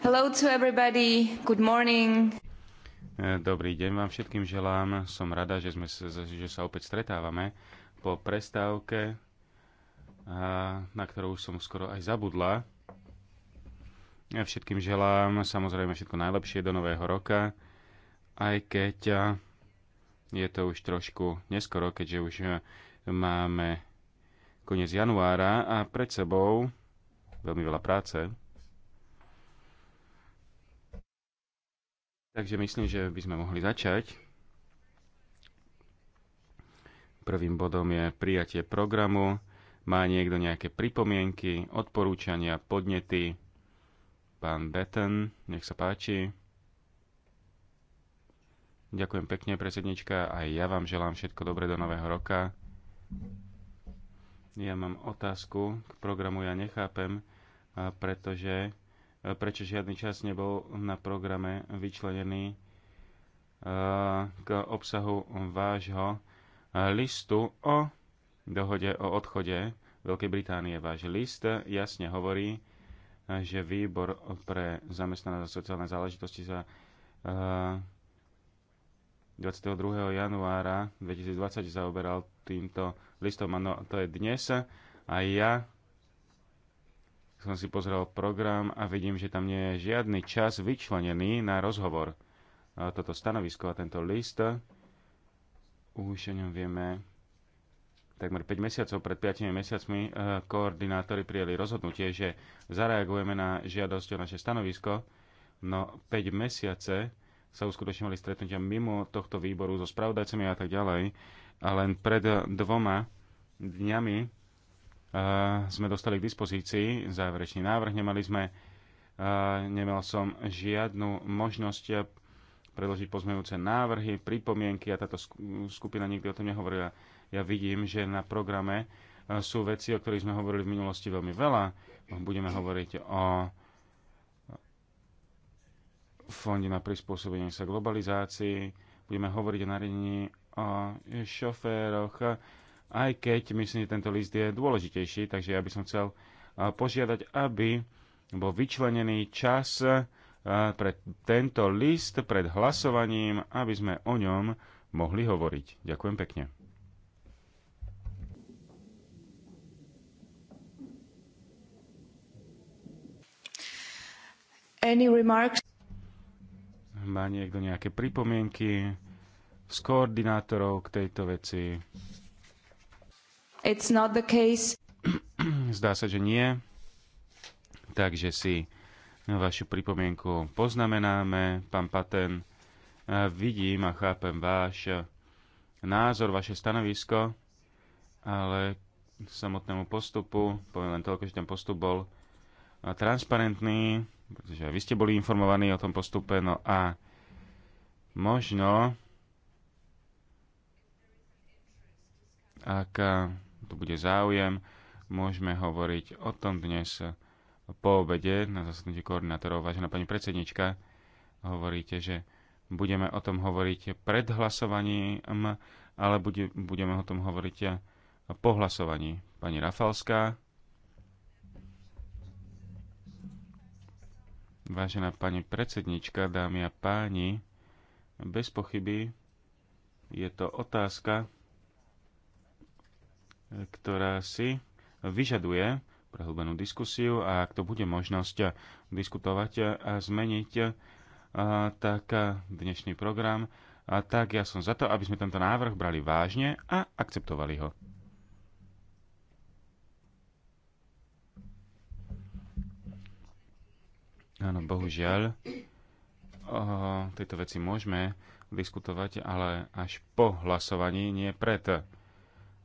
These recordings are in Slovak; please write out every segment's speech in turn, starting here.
Hello to everybody, good morning. E, dobrý deň vám všetkým želám. Som rada, že, sme, že sa opäť stretávame po prestávke, na ktorú som skoro aj zabudla. Ja e, všetkým želám samozrejme všetko najlepšie do nového roka, aj keď je to už trošku neskoro, keďže už e, máme koniec januára a pred sebou veľmi veľa práce. Takže myslím, že by sme mohli začať. Prvým bodom je prijatie programu. Má niekto nejaké pripomienky, odporúčania, podnety? Pán Betten, nech sa páči. Ďakujem pekne, predsednička. Aj ja vám želám všetko dobré do nového roka. Ja mám otázku k programu, ja nechápem, pretože prečo žiadny čas nebol na programe vyčlenený e, k obsahu vášho e, listu o dohode o odchode Veľkej Británie. Váš list jasne hovorí, e, že výbor pre zamestnané a sociálne záležitosti za 22. januára 2020 zaoberal týmto listom. Áno, to je dnes. A ja som si pozrel program a vidím, že tam nie je žiadny čas vyčlenený na rozhovor. A toto stanovisko a tento list už o ňom vieme takmer 5 mesiacov pred 5 mesiacmi e, koordinátori prijeli rozhodnutie, že zareagujeme na žiadosť o naše stanovisko. No 5 mesiace sa uskutočňovali stretnutia mimo tohto výboru so spravodajcami a tak ďalej. A len pred dvoma dňami sme dostali k dispozícii záverečný návrh. Nemali sme, nemal som žiadnu možnosť predložiť pozmejúce návrhy, pripomienky a táto skupina nikdy o tom nehovorila. Ja vidím, že na programe sú veci, o ktorých sme hovorili v minulosti veľmi veľa. Budeme hovoriť o fonde na prispôsobenie sa globalizácii, budeme hovoriť o nariadení o šoféroch, aj keď myslím, že tento list je dôležitejší, takže ja by som chcel požiadať, aby bol vyčlenený čas pre tento list pred hlasovaním, aby sme o ňom mohli hovoriť. Ďakujem pekne. Any remarks? Má niekto nejaké pripomienky z koordinátorov k tejto veci? It's not the case. Zdá sa, že nie. Takže si vašu pripomienku poznamenáme. Pán Paten, vidím a chápem váš názor, vaše stanovisko, ale k samotnému postupu, poviem len toľko, že ten postup bol transparentný, pretože vy ste boli informovaní o tom postupe, no a možno ak tu bude záujem, môžeme hovoriť o tom dnes po obede na zasadnutí koordinátorov. Vážená pani predsednička, hovoríte, že budeme o tom hovoriť pred hlasovaním, ale bude, budeme o tom hovoriť po hlasovaní. Pani Rafalská. Vážená pani predsednička, dámy a páni, bez pochyby je to otázka, ktorá si vyžaduje prehlbenú diskusiu a ak to bude možnosť diskutovať a zmeniť tak dnešný program, a tak ja som za to, aby sme tento návrh brali vážne a akceptovali ho. Áno, bohužiaľ, o tejto veci môžeme diskutovať, ale až po hlasovaní, nie pred.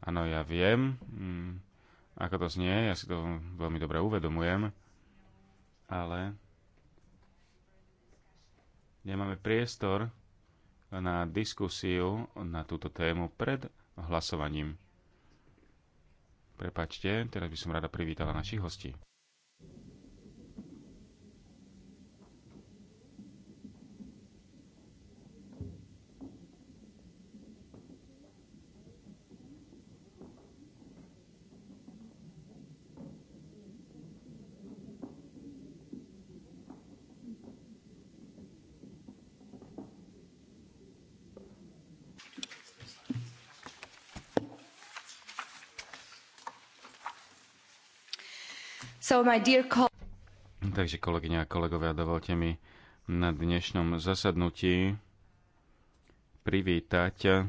Áno, ja viem, mm, ako to znie, ja si to veľmi dobre uvedomujem, ale nemáme priestor na diskusiu na túto tému pred hlasovaním. Prepačte, teraz by som rada privítala našich hostí. So Takže kolegyňa a kolegovia, dovolte mi na dnešnom zasadnutí privítať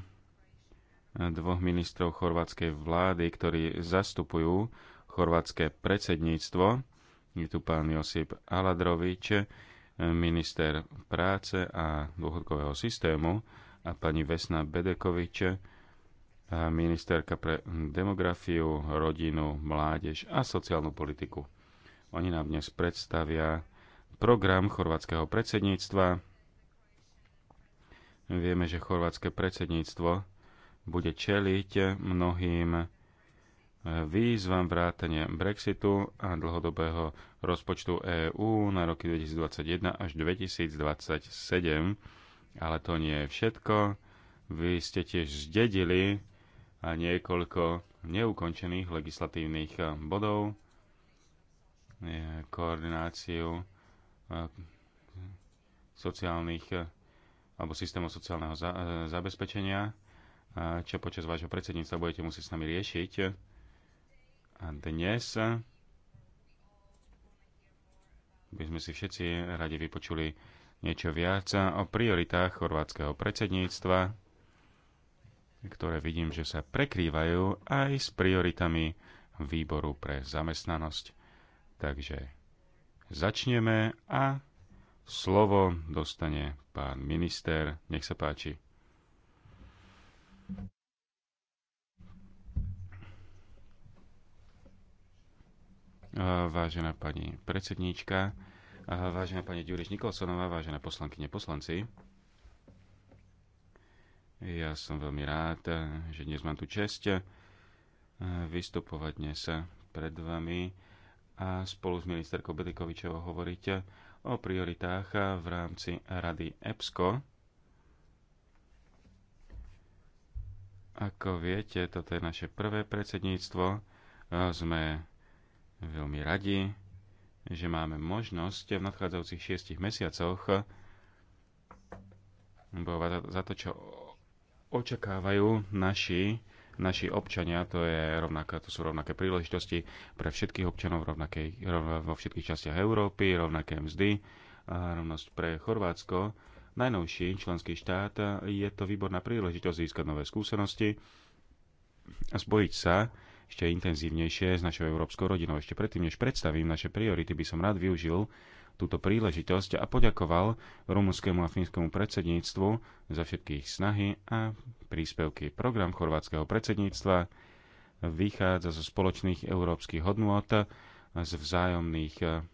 dvoch ministrov chorvátskej vlády, ktorí zastupujú chorvátske predsedníctvo. Je tu pán Josip Aladrovič, minister práce a dôchodkového systému a pani Vesna Bedekovič, ministerka pre demografiu, rodinu, mládež a sociálnu politiku. Oni nám dnes predstavia program chorvátskeho predsedníctva. Vieme, že chorvátske predsedníctvo bude čeliť mnohým eh, výzvam vrátane Brexitu a dlhodobého rozpočtu EÚ na roky 2021 až 2027. Ale to nie je všetko. Vy ste tiež zdedili niekoľko neukončených legislatívnych bodov koordináciu eh, sociálnych eh, alebo systémov sociálneho za, eh, zabezpečenia, čo počas vášho predsedníctva budete musieť s nami riešiť. A dnes by sme si všetci radi vypočuli niečo viac o prioritách chorvátskeho predsedníctva, ktoré vidím, že sa prekrývajú aj s prioritami výboru pre zamestnanosť. Takže začneme a slovo dostane pán minister. Nech sa páči. Vážená pani predsedníčka, vážená pani Ďuriš Nikolsonová, vážené poslankyne, poslanci. Ja som veľmi rád, že dnes mám tu čest e, vystupovať dnes pred vami a spolu s ministerkou Bedekovičovou hovoriť o prioritách v rámci Rady EPSCO. Ako viete, toto je naše prvé predsedníctvo. Sme veľmi radi, že máme možnosť v nadchádzajúcich šiestich mesiacoch bojovať za to, čo očakávajú naši naši občania, to, je rovnaká, to sú rovnaké príležitosti pre všetkých občanov rovnakej, rov, vo všetkých častiach Európy, rovnaké mzdy, a rovnosť pre Chorvátsko. Najnovší členský štát je to výborná príležitosť získať nové skúsenosti a spojiť sa ešte intenzívnejšie s našou európskou rodinou. Ešte predtým, než predstavím naše priority, by som rád využil túto príležitosť a poďakoval rumunskému a fínskemu predsedníctvu za všetky ich snahy a príspevky. Program chorvátskeho predsedníctva vychádza zo spoločných európskych hodnôt a z vzájomných eh,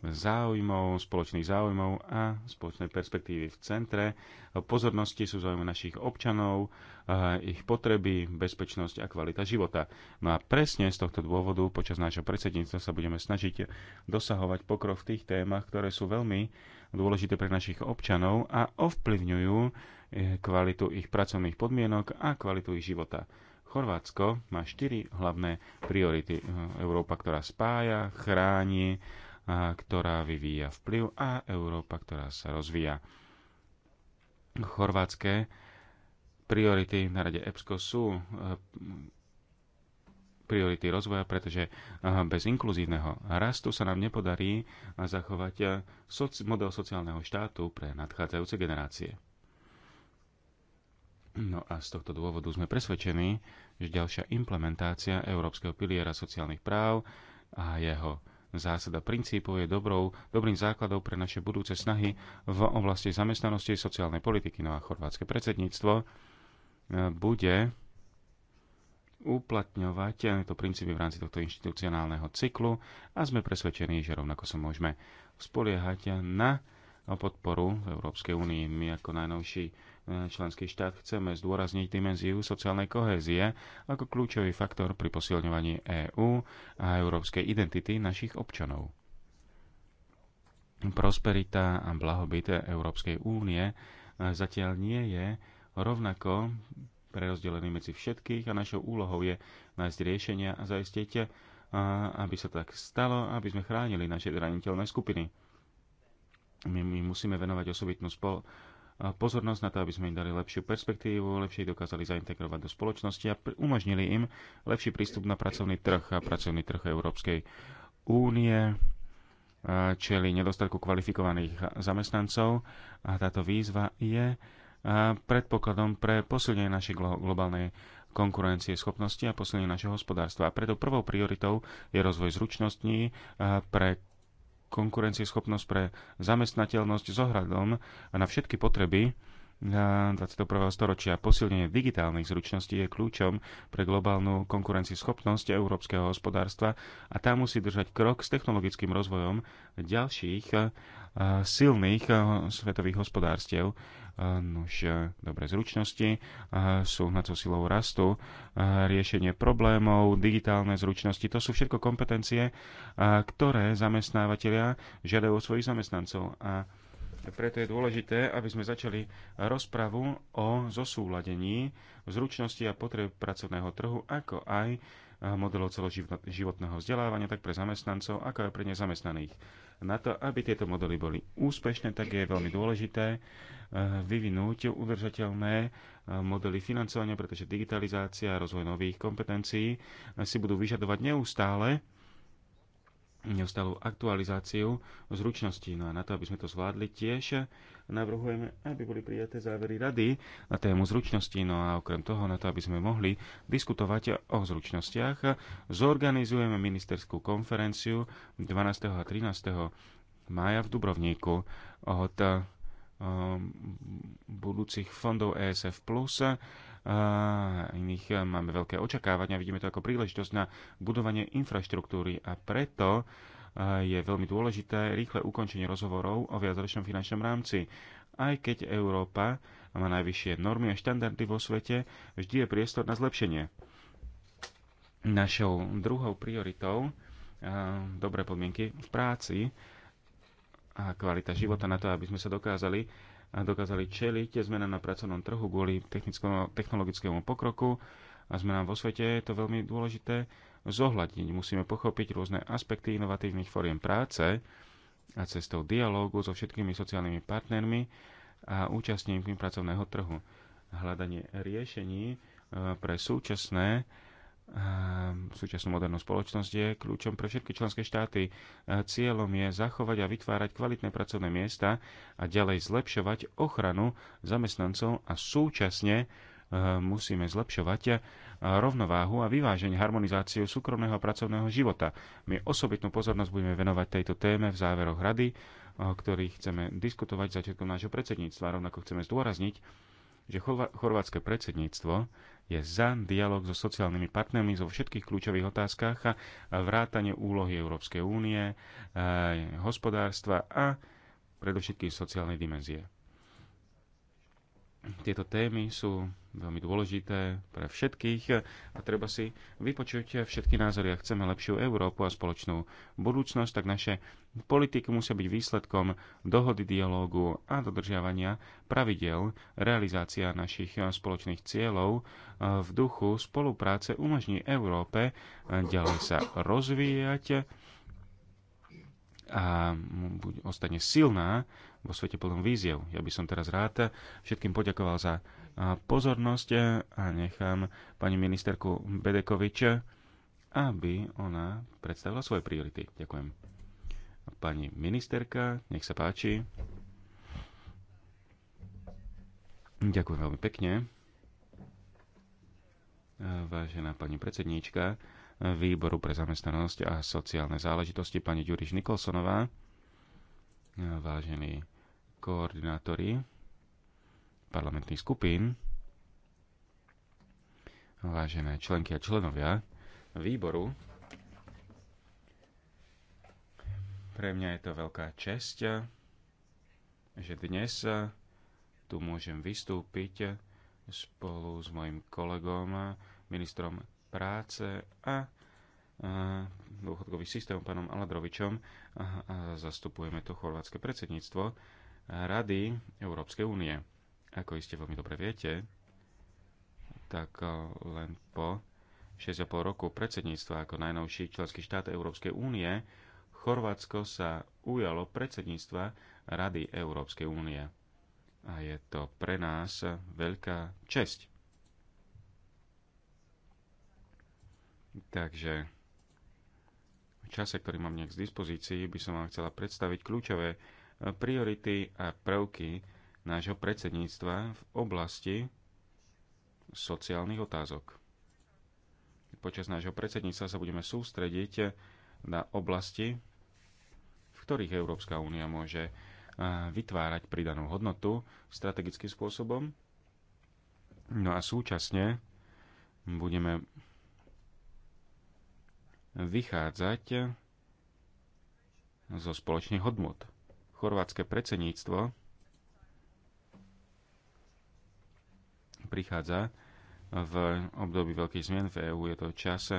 záujmov, spoločných záujmov a spoločnej perspektívy v centre. Pozornosti sú záujmy našich občanov, ich potreby, bezpečnosť a kvalita života. No a presne z tohto dôvodu počas nášho predsedníctva sa budeme snažiť dosahovať pokrok v tých témach, ktoré sú veľmi dôležité pre našich občanov a ovplyvňujú eh, kvalitu ich pracovných podmienok a kvalitu ich života. Chorvátsko má štyri hlavné priority. Eh, Európa, ktorá spája, chráni, ktorá vyvíja vplyv a Európa, ktorá sa rozvíja. Chorvátske priority na rade EPSCO sú e, priority rozvoja, pretože e, bez inkluzívneho rastu sa nám nepodarí zachovať e, model sociálneho štátu pre nadchádzajúce generácie. No a z tohto dôvodu sme presvedčení, že ďalšia implementácia Európskeho piliera sociálnych práv a jeho Zásada princípov je dobrou, dobrým základom pre naše budúce snahy v oblasti zamestnanosti a sociálnej politiky. No a chorvátske predsedníctvo e, bude uplatňovať tieto princípy v rámci tohto inštitucionálneho cyklu a sme presvedčení, že rovnako sa môžeme spoliehať na podporu v Európskej únii. My ako najnovší E, členský štát chceme zdôrazniť dimenziu sociálnej kohézie ako kľúčový faktor pri posilňovaní EÚ a európskej identity našich občanov. Prosperita a blahobyt Európskej únie e, zatiaľ nie je rovnako prerozdelený medzi všetkých a našou úlohou je nájsť riešenia a zaistiť, e, aby sa tak stalo, aby sme chránili naše zraniteľné skupiny. My, my musíme venovať osobitnú spolu pozornosť na to, aby sme im dali lepšiu perspektívu, lepšie ich dokázali zaintegrovať do spoločnosti a umožnili im lepší prístup na pracovný trh a pracovný trh Európskej únie čeli nedostatku kvalifikovaných zamestnancov a táto výzva je predpokladom pre posilnenie našej globálnej konkurencie schopnosti a posilnenie našeho hospodárstva. A preto prvou prioritou je rozvoj zručností pre konkurencieschopnosť pre zamestnateľnosť s ohľadom na všetky potreby 21. Eh, storočia. Posilnenie digitálnych zručností je kľúčom pre globálnu konkurencieschopnosť európskeho hospodárstva a tá musí držať krok s technologickým rozvojom ďalších eh, silných eh, svetových hospodárstiev. Nož, e, dobre, zručnosti e, sú to silou rastu, e, riešenie problémov, digitálne zručnosti, to sú všetko kompetencie, ktoré zamestnávateľia žiadajú od svojich zamestnancov. A preto je dôležité, aby sme začali rozpravu o zosúladení zručnosti a potreb pracovného trhu, ako aj modelov celoživotného vzdelávania, tak pre zamestnancov, ako aj pre nezamestnaných. Na to, aby tieto modely boli úspešné, tak je veľmi dôležité eh, vyvinúť udržateľné eh, modely financovania, pretože digitalizácia a rozvoj nových kompetencií eh, si budú vyžadovať neustále neustalú aktualizáciu zručností. No a na to, aby sme to zvládli, tiež navrhujeme, aby boli prijaté závery rady na tému zručností. No a okrem toho, na to, aby sme mohli diskutovať o zručnostiach, zorganizujeme ministerskú konferenciu 12. a 13. mája v Dubrovníku od ehm, budúcich fondov ESF+, iných e, máme veľké očakávania, vidíme to ako príležitosť na budovanie infraštruktúry a preto e, je veľmi dôležité rýchle ukončenie rozhovorov o viacročnom finančnom rámci. Aj keď Európa má najvyššie normy a štandardy vo svete, vždy je priestor na zlepšenie. Našou druhou prioritou e, dobré podmienky v práci a kvalita života na to, aby sme sa dokázali dokázali čeliť zmenám na pracovnom trhu kvôli technologickému pokroku a zmenám vo svete, je to veľmi dôležité zohľadniť. Musíme pochopiť rôzne aspekty inovatívnych foriem práce a cestou dialógu so všetkými sociálnymi partnermi a účastníkmi pracovného trhu. Hľadanie riešení eh, pre súčasné Ehm, súčasnú modernú spoločnosť je kľúčom pre všetky členské štáty. Ehm, cieľom je zachovať a vytvárať kvalitné pracovné miesta a ďalej zlepšovať ochranu zamestnancov a súčasne ehm, musíme zlepšovať rovnováhu a vyváženie harmonizáciu súkromného a pracovného života. My osobitnú pozornosť budeme venovať tejto téme v záveroch rady, o ktorých chceme diskutovať začiatkom nášho predsedníctva. Rovnako chceme zdôrazniť, že chorvátske predsedníctvo je za dialog so sociálnymi partnermi zo všetkých kľúčových otázkach a vrátanie úlohy Európskej únie, eh, hospodárstva a predovšetkým sociálnej dimenzie. Tieto témy sú veľmi dôležité pre všetkých a treba si vypočuť všetky názory. Ak chceme lepšiu Európu a spoločnú budúcnosť, tak naše politiky musia byť výsledkom dohody, dialógu a dodržiavania pravidel. Realizácia našich spoločných cieľov v duchu spolupráce umožní Európe ďalej sa rozvíjať a ostane silná vo svete plnom víziev. Ja by som teraz rád všetkým poďakoval za pozornosť e, a nechám pani ministerku Bedekovič, e, aby ona predstavila svoje priority. Ďakujem. Pani ministerka, nech sa páči. Ďakujem veľmi pekne. E, vážená pani predsedníčka Výboru pre zamestnanosť a sociálne záležitosti, pani Ďuriš Nikolsonová, vážení koordinátori parlamentných skupín, vážené členky a členovia výboru, pre mňa je to veľká česť, že dnes tu môžem vystúpiť spolu s mojim kolegom, ministrom práce a dôchodkový systém pánom Aladrovičom a zastupujeme to chorvátske predsedníctvo Rady Európskej únie. Ako iste veľmi dobre viete, tak eh, len po 6,5 roku predsedníctva ako najnovší členský štát Európskej únie Chorvátsko sa ujalo predsedníctva Rady Európskej únie. A je to pre nás veľká česť. Takže v čase, ktorý mám nejak z dispozícii, by som vám chcela predstaviť kľúčové priority a prvky nášho predsedníctva v oblasti sociálnych otázok. Počas nášho predsedníctva sa budeme sústrediť na oblasti, v ktorých Európska únia môže vytvárať pridanú hodnotu strategickým spôsobom. No a súčasne budeme vychádzať zo spoločných hodnot chorvátske predsedníctvo prichádza v období veľkých zmien v EÚ. Je to čas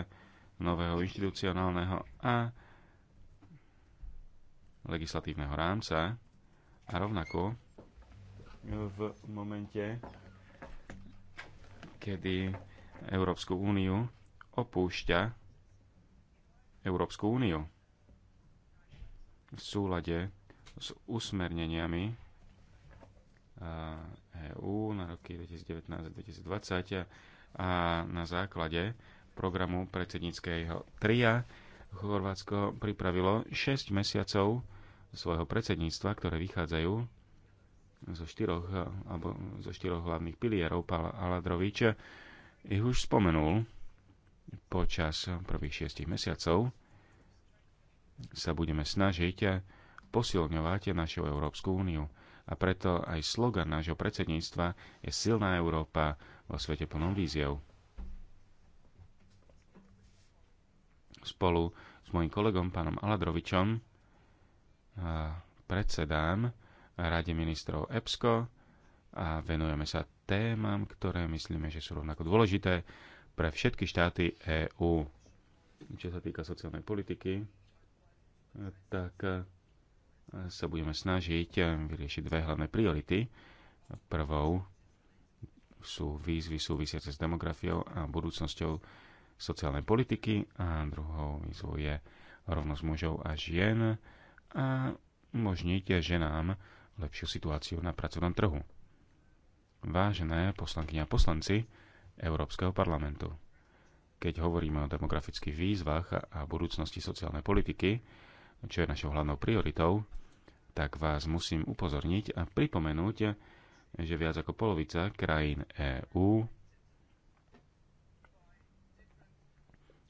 nového inštitucionálneho a legislatívneho rámca a rovnako v momente, kedy Európsku úniu opúšťa Európsku úniu v súlade s usmerneniami EÚ na roky 2019 a 2020 a na základe programu predsedníckého tria Chorvátsko pripravilo 6 mesiacov svojho predsedníctva, ktoré vychádzajú zo štyroch, alebo zo štyroch hlavných pilierov. Pál Aladrovič ich už spomenul počas prvých šiestich mesiacov sa budeme snažiť posilňovať našu Európsku úniu. A preto aj slogan nášho predsedníctva je Silná Európa vo svete plnom víziev. Spolu s mojim kolegom pánom Aladrovičom predsedám Rade ministrov EPSCO a venujeme sa témam, ktoré myslíme, že sú rovnako dôležité pre všetky štáty EÚ. Čo sa týka sociálnej politiky, tak sa budeme snažiť eh, vyriešiť dve hlavné priority. Prvou sú výzvy súvisiace s demografiou a budúcnosťou sociálnej politiky a druhou výzvou je rovnosť mužov a žien a umožniť ženám lepšiu situáciu na pracovnom trhu. Vážené poslankyne a poslanci Európskeho parlamentu, keď hovoríme o demografických výzvach a budúcnosti sociálnej politiky, čo je našou hlavnou prioritou, tak vás musím upozorniť a pripomenúť, že viac ako polovica krajín EÚ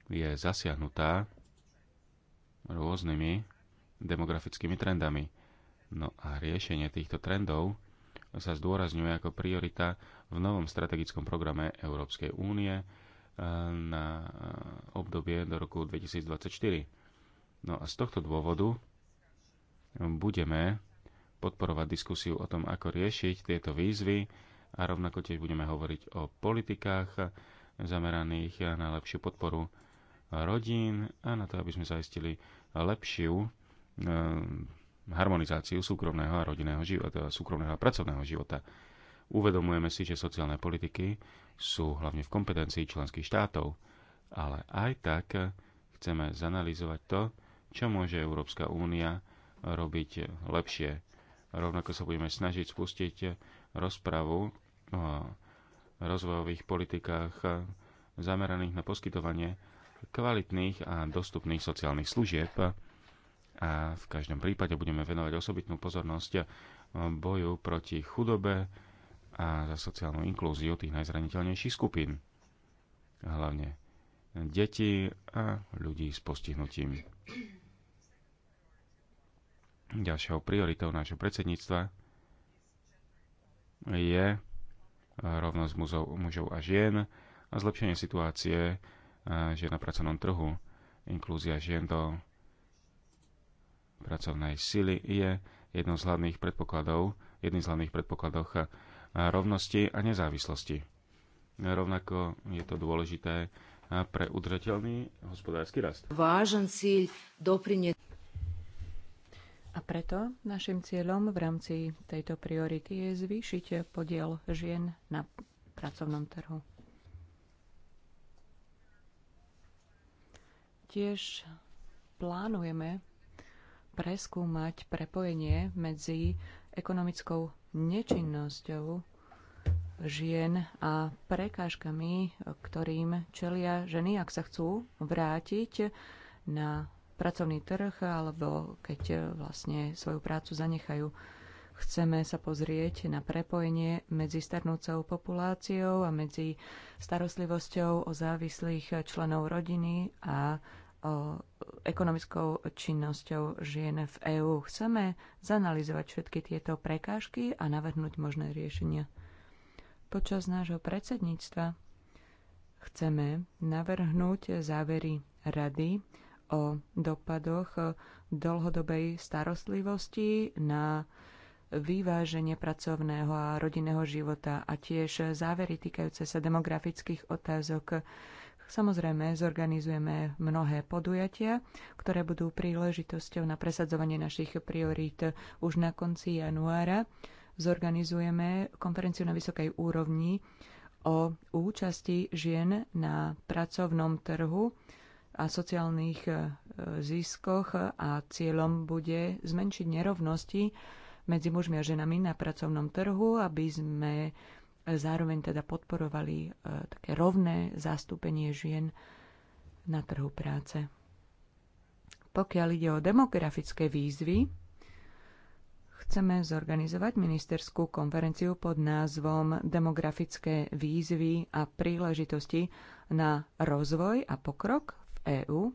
je zasiahnutá rôznymi demografickými trendami. No a riešenie týchto trendov sa zdôrazňuje ako priorita v novom strategickom programe Európskej únie eh, na obdobie do roku 2024. No a z tohto dôvodu budeme podporovať diskusiu o tom, ako riešiť tieto výzvy a rovnako tiež budeme hovoriť o politikách zameraných na lepšiu podporu rodín a na to, aby sme zaistili lepšiu eh, harmonizáciu súkromného a rodinného života, súkromného a pracovného života. Uvedomujeme si, že sociálne politiky sú hlavne v kompetencii členských štátov, ale aj tak chceme zanalýzovať to, čo môže Európska únia robiť lepšie. Rovnako sa budeme snažiť spustiť rozpravu o rozvojových politikách zameraných na poskytovanie kvalitných a dostupných sociálnych služieb a v každom prípade budeme venovať osobitnú pozornosť boju proti chudobe a za sociálnu inklúziu tých najzraniteľnejších skupín. Hlavne deti a ľudí s postihnutím. Ďalšou prioritou nášho predsedníctva je eh, rovnosť mužov, mužov a žien a zlepšenie situácie eh, žien na pracovnom trhu. Inklúzia žien do pracovnej sily je jednou z hlavných predpokladov, jedným z hlavných predpokladov eh, rovnosti a nezávislosti. Rovnako je to dôležité pre udržateľný hospodársky rast. Vážen cíľ doprinieť a preto našim cieľom v rámci tejto priority je zvýšiť podiel žien na pracovnom trhu. Tiež plánujeme preskúmať prepojenie medzi ekonomickou nečinnosťou žien a prekážkami, ktorým čelia ženy, ak sa chcú vrátiť na pracovný trh alebo keď e, vlastne svoju prácu zanechajú. Chceme sa pozrieť na prepojenie medzi starnúcou populáciou a medzi starostlivosťou o závislých členov rodiny a o ekonomickou činnosťou žien v EÚ. Chceme zanalizovať všetky tieto prekážky a navrhnúť možné riešenia. Počas nášho predsedníctva chceme navrhnúť závery rady o dopadoch e, dlhodobej starostlivosti na vyváženie pracovného a rodinného života a tiež závery týkajúce sa demografických otázok. Samozrejme, zorganizujeme mnohé podujatia, ktoré budú príležitosťou na presadzovanie našich priorít už na konci januára. Zorganizujeme konferenciu na vysokej úrovni o účasti žien na pracovnom trhu a sociálnych e, ziskoch a cieľom bude zmenšiť nerovnosti medzi mužmi a ženami na pracovnom trhu, aby sme zároveň teda podporovali e, také rovné zastúpenie žien na trhu práce. Pokiaľ ide o demografické výzvy, chceme zorganizovať ministerskú konferenciu pod názvom Demografické výzvy a príležitosti na rozvoj a pokrok EÚ.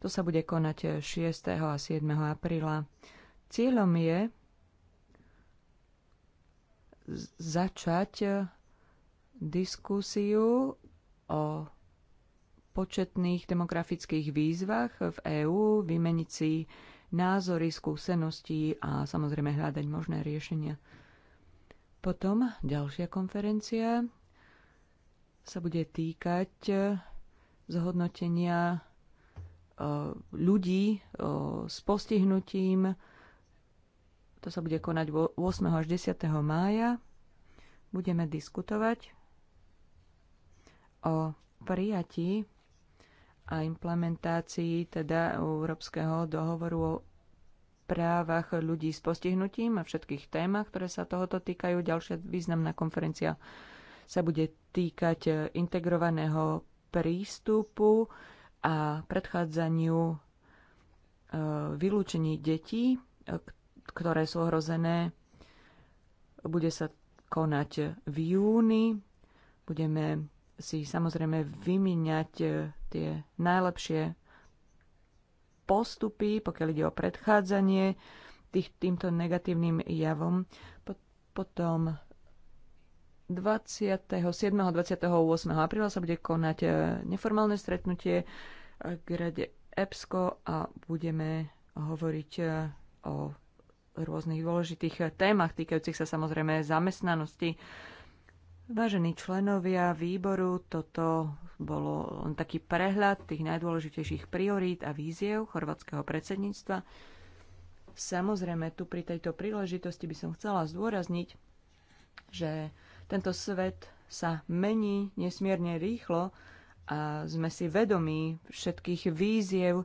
To sa bude konať 6. a 7. apríla. Cieľom je začať e, diskusiu o početných demografických výzvach v EÚ, vymeniť si názory, skúsenosti a samozrejme hľadať možné riešenia. Potom ďalšia konferencia sa bude týkať zhodnotenia e, ľudí e, s postihnutím. To sa bude konať 8. až 10. mája. Budeme diskutovať o prijatí a implementácii teda Európskeho dohovoru o právach ľudí s postihnutím a všetkých témach, ktoré sa tohoto týkajú. Ďalšia významná konferencia sa bude týkať integrovaného prístupu a predchádzaniu e, vylúčení detí, e, ktoré sú ohrozené. Bude sa konať v júni. Budeme si samozrejme vymieňať e, tie najlepšie postupy, pokiaľ ide o predchádzanie tých, týmto negatívnym javom. Potom 27. a 28. apríla sa bude konať e, neformálne stretnutie e, k rade EPSCO a budeme hovoriť e, o rôznych dôležitých témach týkajúcich sa samozrejme zamestnanosti. Vážení členovia výboru, toto bolo len taký prehľad tých najdôležitejších priorít a víziev chorvátskeho predsedníctva. Samozrejme, tu pri tejto príležitosti by som chcela zdôrazniť, že tento svet sa mení nesmierne rýchlo a sme si vedomí všetkých víziev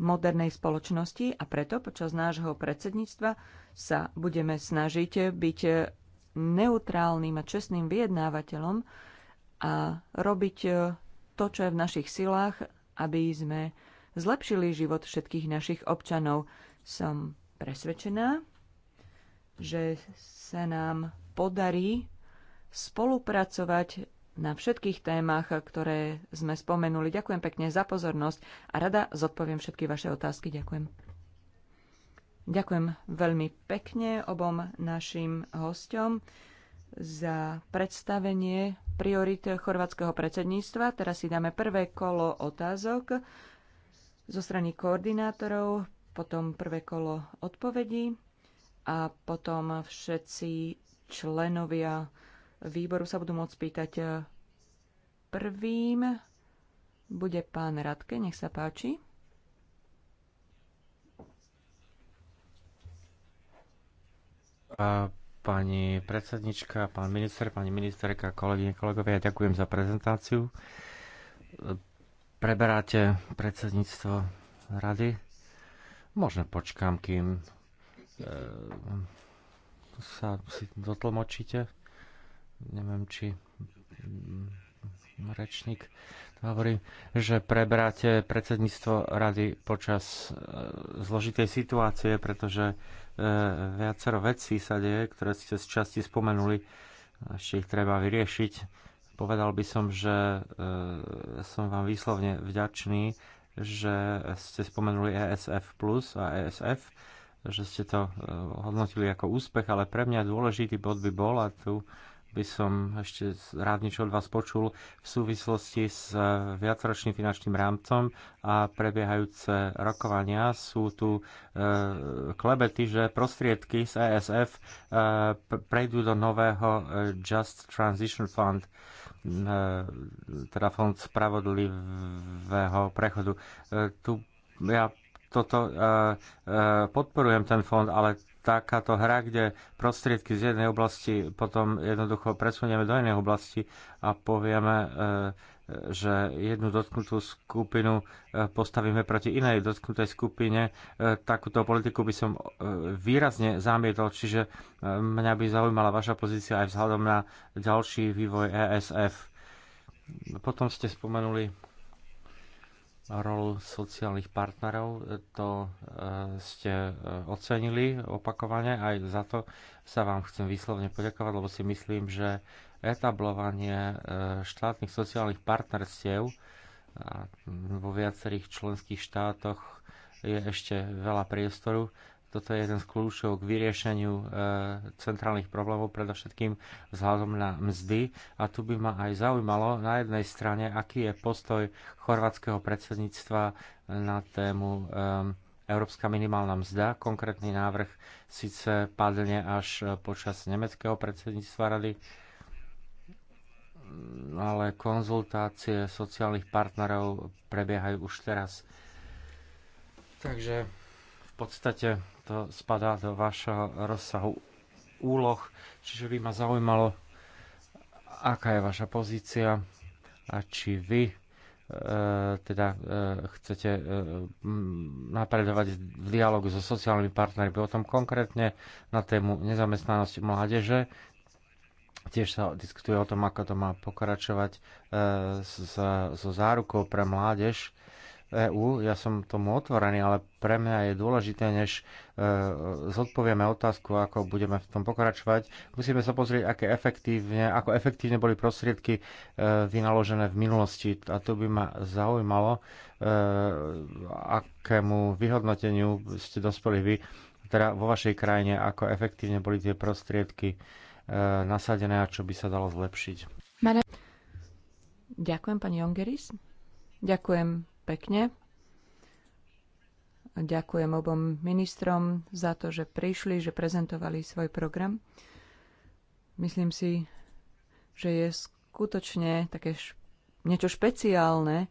modernej spoločnosti a preto počas nášho predsedníctva sa budeme snažiť byť neutrálnym a čestným vyjednávateľom a robiť to, čo je v našich silách, aby sme zlepšili život všetkých našich občanov. Som presvedčená, že sa nám podarí spolupracovať na všetkých témach, ktoré sme spomenuli. Ďakujem pekne za pozornosť a rada zodpoviem všetky vaše otázky. Ďakujem. Ďakujem veľmi pekne obom našim hostom za predstavenie priorit chorvátskeho predsedníctva. Teraz si dáme prvé kolo otázok zo strany koordinátorov, potom prvé kolo odpovedí a potom všetci členovia výboru sa budú môcť pýtať e, prvým. Bude pán Radke, nech sa páči. A pani predsednička, pán minister, pani ministerka, kolegyne, kolegovia, ďakujem za prezentáciu. Preberáte predsedníctvo rady? Možno počkám, kým e, sa si dotlmočíte neviem, či mm, rečník hovorí, že prebráte predsedníctvo rady počas e, zložitej situácie, pretože e, viacero vecí sa deje, ktoré ste z časti spomenuli, ešte ich treba vyriešiť. Povedal by som, že e, som vám výslovne vďačný, že ste spomenuli ESF Plus a ESF, že ste to hodnotili ako úspech, ale pre mňa dôležitý bod by bol, a tu by som ešte rád niečo od vás počul v súvislosti s eh, viacročným finančným rámcom a prebiehajúce rokovania. Sú tu e, klebety, že prostriedky z ESF e, eh, prejdú do nového Just Transition Fund, e, teda fond spravodlivého prechodu. E, tu ja toto e, e, podporujem ten fond, ale takáto hra, kde prostriedky z jednej oblasti potom jednoducho presunieme do inej oblasti a povieme, e, e, že jednu dotknutú skupinu e, postavíme proti inej dotknutej skupine. Takúto politiku by som výrazne zamietol, čiže mňa by zaujímala vaša pozícia aj vzhľadom na ďalší vývoj ESF. Potom ste spomenuli rolu sociálnych partnerov. E, to e, ste e, ocenili opakovane, aj za to sa vám chcem výslovne poďakovať, lebo si myslím, že etablovanie štátnych sociálnych partnerstiev vo viacerých členských štátoch je ešte veľa priestoru toto je jeden z kľúčov k vyriešeniu e, centrálnych problémov, predovšetkým vzhľadom na mzdy. A tu by ma aj zaujímalo na jednej strane, aký je postoj chorvátskeho predsedníctva na tému e, Európska minimálna mzda. Konkrétny návrh síce padne až počas nemeckého predsedníctva rady, ale konzultácie sociálnych partnerov prebiehajú už teraz. Takže v podstate to spadá do vašho rozsahu úloh, čiže by ma zaujímalo, aká je vaša pozícia a či vy e, teda e, chcete e, napredovať v dialogu so sociálnymi partnermi, o tom konkrétne na tému nezamestnanosti mládeže. Tiež sa diskutuje o tom, ako to má pokračovať e, so, so zárukou pre mládež. EÚ, ja som tomu otvorený, ale pre mňa je dôležité, než e, zodpovieme otázku, ako budeme v tom pokračovať. Musíme sa pozrieť, aké efektívne, ako efektívne boli prostriedky e, vynaložené v minulosti. A to by ma zaujímalo, e, akému vyhodnoteniu ste dospeli vy, teda vo vašej krajine, ako efektívne boli tie prostriedky e, nasadené a čo by sa dalo zlepšiť. Ďakujem, pani Jongeris. Ďakujem pekne. Ďakujem obom ministrom za to, že prišli, že prezentovali svoj program. Myslím si, že je skutočne také š- niečo špeciálne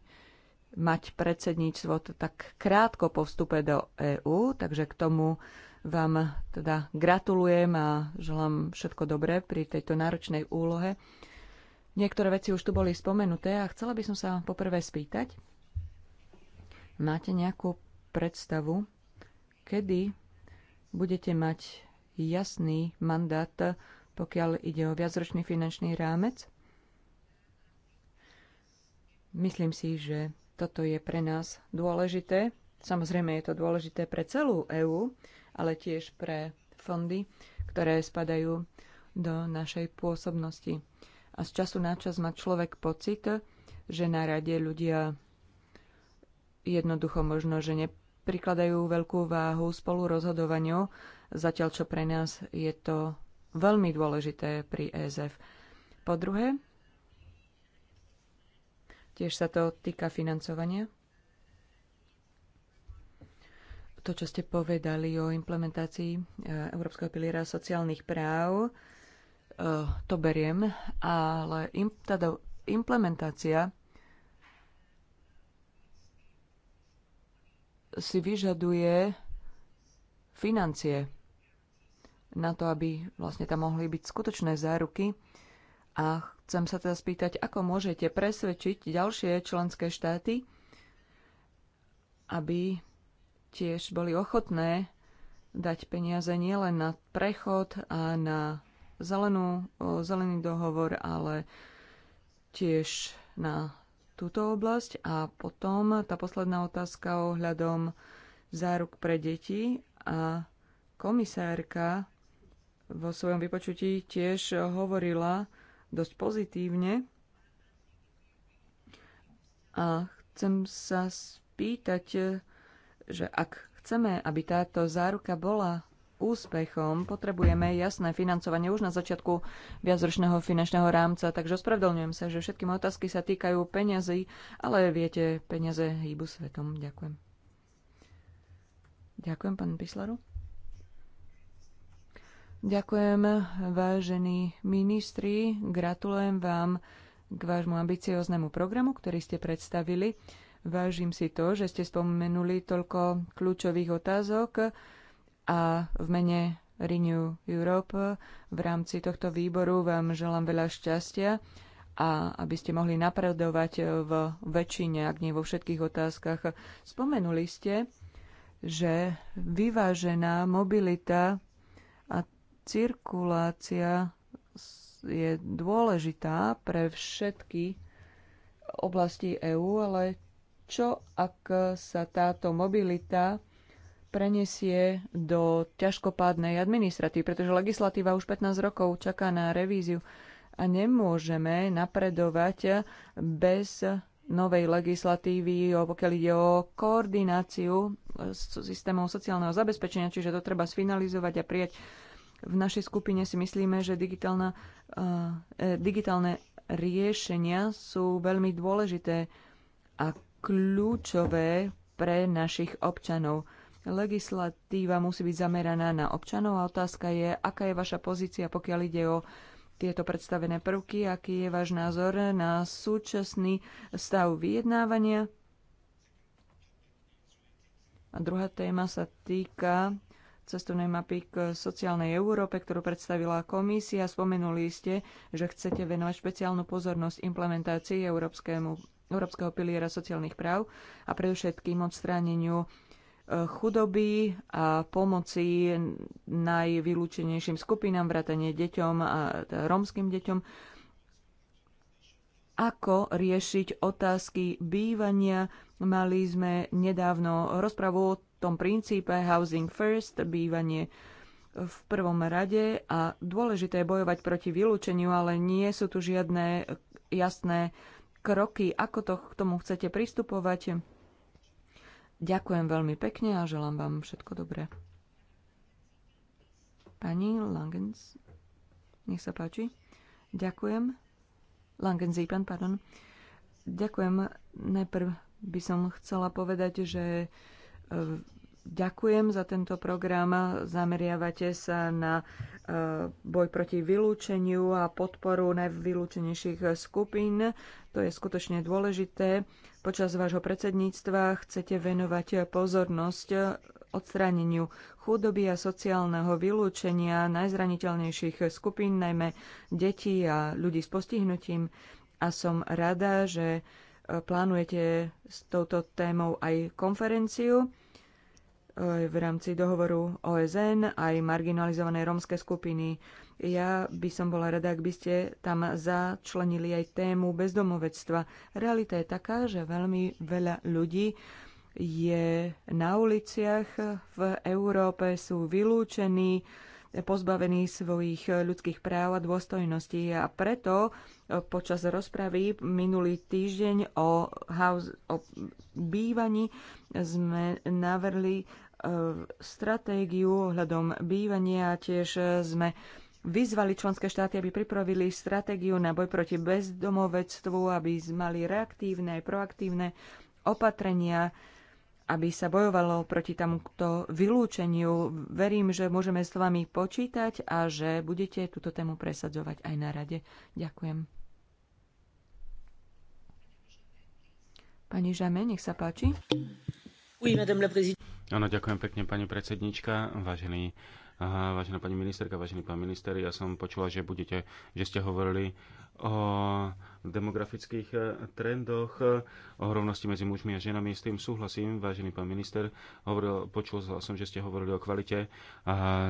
mať predsedníctvo tak krátko po vstupe do EÚ, takže k tomu vám teda gratulujem a želám všetko dobré pri tejto náročnej úlohe. Niektoré veci už tu boli spomenuté a chcela by som sa poprvé spýtať, Máte nejakú predstavu, kedy budete mať jasný mandát, pokiaľ ide o viacročný finančný rámec? Myslím si, že toto je pre nás dôležité. Samozrejme je to dôležité pre celú EÚ, ale tiež pre fondy, ktoré spadajú do našej pôsobnosti. A z času na čas má človek pocit, že na rade ľudia jednoducho možno, že neprikladajú veľkú váhu spolurozhodovaniu, zatiaľ čo pre nás je to veľmi dôležité pri ESF. Po druhé, tiež sa to týka financovania. To, čo ste povedali o implementácii e, Európskeho piliera sociálnych práv, e, to beriem, ale implementácia si vyžaduje financie na to, aby vlastne tam mohli byť skutočné záruky. A chcem sa teda spýtať, ako môžete presvedčiť ďalšie členské štáty, aby tiež boli ochotné dať peniaze nielen na prechod a na zelenú, zelený dohovor, ale tiež na túto oblasť. A potom tá posledná otázka ohľadom záruk pre deti a komisárka vo svojom vypočutí tiež hovorila dosť pozitívne a chcem sa spýtať, že ak chceme, aby táto záruka bola úspechom, potrebujeme jasné financovanie už na začiatku viacročného finančného rámca, takže ospravedlňujem sa, že všetky moje otázky sa týkajú peniazy, ale viete, peniaze hýbu svetom. Ďakujem. Ďakujem, pán Pislaru. Ďakujem, vážení ministri. Gratulujem vám k vášmu ambicioznému programu, ktorý ste predstavili. Vážim si to, že ste spomenuli toľko kľúčových otázok a v mene Renew Europe v rámci tohto výboru vám želám veľa šťastia a aby ste mohli napredovať v väčšine, ak nie vo všetkých otázkach. Spomenuli ste, že vyvážená mobilita a cirkulácia je dôležitá pre všetky oblasti EÚ, ale čo ak sa táto mobilita prenesie do ťažkopádnej administratívy, pretože legislatíva už 15 rokov čaká na revíziu a nemôžeme napredovať bez novej legislatívy, pokiaľ ide o koordináciu e, s systémov sociálneho zabezpečenia, čiže to treba sfinalizovať a prijať. V našej skupine si myslíme, že digitálna, uh, digitálne riešenia sú veľmi dôležité a kľúčové pre našich občanov. Legislatíva musí byť zameraná na občanov a otázka je, aká je vaša pozícia, pokiaľ ide o tieto predstavené prvky, aký je váš názor na súčasný stav vyjednávania. A druhá téma sa týka cestovnej mapy k sociálnej Európe, ktorú predstavila komisia. Spomenuli ste, že chcete venovať špeciálnu pozornosť implementácii európskemu, Európskeho piliera sociálnych práv a predovšetkým odstráneniu chudoby a pomoci najvylúčenejším skupinám, vrátane deťom a rómskym deťom, ako riešiť otázky bývania. Mali sme nedávno rozpravu o tom princípe Housing First, bývanie v prvom rade a dôležité je bojovať proti vylúčeniu, ale nie sú tu žiadne jasné kroky, ako to k tomu chcete pristupovať Ďakujem veľmi pekne a želám vám všetko dobré. Pani Langens, nech sa páči. Ďakujem. Langens, pán, pardon. Ďakujem. Najprv by som chcela povedať, že e, Ďakujem za tento program. Zameriavate sa na e, boj proti vylúčeniu a podporu najvylúčenejších skupín. To je skutočne dôležité. Počas vášho predsedníctva chcete venovať pozornosť odstráneniu chudoby a sociálneho vylúčenia najzraniteľnejších skupín, najmä detí a ľudí s postihnutím. A som rada, že e, plánujete s touto témou aj konferenciu v rámci dohovoru OSN aj marginalizované rómske skupiny. Ja by som bola rada, ak by ste tam začlenili aj tému bezdomovectva. Realita je taká, že veľmi veľa ľudí je na uliciach v Európe, sú vylúčení, pozbavení svojich ľudských práv a dôstojností. A preto e, počas rozpravy minulý týždeň o, house, o bývaní sme navrli stratégiu ohľadom bývania. Tiež e, sme vyzvali členské štáty, aby pripravili stratégiu na boj proti bezdomovectvu, aby mali reaktívne aj proaktívne opatrenia, aby sa bojovalo proti tomuto vylúčeniu. Verím, že môžeme s vami počítať a že budete túto tému presadzovať aj na rade. Ďakujem. Pani Žame, nech sa páči. Áno, ďakujem pekne, pani predsednička, vážený Aha, vážená pani ministerka, vážený pán minister, ja som počula, že budete, že ste hovorili o demografických e, trendoch, o rovnosti medzi mužmi a ženami. S tým súhlasím, vážený pán minister. Hovoril, počul som, že ste hovorili o kvalite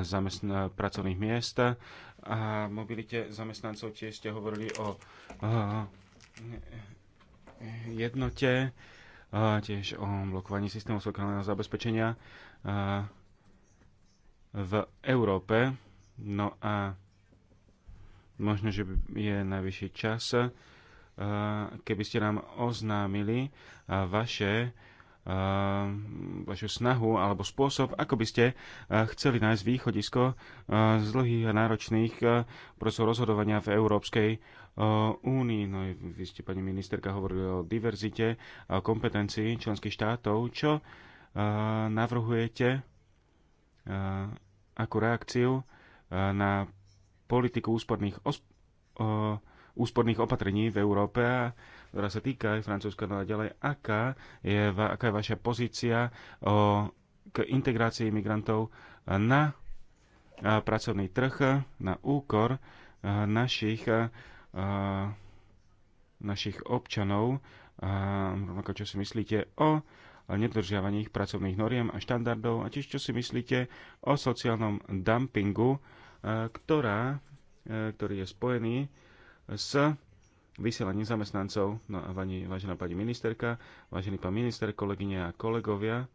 zamestn- pracovných miest a mobilite zamestnancov. Tiež ste hovorili o jednote tiež o blokovaní systému sociálneho zabezpečenia v Európe. No a možno, že je najvyšší čas, keby ste nám oznámili vaše vašu snahu alebo spôsob, ako by ste chceli nájsť východisko z dlhých a náročných procesov rozhodovania v Európskej únii. No, vy ste, pani ministerka, hovorili o diverzite a kompetencii členských štátov. Čo navrhujete ako reakciu na politiku úsporných osp- úsporných opatrení v Európe, ktorá sa týka aj Francúzska, no a ďalej, aká je, aká je vaša pozícia o, k integrácii migrantov na pracovný trh, na úkor našich, našich občanov, rovnako čo si myslíte o nedržiavaní ich pracovných noriem a štandardov a tiež čo si myslíte o sociálnom dumpingu, ktorá, ktorý je spojený s vysielaním zamestnancov. No a vani, vážená pani ministerka, vážený pán minister, kolegyne a kolegovia,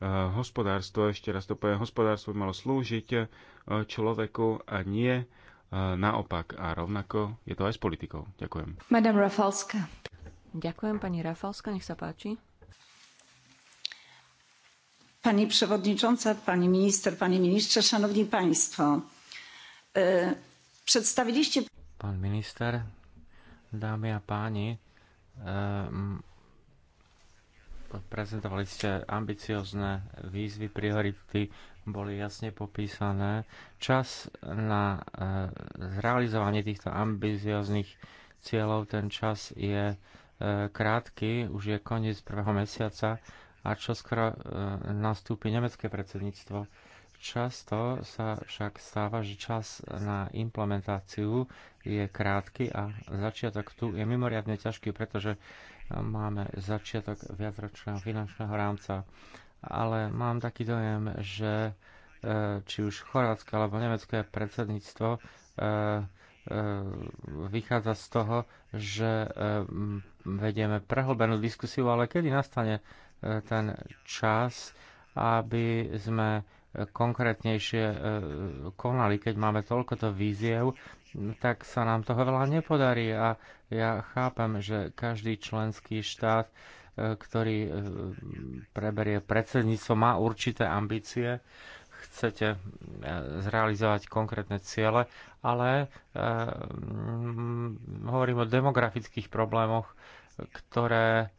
eh, hospodárstvo, ešte raz to poviem, hospodárstvo by malo slúžiť eh, človeku a nie eh, naopak. A rovnako je to aj s politikou. Ďakujem. Madame Rafalska. Ďakujem, pani Rafalska, nech sa páči. Pani przewodnicząca, pani minister, panie ministrze, szanowni państwo. Predstaviliście... Pán minister, dámy a páni, prezentovali ste ambiciozne výzvy, priority, boli jasne popísané. Čas na eh, zrealizovanie týchto ambicioznych cieľov, ten čas je eh, krátky, už je koniec prvého mesiaca a čoskoro eh, nastúpi nemecké predsedníctvo Často sa však stáva, že čas na implementáciu je krátky a začiatok tu je mimoriadne ťažký, pretože e, máme začiatok viacročného finančného rámca. Ale mám taký dojem, že e, či už chorvátske alebo nemecké predsedníctvo e, vychádza z toho, že vedieme prehlbenú diskusiu, ale kedy nastane ten čas, aby sme konkrétnejšie e, konali. Keď máme toľkoto víziev, tak sa nám toho veľa nepodarí a ja chápem, že každý členský štát, e, ktorý e, preberie predsedníctvo, má určité ambície, chcete zrealizovať konkrétne ciele, ale hovorím o demografických problémoch, ktoré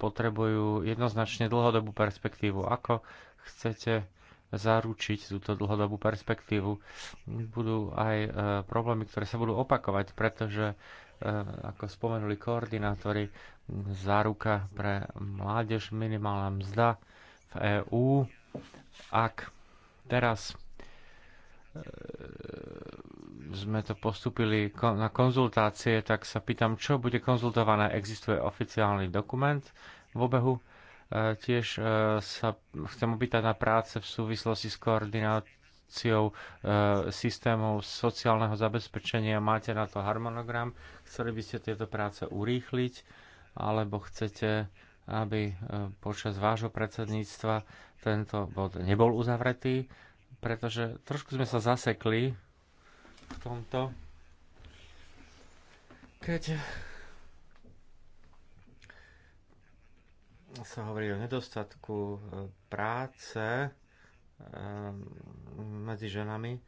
potrebujú jednoznačne dlhodobú perspektívu. Ako chcete zaručiť túto dlhodobú perspektívu. Budú aj e, problémy, ktoré sa budú opakovať, pretože, e, ako spomenuli koordinátori, záruka pre mládež, minimálna mzda v EÚ, ak teraz e, sme to postupili na konzultácie, tak sa pýtam, čo bude konzultované. Existuje oficiálny dokument v obehu Tiež e, sa chcem opýtať na práce v súvislosti s koordináciou e, systémov sociálneho zabezpečenia. Máte na to harmonogram? Chceli by ste tieto práce urýchliť? Alebo chcete, aby e, počas vášho predsedníctva tento bod nebol uzavretý? Pretože trošku sme sa zasekli v tomto. Keď sa hovorí o nedostatku e, práce e, medzi ženami,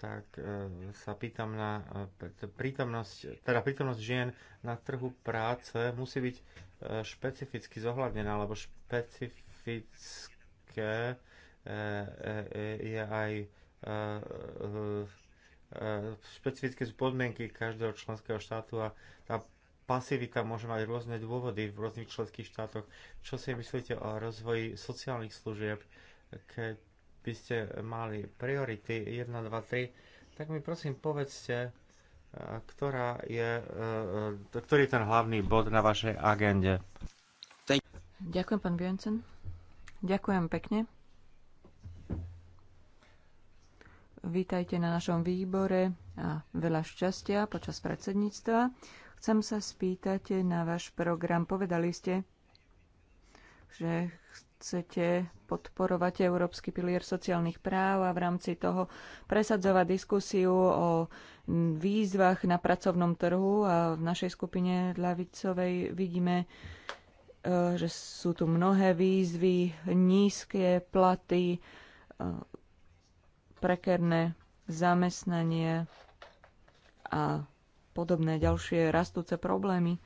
tak e, sa pýtam na prítomnosť, teda prítomnosť žien na trhu práce musí byť špecificky zohľadnená, alebo špecifické je aj špecifické sú podmienky každého členského štátu a tá pasivita môže mať rôzne dôvody v rôznych členských štátoch. Čo si myslíte o rozvoji sociálnych služieb, keď by ste mali priority 1, 2, 3, tak mi prosím povedzte, e, ktorá je, e, e, ktorý je ten hlavný bod na vašej agende. Ďakujem, pán Björnsen. Ďakujem pekne. Vítajte na našom výbore a veľa šťastia počas predsedníctva. Chcem sa spýtať na váš program. Povedali ste, že chcete podporovať Európsky pilier sociálnych práv a v rámci toho presadzovať diskusiu o výzvach na pracovnom trhu a v našej skupine ľavicovej vidíme, e, že sú tu mnohé výzvy, nízke platy, e, prekerné zamestnanie a podobné ďalšie rastúce problémy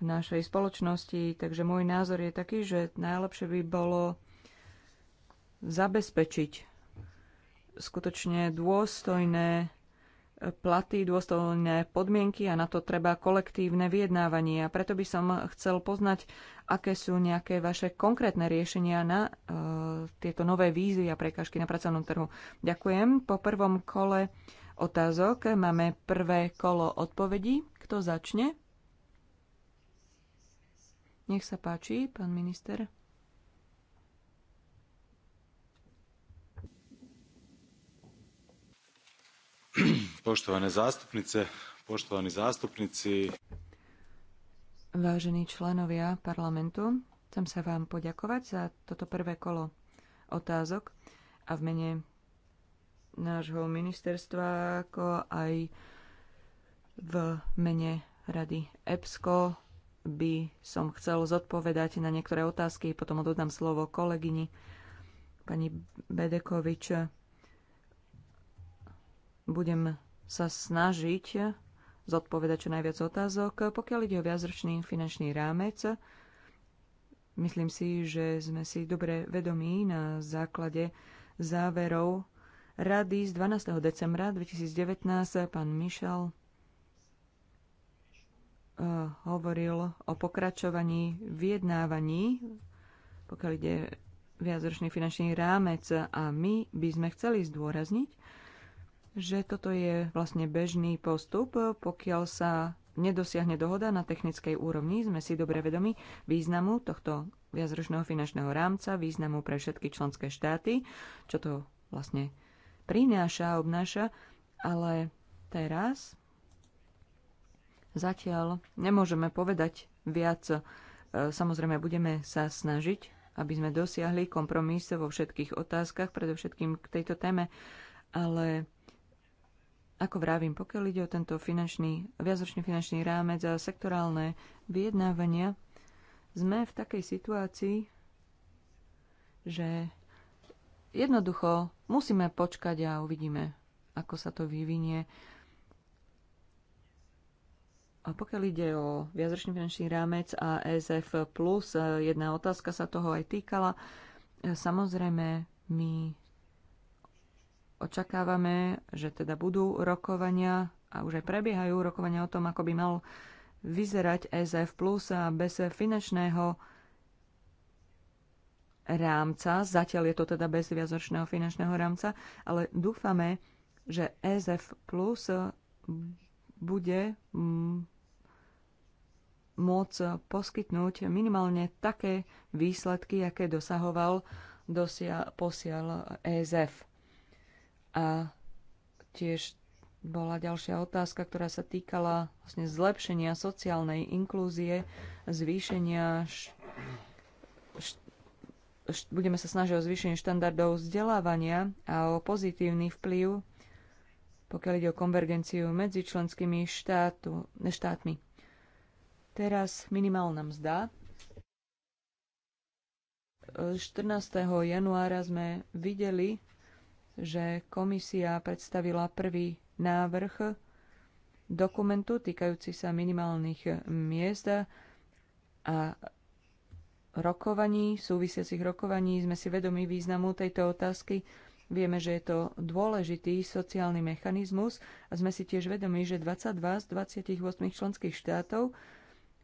v našej spoločnosti. Takže môj názor je taký, že najlepšie by bolo zabezpečiť skutočne dôstojné platy, dôstojné podmienky a na to treba kolektívne vyjednávanie. A preto by som chcel poznať, aké sú nejaké vaše konkrétne riešenia na uh, tieto nové vízy a prekažky na pracovnom trhu. Ďakujem. Po prvom kole otázok. Máme prvé kolo odpovedí. Kto začne? Nech sa páči, pán minister. Poštovane zástupnice, poštovani zástupnici. Vážení členovia parlamentu, chcem sa vám poďakovať za toto prvé kolo otázok a v mene nášho ministerstva, ako aj v mene rady EPSCO by som chcel zodpovedať na niektoré otázky, potom dodám slovo kolegyni pani Bedekovič. Budem sa snažiť zodpovedať čo najviac otázok. Pokiaľ ide o viacročný finančný rámec, myslím si, že sme si dobre vedomí na základe záverov rady z 12. decembra 2019 pán Michel eh, hovoril o pokračovaní vyjednávaní, pokiaľ ide viacročný finančný rámec a my by sme chceli zdôrazniť, že toto je vlastne bežný postup, pokiaľ sa nedosiahne dohoda na technickej úrovni. Sme si dobre vedomi významu tohto viacročného finančného rámca, významu pre všetky členské štáty, čo to vlastne prináša a obnáša, ale teraz zatiaľ nemôžeme povedať viac. E, samozrejme, budeme sa snažiť, aby sme dosiahli kompromis vo všetkých otázkach, predovšetkým k tejto téme, ale ako vravím, pokiaľ ide o tento finančný, viacročný finančný rámec a sektorálne vyjednávania, sme v takej situácii, že jednoducho Musíme počkať a uvidíme, ako sa to vyvinie. A pokiaľ ide o viazročný finančný rámec a ESF+, e, jedna otázka sa toho aj týkala. E, samozrejme, my očakávame, že teda budú rokovania a už aj prebiehajú rokovania o tom, ako by mal vyzerať ESF+, a bez finančného rámca. Zatiaľ je to teda bez viazočného finančného rámca, ale dúfame, že ESF Plus eh, bude mm, môcť poskytnúť minimálne také výsledky, aké dosahoval dosia, posiaľ ESF. A tiež bola ďalšia otázka, ktorá sa týkala vlastne zlepšenia sociálnej inklúzie, zvýšenia budeme sa snažiť o zvýšenie štandardov vzdelávania a o pozitívny vplyv, pokiaľ ide o konvergenciu medzi členskými štátu, štátmi. Teraz minimálna mzda. 14. januára sme videli, že komisia predstavila prvý návrh dokumentu týkajúci sa minimálnych miest a rokovaní, súvisiacich rokovaní sme si vedomi významu tejto otázky. Vieme, že je to dôležitý sociálny mechanizmus a sme si tiež vedomi, že 22 z 28 členských štátov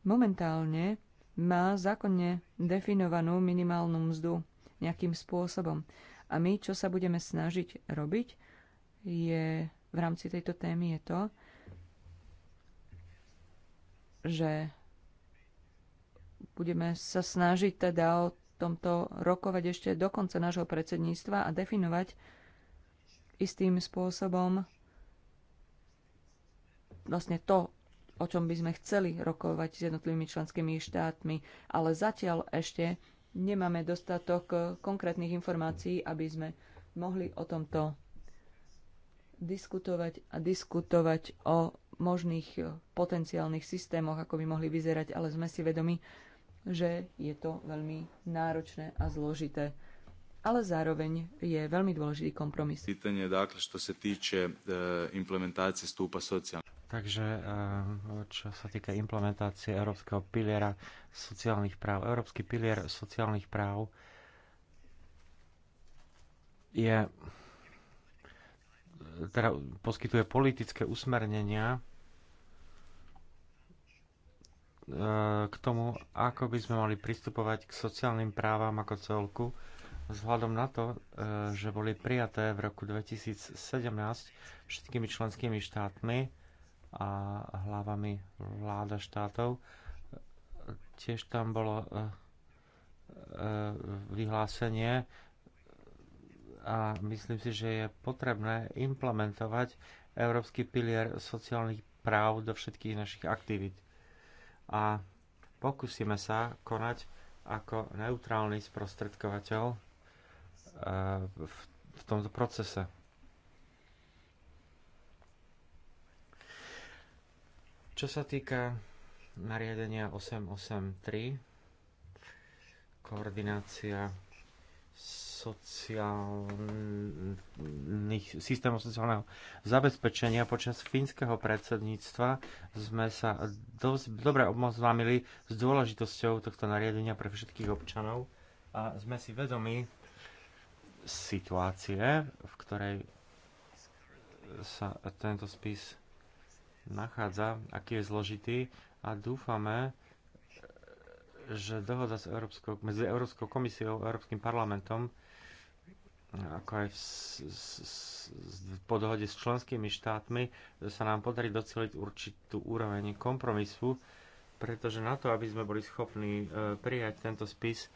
momentálne má zákonne definovanú minimálnu mzdu nejakým spôsobom. A my, čo sa budeme snažiť robiť, je v rámci tejto témy je to, že budeme sa snažiť teda o tomto rokovať ešte do konca nášho predsedníctva a definovať istým spôsobom vlastne to, o čom by sme chceli rokovať s jednotlivými členskými štátmi, ale zatiaľ ešte nemáme dostatok konkrétnych informácií, aby sme mohli o tomto diskutovať a diskutovať o možných potenciálnych systémoch, ako by mohli vyzerať, ale sme si vedomi, že je to veľmi náročné a zložité ale zároveň je veľmi dôležitý kompromis. Pitanje dákle, čo sa týče implementácie stúpa socijalne. Takže e, čo sa týka implementácie Európskeho piliera sociálnych práv, Európsky pilier sociálnych práv je teda poskytuje politické usmernenia k tomu, ako by sme mali pristupovať k sociálnym právam ako celku, vzhľadom na to, e, že boli prijaté v roku 2017 všetkými členskými štátmi a hlavami vláda štátov. Tiež tam bolo e, e, vyhlásenie a myslím si, že je potrebné implementovať Európsky pilier sociálnych práv do všetkých našich aktivít a pokúsime sa konať ako neutrálny sprostredkovateľ eh, v tomto procese. Čo sa týka nariadenia 883, koordinácia sociálnych, systémov sociálneho zabezpečenia počas fínskeho predsedníctva sme sa dosť dobre obmozvámili s dôležitosťou tohto nariadenia pre všetkých občanov a sme si vedomi situácie, v ktorej sa tento spis nachádza, aký je zložitý a dúfame, že dohoda s Európskou, medzi Európskou komisiou a Európskym parlamentom ako aj v, s, s, po dohode s členskými štátmi sa nám podarí doceliť určitú úroveň kompromisu, pretože na to, aby sme boli schopní e, prijať tento spis,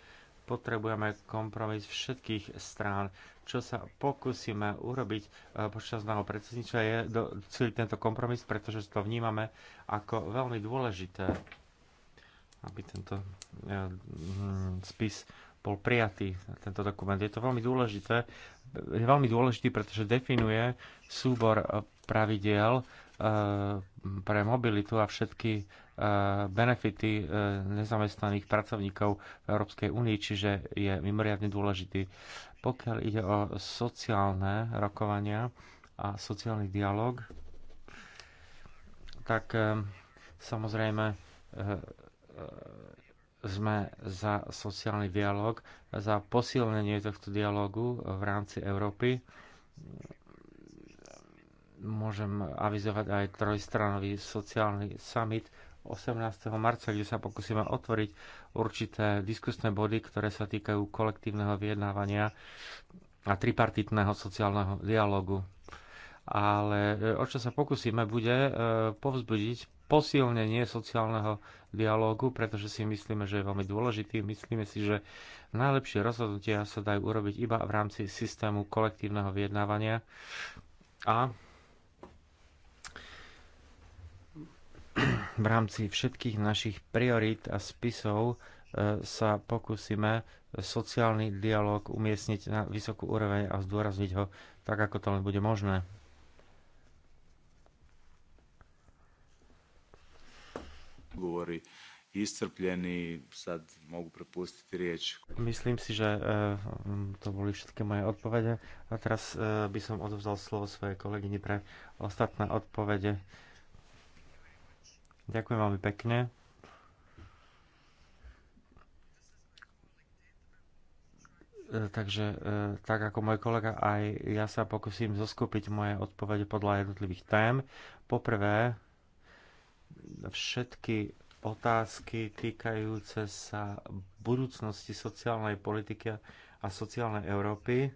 potrebujeme kompromis všetkých strán. Čo sa pokúsime urobiť e, počas náho predsedniča je doceliť tento kompromis, pretože to vnímame ako veľmi dôležité aby tento e, mm, spis bol prijatý, tento dokument. Je to veľmi dôležité, je veľmi dôležitý, pretože definuje súbor e, pravidiel e, pre mobilitu a všetky benefity nezamestnaných pracovníkov v Európskej únii, čiže je mimoriadne dôležitý. Pokiaľ ide o sociálne rokovania a sociálny dialog, tak samozrejme E, sme za sociálny dialog, za posilnenie tohto dialogu v rámci Európy. Môžem avizovať aj trojstranový sociálny summit 18. marca, kde sa pokúsime otvoriť určité diskusné body, ktoré sa týkajú kolektívneho vyjednávania a tripartitného sociálneho dialogu. Ale e, o čo sa pokúsime, bude e, povzbudiť posilnenie sociálneho dialógu, pretože si myslíme, že je veľmi dôležitý. Myslíme si, že najlepšie rozhodnutia sa dajú urobiť iba v rámci systému kolektívneho vyjednávania. A v rámci všetkých našich priorít a spisov e, sa pokúsime sociálny dialog umiestniť na vysokú úroveň a zdôrazniť ho tak, ako to len bude možné. govori iscrpljeni, sad mogu prepustiti riječ. Myslím si, že e, to boli všetky moje odpovede a teraz e, by som odovzdal slovo svojej kolegyni pre ostatné odpovede. Ďakujem veľmi pekne. E, takže tak ako môj kolega, aj ja sa pokúsim zoskupiť moje odpovede podľa jednotlivých tém. Poprvé, všetky otázky týkajúce sa budúcnosti sociálnej politiky a sociálnej Európy.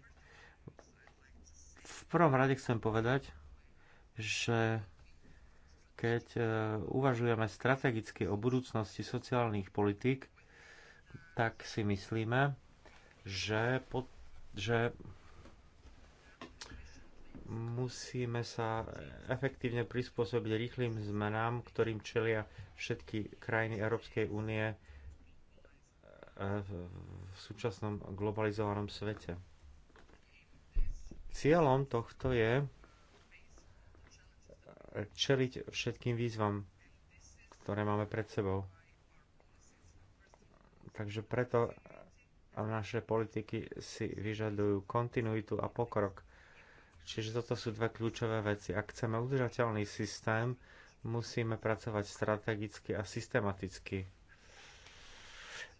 V prvom rade chcem povedať, že keď e, uvažujeme strategicky o budúcnosti sociálnych politík, tak si myslíme, že, po, že musíme sa efektívne prispôsobiť rýchlým zmenám, ktorým čelia všetky krajiny Európskej únie eh, v súčasnom globalizovanom svete. Cieľom tohto je čeliť všetkým výzvam, ktoré máme pred sebou. Takže preto naše politiky si vyžadujú kontinuitu a pokrok Čiže toto sú dve kľúčové veci. Ak chceme udržateľný systém, musíme pracovať strategicky a systematicky.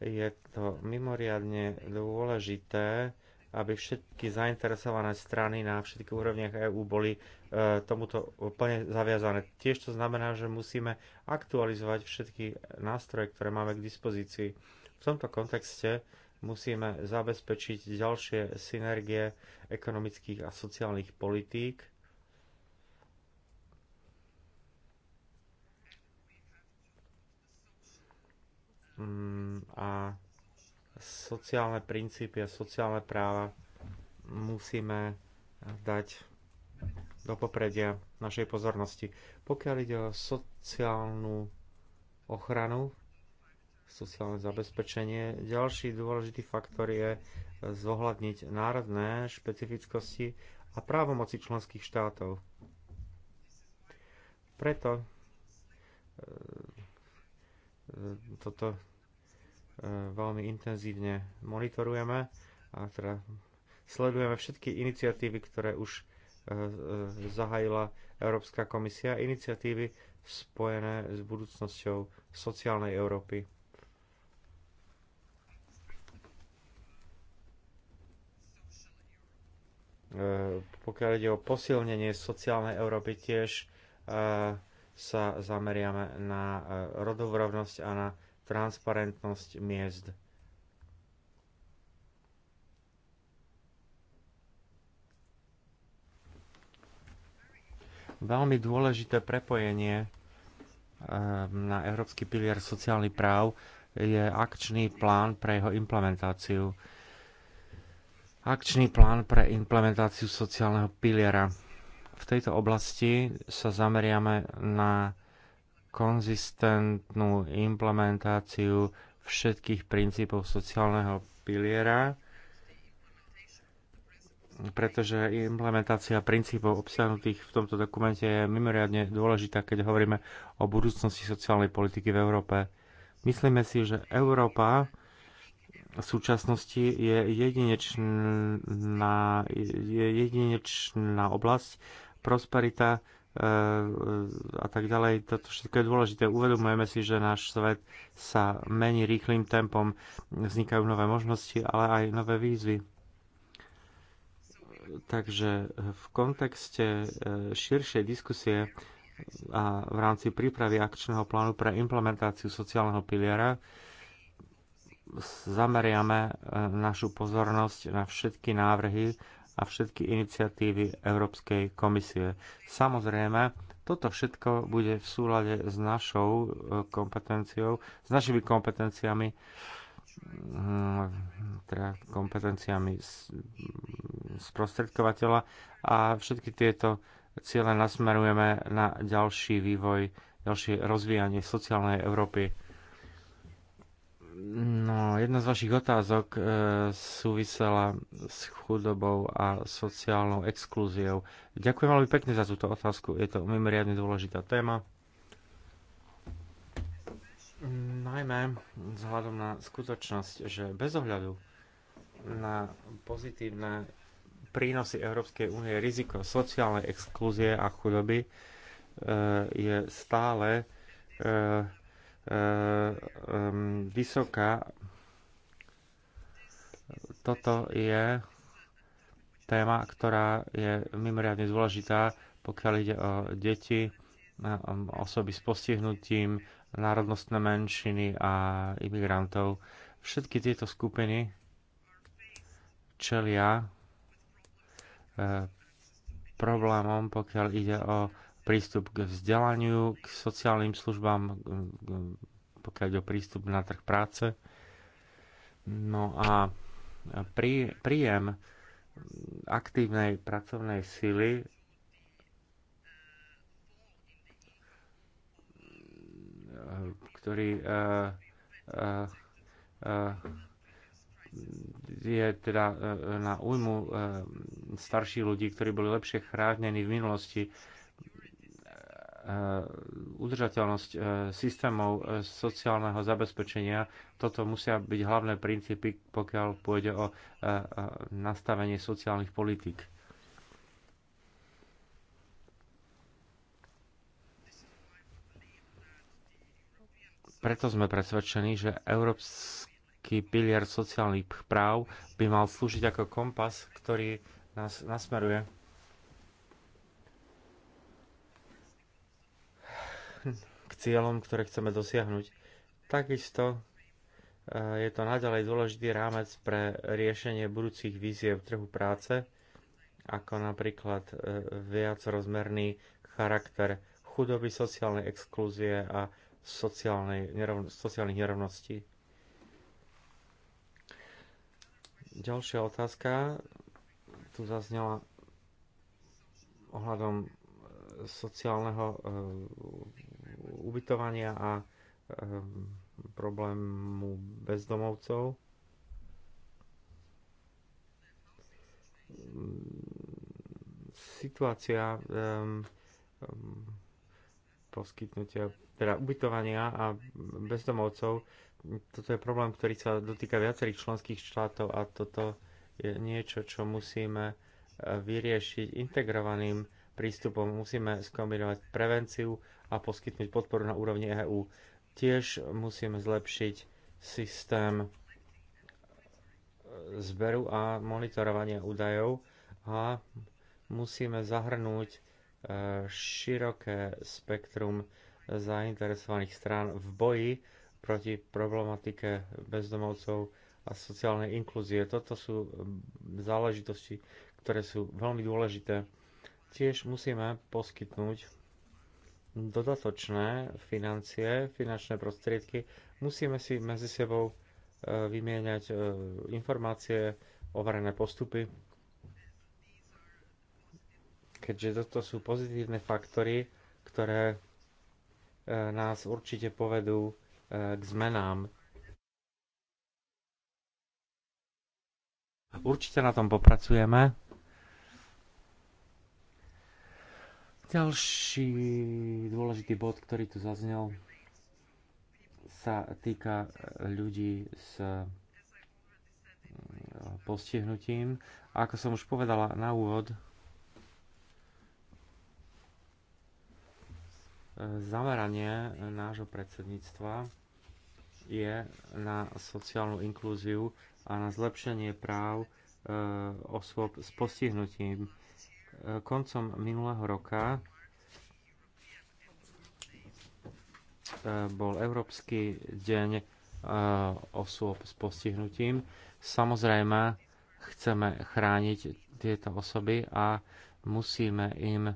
Je to mimoriadne dôležité, aby všetky zainteresované strany na všetkých úrovniach EÚ boli e, tomuto úplne zaviazané. Tiež to znamená, že musíme aktualizovať všetky nástroje, ktoré máme k dispozícii. V tomto kontexte Musíme zabezpečiť ďalšie synergie ekonomických a sociálnych politík. Mm, a sociálne princípy a sociálne práva musíme dať do popredia našej pozornosti. Pokiaľ ide o sociálnu ochranu, sociálne zabezpečenie. Ďalší dôležitý faktor je e, zohľadniť národné špecifickosti a právomoci členských štátov. Preto e, e, toto veľmi intenzívne monitorujeme a teda sledujeme všetky iniciatívy, ktoré už zahajila Európska komisia, iniciatívy spojené s budúcnosťou sociálnej Európy. E, pokiaľ ide o posilnenie sociálnej Európy, tiež e, sa zameriame na e, rodovú rovnosť a na transparentnosť miest. Veľmi dôležité prepojenie na Európsky pilier sociálnych práv je akčný plán pre jeho implementáciu. Akčný plán pre implementáciu sociálneho piliera. V tejto oblasti sa zameriame na konzistentnú implementáciu všetkých princípov sociálneho piliera, pretože implementácia princípov obsiahnutých v tomto dokumente je mimoriadne dôležitá, keď hovoríme o budúcnosti sociálnej politiky v Európe. Myslíme si, že Európa v súčasnosti je jedinečná, je jedinečná oblasť, prosperita e, a tak ďalej. Toto všetko je dôležité. Uvedomujeme si, že náš svet sa mení rýchlým tempom, vznikajú nové možnosti, ale aj nové výzvy. Takže v kontexte e, širšej diskusie a v rámci prípravy akčného plánu pre implementáciu sociálneho piliera zameriame e, našu pozornosť na všetky návrhy a všetky iniciatívy Európskej komisie. Samozrejme, toto všetko bude v súlade s našou e, kompetenciou, s našimi kompetenciami, mm, teda kompetenciami sprostredkovateľa a všetky tieto ciele nasmerujeme na ďalší vývoj, ďalšie rozvíjanie sociálnej Európy No, jedna z vašich otázok e, súvisela s chudobou a sociálnou exklúziou. Ďakujem veľmi pekne za túto otázku, je to mimoriadne dôležitá téma. Najmä vzhľadom na skutočnosť, že bez ohľadu na pozitívne prínosy Európskej únie riziko sociálnej exklúzie a chudoby e, je stále e, Eh, vysoká. Toto je téma, ktorá je mimoriadne dôležitá, pokiaľ ide o deti, osoby s postihnutím, národnostné menšiny a imigrantov. Všetky tieto skupiny čelia eh, problémom, pokiaľ ide o prístup k vzdelaniu, k sociálnym službám, pokiaľ ide o prístup na trh práce. No a prí, príjem aktívnej pracovnej sily ktorý uh, uh, uh, je teda e, na újmu e, starších ľudí, ktorí boli lepšie chránení v minulosti Eh, udržateľnosť eh, systémov eh, sociálneho zabezpečenia. Toto musia byť hlavné princípy, pokiaľ pôjde o nastavenie sociálnych politík. Preto sme presvedčení, že Európsky pilier sociálnych práv by mal slúžiť ako kompas, ktorý nás nasmeruje cieľom, ktoré chceme dosiahnuť. Takisto e, je to naďalej dôležitý rámec pre riešenie budúcich víziev trhu práce, ako napríklad e, viacrozmerný charakter chudoby, sociálnej exklúzie a sociálnej, nerovn- sociálnych nerovností. Ďalšia otázka tu zaznela ohľadom e, sociálneho ubytovania a ehm, problému bezdomovcov. Situácia um, um, poskytnutia, teda ubytovania a bezdomovcov, toto je problém, ktorý sa dotýka viacerých členských štátov a toto je niečo, čo musíme e, vyriešiť integrovaným prístupom. Musíme skombinovať prevenciu, a poskytnúť podporu na úrovni EÚ. Tiež musíme zlepšiť systém zberu a monitorovania údajov a musíme zahrnúť e, široké spektrum zainteresovaných strán v boji proti problematike bezdomovcov a sociálnej inklúzie. Toto sú záležitosti, ktoré sú veľmi dôležité. Tiež musíme poskytnúť dodatočné financie, finančné prostriedky. Musíme si medzi sebou e, vymieňať e, informácie, overené postupy. Keďže toto sú pozitívne faktory, ktoré e, nás určite povedú k zmenám. Určite na tom popracujeme. Ďalší dôležitý bod, ktorý tu zaznel, sa týka e, ľudí s e, postihnutím. A ako som už povedala na úvod, e, zameranie nášho predsedníctva je na sociálnu inklúziu a na zlepšenie práv osôb s postihnutím koncom minulého roka e, bol Európsky deň e, osôb s postihnutím. Samozrejme, chceme chrániť tieto osoby a musíme im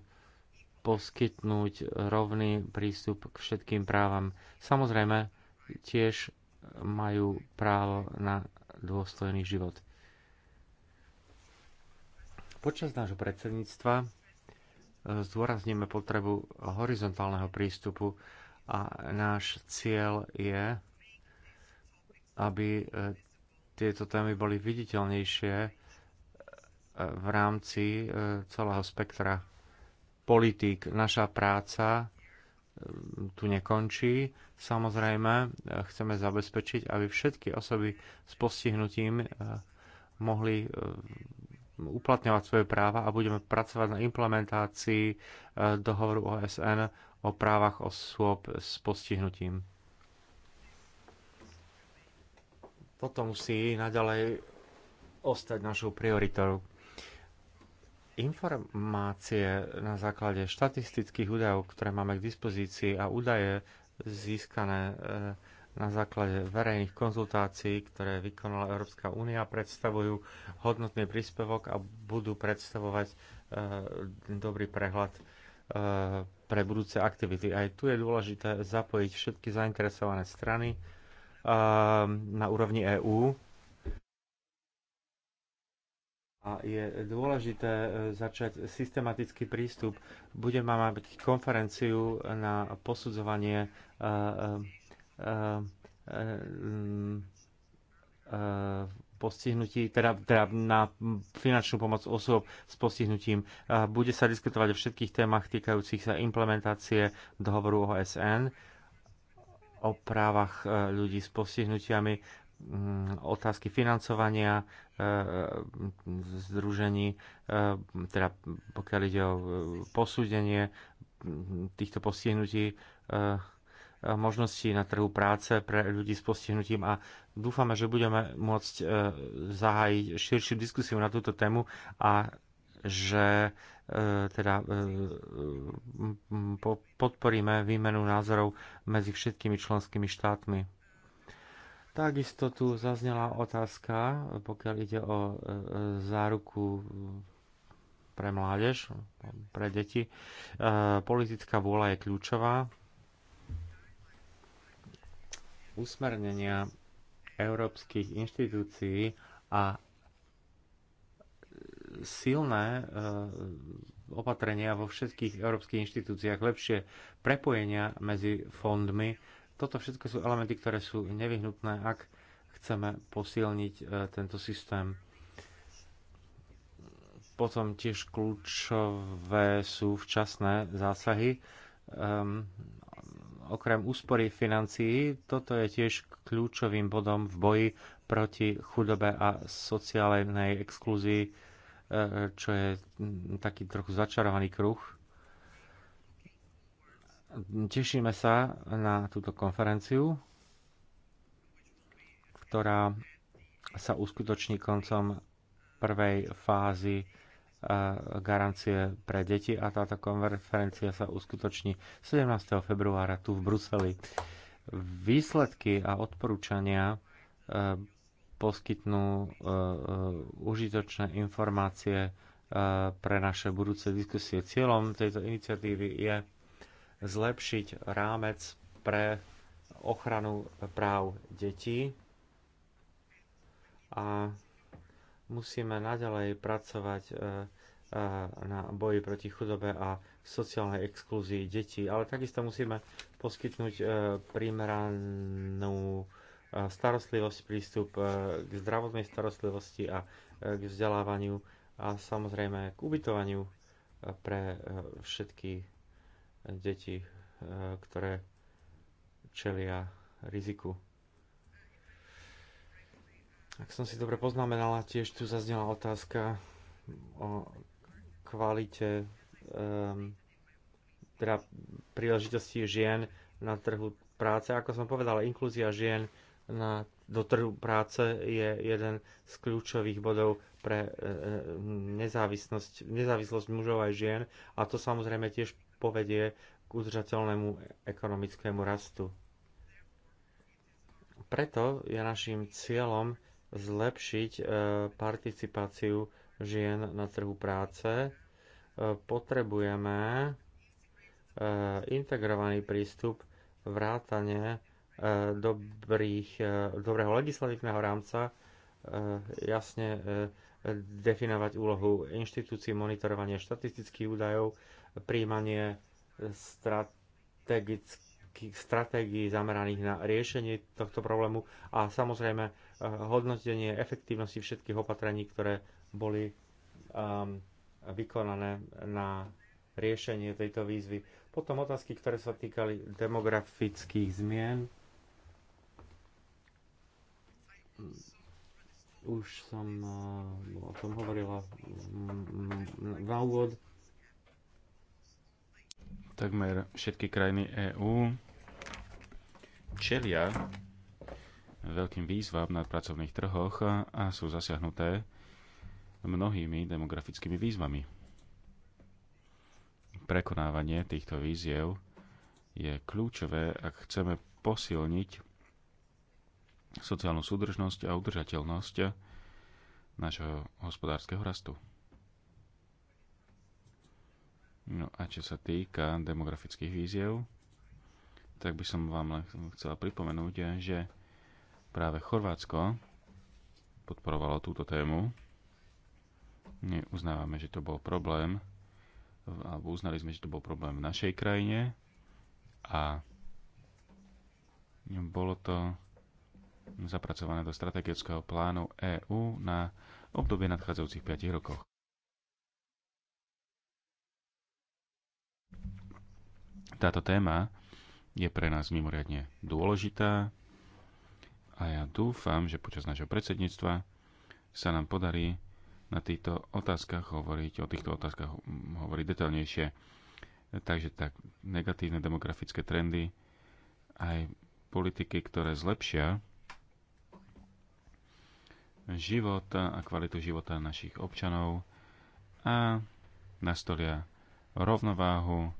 poskytnúť rovný prístup k všetkým právam. Samozrejme, tiež majú právo na dôstojný život. Počas nášho predsedníctva e, zdôrazníme potrebu horizontálneho prístupu a náš cieľ je, aby e, tieto témy boli viditeľnejšie e, v rámci celého spektra politík. Naša práca tu nekončí. Samozrejme, chceme zabezpečiť, aby všetky osoby s postihnutím mohli uplatňovať svoje práva a budeme pracovať na implementácii e, dohovoru OSN o právach osôb s postihnutím. Toto musí naďalej ostať našou prioritou. Informácie na základe štatistických údajov, ktoré máme k dispozícii a údaje získané e, na základe verejných konzultácií, ktoré vykonala Európska únia, predstavujú hodnotný príspevok a budú predstavovať e, dobrý prehľad e, pre budúce aktivity. Aj tu je dôležité zapojiť všetky zainteresované strany e, na úrovni EÚ. A je dôležité začať systematický prístup. Budeme mať konferenciu na posudzovanie Eh, eh, eh, postihnutí, teda, teda na finančnú pomoc osôb s postihnutím. Bude sa diskutovať o všetkých témach týkajúcich sa implementácie dohovoru OSN o právach ľudí s postihnutiami, mm, otázky financovania združení, teda pokiaľ ide o posúdenie mm, týchto postihnutí, Eh, možnosti na trhu práce pre ľudí s postihnutím a dúfame, že budeme môcť eh, zahájiť širšiu diskusiu na túto tému a že eh, teda podporíme výmenu názorov medzi všetkými členskými štátmi. Takisto tu zaznela otázka, pokiaľ ide o záruku pre mládež, pre deti. Politická vôľa je kľúčová usmernenia európskych inštitúcií a silné e, opatrenia vo všetkých európskych inštitúciách, lepšie prepojenia medzi fondmi. Toto všetko sú elementy, ktoré sú nevyhnutné, ak chceme posilniť e, tento systém. Potom tiež kľúčové sú včasné zásahy ehm, Okrem úspory financií, toto je tiež kľúčovým bodom v boji proti chudobe a sociálnej exklúzii, e, čo je taký trochu začarovaný kruh. Tešíme sa na túto konferenciu, ktorá sa uskutoční koncom prvej fázy garancie pre deti a táto konferencia sa uskutoční 17. februára tu v Bruseli. Výsledky a odporúčania e, poskytnú e, e, užitočné informácie pre naše budúce diskusie. Cieľom tejto iniciatívy je zlepšiť rámec pre ochranu práv detí a Musíme naďalej pracovať e, e, na boji proti chudobe a sociálnej exklúzii detí, ale takisto musíme poskytnúť e, primeranú starostlivosť, prístup k zdravotnej starostlivosti a k vzdelávaniu a samozrejme k ubytovaniu pre všetky deti, ktoré čelia riziku. Ak som si dobre poznamenala, tiež tu zaznela otázka o kvalite um, teda príležitosti žien na trhu práce. Ako som povedala, inklúzia žien na, do trhu práce je jeden z kľúčových bodov pre e, e, nezávislosť, nezávislosť mužov aj žien a to samozrejme tiež povedie k udržateľnému ekonomickému rastu. Preto je našim cieľom zlepšiť e, participáciu žien na trhu práce. E, potrebujeme e, integrovaný prístup vrátane dobrých, dobrého legislatívneho rámca, jasne definovať úlohu inštitúcií, monitorovanie štatistických údajov, príjmanie strategických stratégií zameraných na riešenie tohto problému a samozrejme eh, hodnotenie efektívnosti všetkých opatrení, ktoré boli um, vykonané na riešenie tejto výzvy. Potom otázky, ktoré sa týkali demografických zmien. Už som eh, o tom hovorila mm, mm, na úvod Takmer všetky krajiny EÚ čelia veľkým výzvam na pracovných trhoch a sú zasiahnuté mnohými demografickými výzvami. Prekonávanie týchto výziev je kľúčové, ak chceme posilniť sociálnu súdržnosť a udržateľnosť našeho hospodárskeho rastu. No a čo sa týka demografických víziev, tak by som vám len chcela pripomenúť, že práve Chorvátsko podporovalo túto tému. My uznávame, že to bol problém, alebo uznali sme, že to bol problém v našej krajine a bolo to zapracované do strategického plánu EÚ na obdobie nadchádzajúcich 5 rokov. Táto téma je pre nás mimoriadne dôležitá a ja dúfam, že počas nášho predsedníctva sa nám podarí na týchto otázkach hovoriť, o týchto otázkach hovoriť detaľnejšie. Takže tak, negatívne demografické trendy, aj politiky, ktoré zlepšia život a kvalitu života našich občanov a nastolia rovnováhu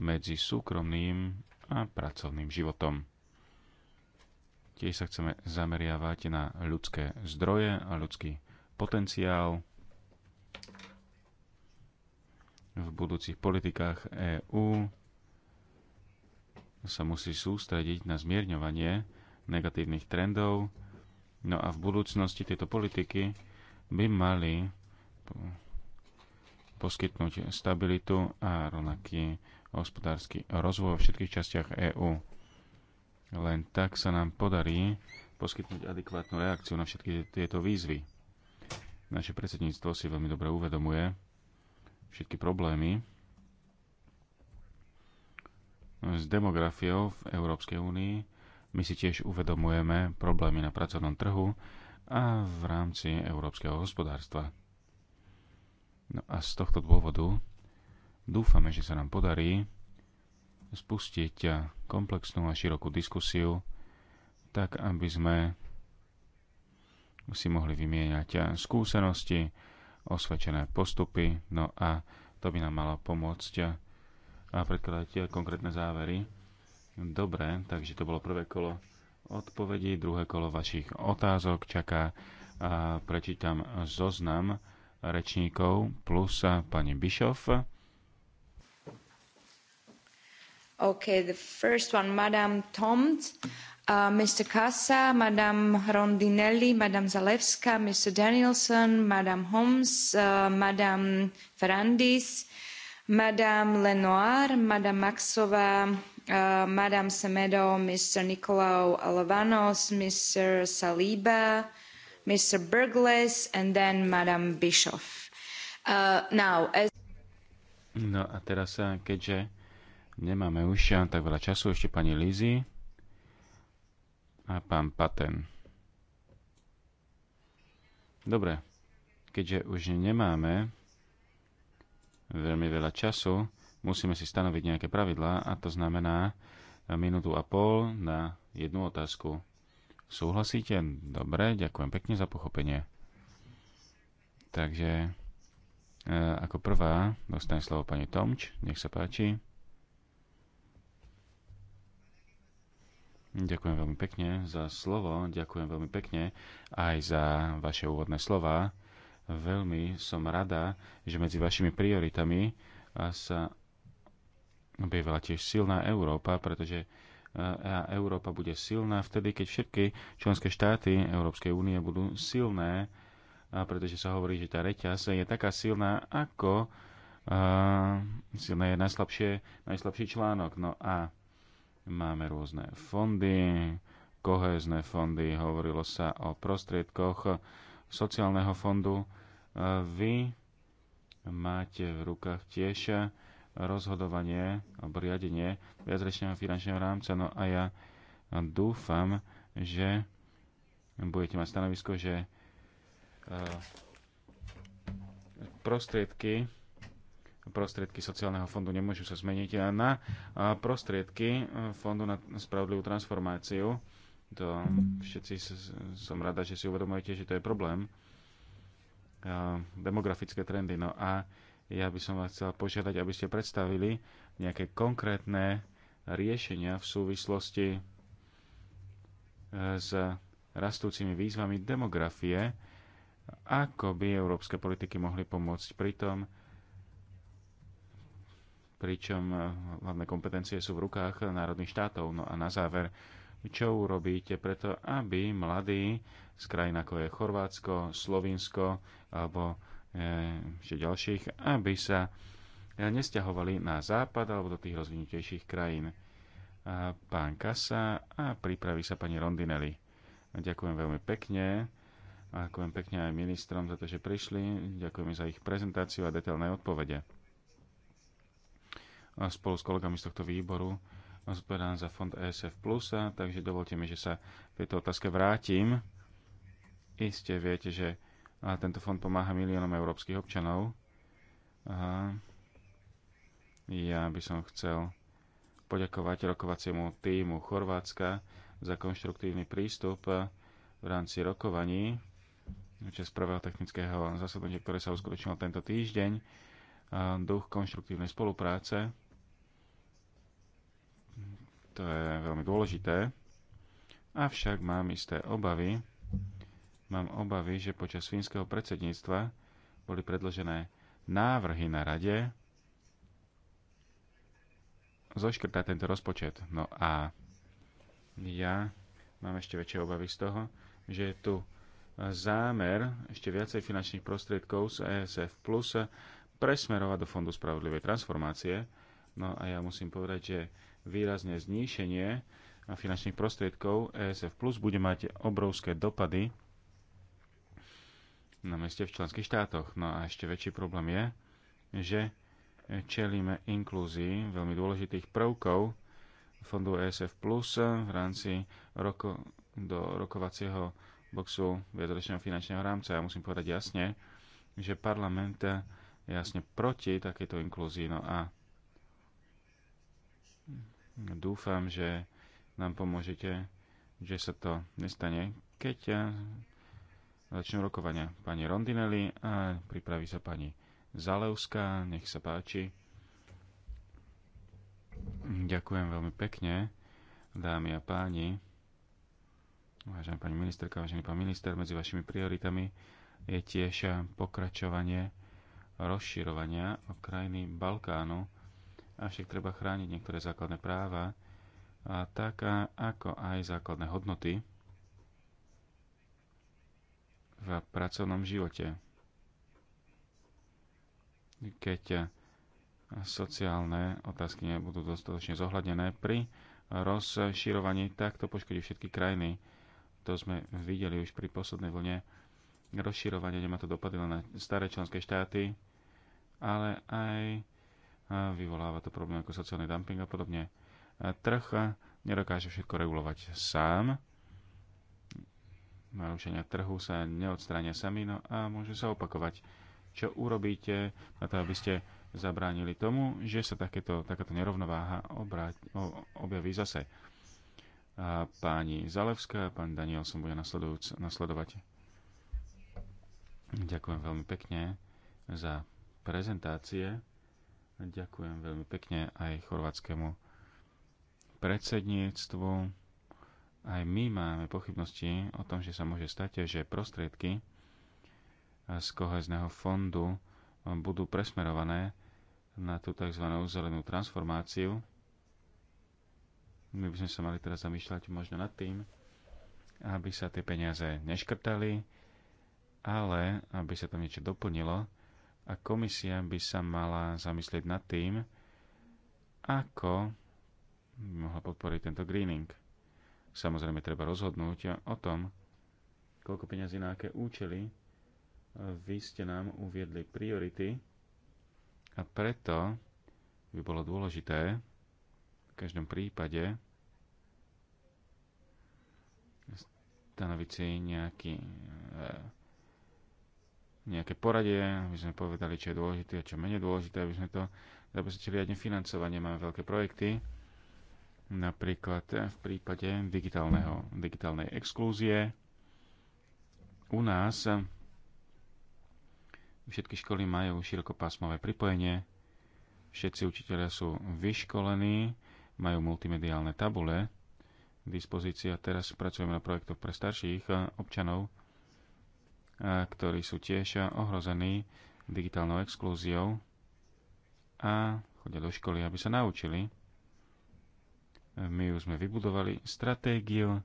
medzi súkromným a pracovným životom. Tiež sa chceme zameriavať na ľudské zdroje a ľudský potenciál v budúcich politikách EÚ sa musí sústrediť na zmierňovanie negatívnych trendov, no a v budúcnosti tieto politiky by mali poskytnúť stabilitu a rovnaký hospodársky rozvoj vo všetkých častiach EÚ. Len tak sa nám podarí poskytnúť adekvátnu reakciu na všetky tieto výzvy. Naše predsedníctvo si veľmi dobre uvedomuje všetky problémy s demografiou v Európskej únii. My si tiež uvedomujeme problémy na pracovnom trhu a v rámci európskeho hospodárstva. No a z tohto dôvodu Dúfame, že sa nám podarí spustiť komplexnú a širokú diskusiu, tak aby sme si mohli vymieňať skúsenosti, osvedčené postupy, no a to by nám malo pomôcť a predkladať konkrétne závery. Dobre, takže to bolo prvé kolo odpovedí, druhé kolo vašich otázok čaká a prečítam zoznam rečníkov plus pani Bišov Okay, the first one, Madame Tomt, uh, Mr. Casa, Madame Rondinelli, Madame Zalewska, Mr. Danielson, Madame Holmes, uh, Madame Ferrandis, Madame Lenoir, Madame Maxova, uh, Madame Semedo, Mr. Nicolau Alavanos, Mr. Saliba, Mr. Burgles, and then Madame Bischoff. Uh, now, as... No a teraz, eh, keďže Nemáme už tak veľa času, ešte pani Lizy a pán Paten. Dobre, keďže už nemáme veľmi veľa času, musíme si stanoviť nejaké pravidlá a to znamená minútu a pol na jednu otázku. Súhlasíte? Dobre, ďakujem pekne za pochopenie. Takže e, ako prvá dostane slovo pani Tomč, nech sa páči. Ďakujem veľmi pekne za slovo, ďakujem veľmi pekne aj za vaše úvodné slova. Veľmi som rada, že medzi vašimi prioritami sa objavila tiež silná Európa, pretože e, Európa bude silná vtedy, keď všetky členské štáty Európskej únie budú silné, pretože sa hovorí, že tá reťaz je taká silná, ako silné je najslabšie, najslabší článok. No a Máme rôzne fondy, kohézne fondy, hovorilo sa o prostriedkoch sociálneho fondu. Vy máte v rukách tiež rozhodovanie alebo riadenie viacrečného finančného rámca. No a ja dúfam, že budete mať stanovisko, že e, prostriedky prostriedky sociálneho fondu nemôžu sa zmeniť na prostriedky e, fondu na spravodlivú transformáciu. To všetci som rada, že si uvedomujete, že to je problém. E, demografické trendy. No a ja by som vás chcel požiadať, aby ste predstavili nejaké konkrétne riešenia v súvislosti e, s rastúcimi výzvami demografie, ako by európske politiky mohli pomôcť pri tom, pričom eh, hlavné kompetencie sú v rukách národných štátov. No a na záver, čo urobíte preto, aby mladí z krajín ako je Chorvátsko, Slovinsko alebo eh, ešte ďalších, aby sa eh, nesťahovali na západ alebo do tých rozvinutejších krajín. A pán Kasa a pripraví sa pani Rondinelli. A ďakujem veľmi pekne. A ďakujem pekne aj ministrom za to, že prišli. Ďakujem za ich prezentáciu a detailné odpovede spolu s kolegami z tohto výboru zberám za fond ESF+, takže dovolte mi, že sa v tejto otázke vrátim. Iste viete, že tento fond pomáha miliónom európskych občanov. A ja by som chcel poďakovať rokovaciemu týmu Chorvátska za konštruktívny prístup v rámci rokovaní čas prvého technického zasadnutia, ktoré sa uskutočnilo tento týždeň. Duch konštruktívnej spolupráce to je veľmi dôležité. Avšak mám isté obavy. Mám obavy, že počas fínskeho predsedníctva boli predložené návrhy na rade zoškrtať tento rozpočet. No a ja mám ešte väčšie obavy z toho, že je tu zámer ešte viacej finančných prostriedkov z ESF Plus presmerovať do Fondu spravodlivej transformácie. No a ja musím povedať, že výrazne zníšenie finančných prostriedkov ESF Plus bude mať obrovské dopady na meste v členských štátoch. No a ešte väčší problém je, že čelíme inklúzii veľmi dôležitých prvkov fondu ESF Plus v rámci roko, do rokovacieho boxu viedročného finančného rámca. Ja musím povedať jasne, že parlament je jasne proti takéto inklúzii. No a Dúfam, že nám pomôžete, že sa to nestane, keď eh, začnú rokovania pani Rondinelli a pripraví sa pani Zalevská. Nech sa páči. Ďakujem veľmi pekne, dámy a páni. Vážená pani ministerka, vážený pán minister, medzi vašimi prioritami je tiež pokračovanie rozširovania krajiny Balkánu avšak treba chrániť niektoré základné práva, a tak ako aj základné hodnoty v pracovnom živote. Keď sociálne otázky nebudú dostatočne zohľadnené pri rozširovaní, tak to poškodí všetky krajiny. To sme videli už pri poslednej vlne rozširovania, nemá to dopady len na staré členské štáty, ale aj vyvoláva to problém ako sociálny dumping a podobne. Trh nedokáže všetko regulovať sám, narušenia trhu sa neodstránia sami, no a môže sa opakovať. Čo urobíte na to, aby ste zabránili tomu, že sa takéto, takáto nerovnováha obrať, o, objaví zase? A páni Zalevská a pán Daniel som bude nasledovať. Ďakujem veľmi pekne za prezentácie. Ďakujem veľmi pekne aj chorvátskému predsedníctvu. Aj my máme pochybnosti o tom, že sa môže stať, že prostriedky z kohezného fondu budú presmerované na tú tzv. zelenú transformáciu. My by sme sa mali teraz zamýšľať možno nad tým, aby sa tie peniaze neškrtali, ale aby sa tam niečo doplnilo, a komisia by sa mala zamyslieť nad tým, ako by mohla podporiť tento greening. Samozrejme, treba rozhodnúť o tom, koľko peňazí na aké účely. Vy ste nám uviedli priority a preto by bolo dôležité v každom prípade stanoviť si nejaký eh, nejaké poradie, aby sme povedali, čo je dôležité a čo menej dôležité, aby sme to zabezpečili aj financovanie. Máme veľké projekty, napríklad eh, v prípade digitálneho, digitálnej exklúzie. U nás eh, všetky školy majú širokopásmové pripojenie, všetci učiteľia sú vyškolení, majú multimediálne tabule k dispozícii a teraz pracujeme na projektoch pre starších eh, občanov, ktorí sú tiež ohrození digitálnou exklúziou a chodia do školy, aby sa naučili. My už sme vybudovali stratégiu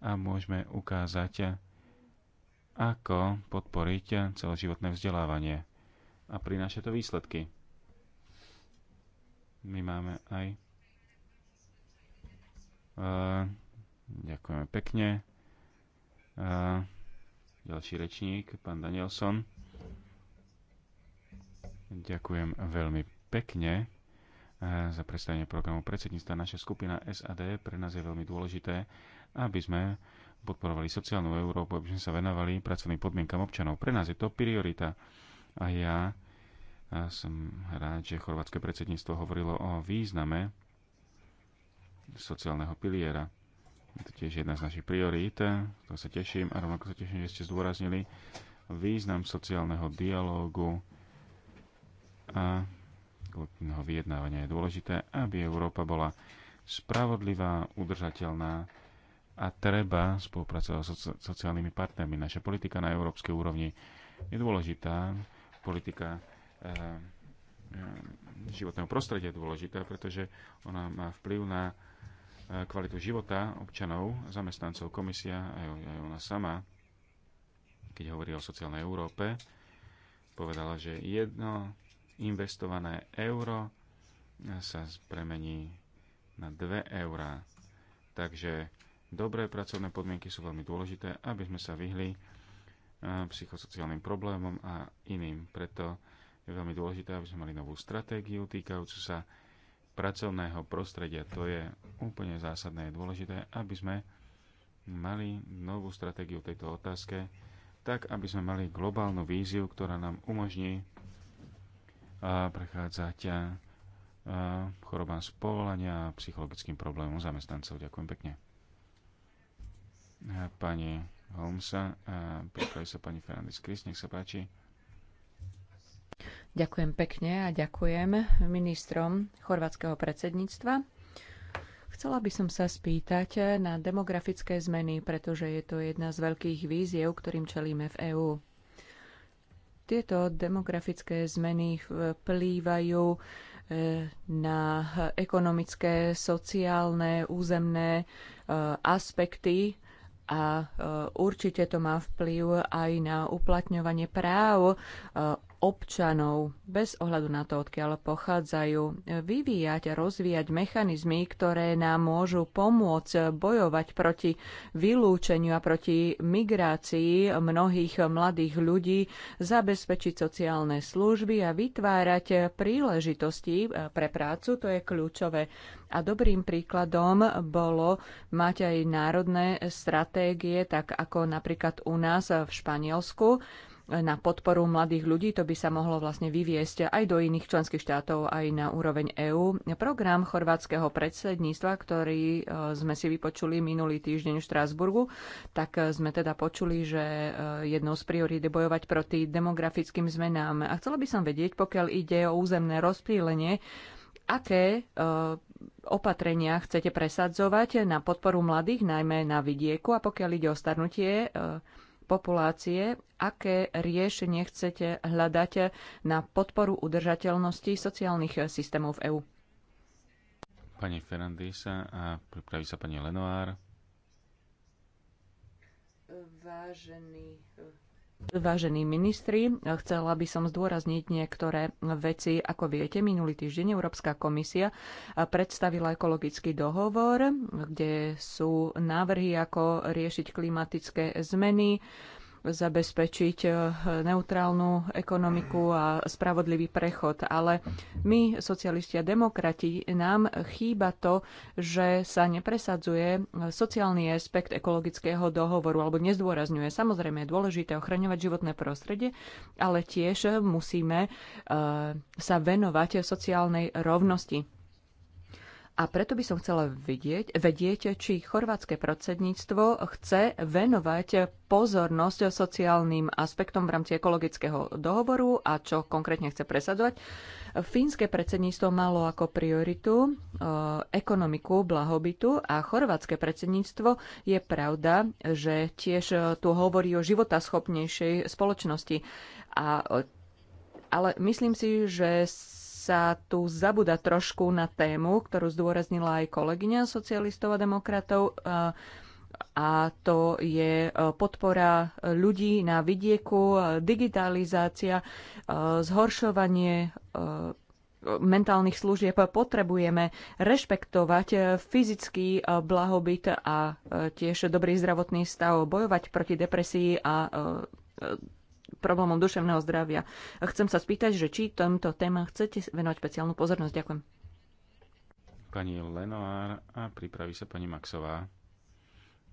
a môžeme ukázať, ako podporiť celoživotné vzdelávanie. A prináša to výsledky. My máme aj... ďakujeme pekne. Ďalší rečník, pán Danielson. Ďakujem veľmi pekne eh, za predstavenie programu predsedníctva. Naša skupina SAD pre nás je veľmi dôležité, aby sme podporovali sociálnu Európu, aby sme sa venovali pracovným podmienkam občanov. Pre nás je to priorita. A ja a som rád, že chorvátske predsedníctvo hovorilo o význame sociálneho piliera. Je to tiež jedna z našich priorít, to sa teším a rovnako sa teším, že ste zdôraznili význam sociálneho dialógu a kolektívneho vyjednávania je dôležité, aby Európa bola spravodlivá, udržateľná a treba spolupracovať so sociálnymi partnermi. Naša politika na európskej úrovni je dôležitá. Politika eh, eh, životného prostredia je dôležitá, pretože ona má vplyv na kvalitu života občanov, zamestnancov komisia, aj, aj ona sama, keď hovorí o sociálnej Európe, povedala, že jedno investované euro sa premení na 2 eurá. Takže dobré pracovné podmienky sú veľmi dôležité, aby sme sa vyhli e, psychosociálnym problémom a iným. Preto je veľmi dôležité, aby sme mali novú stratégiu týkajúcu sa pracovného prostredia. To je úplne zásadné. Je dôležité, aby sme mali novú stratégiu v tejto otázke, tak aby sme mali globálnu víziu, ktorá nám umožní prechádzať chorobám z povolania a psychologickým problémom zamestnancov. Ďakujem pekne. Pani Holmesa, pripravi sa pani Fernandes Kris, nech sa páči. Ďakujem pekne a ďakujem ministrom chorvátskeho predsedníctva. Chcela by som sa spýtať na demografické zmeny, pretože je to jedna z veľkých víziev, ktorým čelíme v EÚ. Tieto demografické zmeny vplývajú e, na ekonomické, sociálne, územné e, aspekty a e, určite to má vplyv aj na uplatňovanie práv občanov bez ohľadu na to, odkiaľ pochádzajú, vyvíjať a rozvíjať mechanizmy, ktoré nám môžu pomôcť bojovať proti vylúčeniu a proti migrácii mnohých mladých ľudí, zabezpečiť sociálne služby a vytvárať príležitosti pre prácu, to je kľúčové. A dobrým príkladom bolo mať aj národné stratégie, tak ako napríklad u nás v Španielsku, na podporu mladých ľudí. To by sa mohlo vlastne vyviesť aj do iných členských štátov, aj na úroveň EÚ. Program chorvátskeho predsedníctva, ktorý e, sme si vypočuli minulý týždeň v Štrásburgu, tak e, sme teda počuli, že e, jednou z priorít je bojovať proti demografickým zmenám. A chcela by som vedieť, pokiaľ ide o územné rozpílenie, aké opatrenia chcete presadzovať na podporu mladých, najmä na vidieku a pokiaľ ide o starnutie populácie, aké riešenie chcete hľadať na podporu udržateľnosti sociálnych systémov v EÚ. Pani Ferrandisa a pripraví sa pani Lenoár. Vážený Vážení ministri, chcela by som zdôrazniť niektoré veci. Ako viete, minulý týždeň Európska komisia predstavila ekologický dohovor, kde sú návrhy, ako riešiť klimatické zmeny, zabezpečiť eh, neutrálnu ekonomiku a spravodlivý prechod. Ale my, socialisti a demokrati, nám chýba to, že sa nepresadzuje sociálny aspekt ekologického dohovoru alebo nezdôrazňuje. Samozrejme je dôležité ochraňovať životné prostredie, ale tiež musíme eh, sa venovať sociálnej rovnosti a preto by som chcela vidieť, vedieť, či chorvátske predsedníctvo chce venovať pozornosť sociálnym aspektom v rámci ekologického dohovoru a čo konkrétne chce presadovať. Fínske predsedníctvo malo ako prioritu e, ekonomiku blahobytu a chorvátske predsedníctvo je pravda, že tiež tu hovorí o životaschopnejšej spoločnosti. A, ale myslím si, že sa tu zabúda trošku na tému, ktorú zdôraznila aj kolegyňa socialistov a demokratov, a to je e, podpora ľudí na vidieku, e, digitalizácia, e, zhoršovanie mentálnych služieb potrebujeme rešpektovať fyzický blahobyt a tiež dobrý zdravotný stav, bojovať proti depresii a problémom duševného zdravia. Chcem sa spýtať, že či tomto téma chcete venovať špeciálnu pozornosť. Ďakujem. Pani Lenoár a pripraví sa pani Maxová.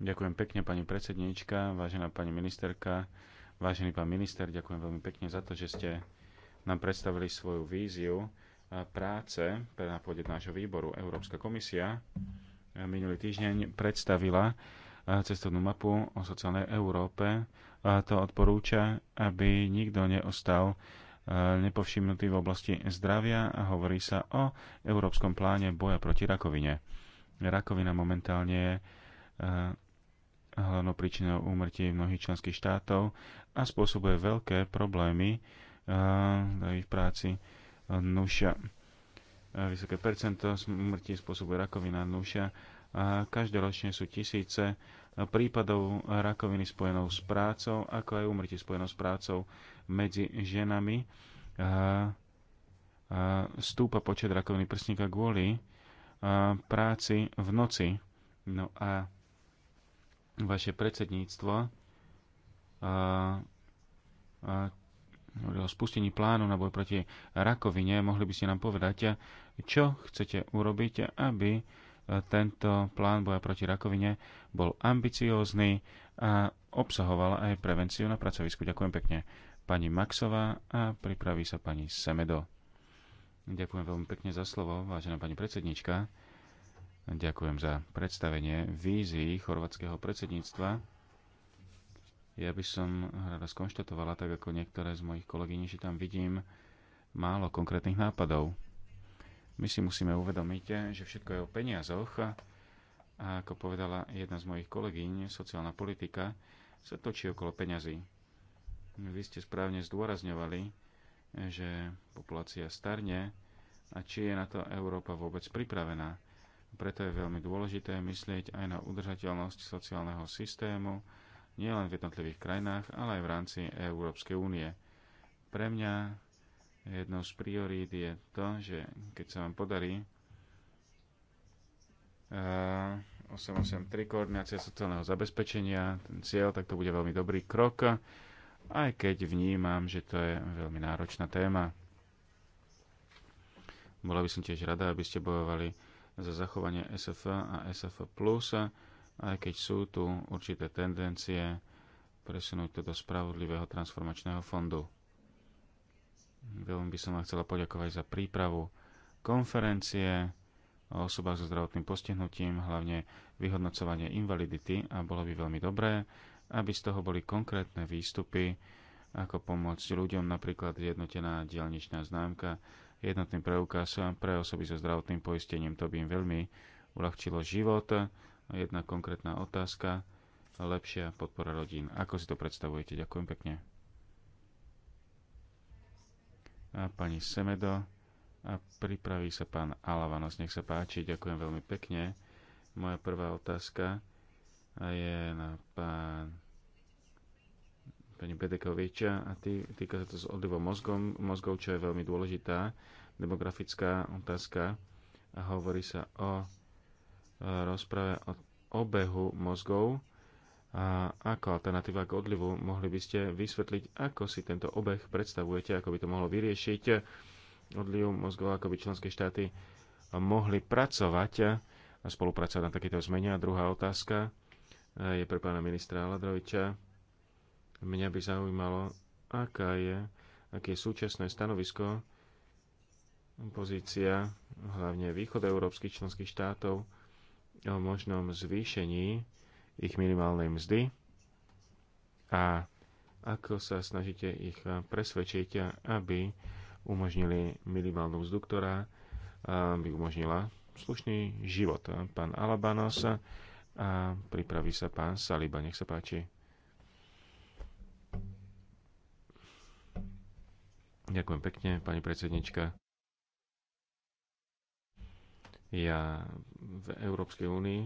Ďakujem pekne, pani predsednička, vážená pani ministerka, vážený pán minister, ďakujem veľmi pekne za to, že ste nám predstavili svoju víziu práce na pôde nášho výboru. Európska komisia minulý týždeň predstavila cestovnú mapu o sociálnej Európe to odporúča, aby nikto neostal e, nepovšimnutý v oblasti zdravia a hovorí sa o európskom pláne boja proti rakovine. Rakovina momentálne je e, hlavnou príčinou úmrtí mnohých členských štátov a spôsobuje veľké problémy e, v práci nuša. Vysoké percento úmrtí spôsobuje rakovina nuša. Každoročne sú tisíce prípadov rakoviny spojenou s prácou, ako aj úmrtí spojenou s prácou medzi ženami. A, a stúpa počet rakoviny prsníka kvôli a, práci v noci. No a vaše predsedníctvo hovoril o spustení plánu na boj proti rakovine. Mohli by ste nám povedať, čo chcete urobiť, aby E, tento plán boja proti rakovine bol ambiciózny a obsahoval aj prevenciu na pracovisku. Ďakujem pekne pani Maxová a pripraví sa pani Semedo. Ďakujem veľmi pekne za slovo, vážená pani predsednička. Ďakujem za predstavenie vízií chorvatského predsedníctva. Ja by som rada skonštatovala, tak ako niektoré z mojich kolegyní, že tam vidím málo konkrétnych nápadov my si musíme uvedomiť, že všetko je o peniazoch a ako povedala jedna z mojich kolegyň, sociálna politika sa točí okolo peňazí. Vy ste správne zdôrazňovali, že populácia starne a či je na to Európa vôbec pripravená. Preto je veľmi dôležité myslieť aj na udržateľnosť sociálneho systému, nielen v jednotlivých krajinách, ale aj v rámci Európskej únie. Pre mňa jednou z priorít je to, že keď sa vám podarí uh, eh, 883 koordinácia sociálneho zabezpečenia, ten cieľ, tak to bude veľmi dobrý krok, aj keď vnímam, že to je veľmi náročná téma. Bola by som tiež rada, aby ste bojovali za zachovanie SF a SF+, aj keď sú tu určité tendencie presunúť to do spravodlivého transformačného fondu. Veľmi by som vám chcela poďakovať za prípravu konferencie o osobách so zdravotným postihnutím, hlavne vyhodnocovanie invalidity a bolo by veľmi dobré, aby z toho boli konkrétne výstupy, ako pomôcť ľuďom, napríklad jednotená dielničná známka, jednotný preukaz pre osoby so zdravotným poistením. To by im veľmi uľahčilo život. Jedna konkrétna otázka, lepšia podpora rodín. Ako si to predstavujete? Ďakujem pekne a pani Semedo a pripraví sa pán Alavanos. Nech sa páči, ďakujem veľmi pekne. Moja prvá otázka je na pán pani Bedekoviča a tý, týka sa to s odlivom mozgom, mozgov, čo je veľmi dôležitá demografická otázka. A hovorí sa o e, rozprave o obehu mozgov a ako alternatíva k odlivu mohli by ste vysvetliť, ako si tento obeh predstavujete, ako by to mohlo vyriešiť odliv mozgov, ako by členské štáty mohli pracovať a spolupracovať na takéto zmene. A druhá otázka je pre pána ministra Ladroviča. Mňa by zaujímalo, aká je, aké je súčasné stanovisko, pozícia hlavne východ európskych členských štátov o možnom zvýšení ich minimálnej mzdy a ako sa snažíte ich presvedčiť, aby umožnili minimálnu mzdu, ktorá by umožnila slušný život. Pán Alabanos a pripraví sa pán Saliba. Nech sa páči. Ďakujem pekne, pani predsednička. Ja v Európskej únii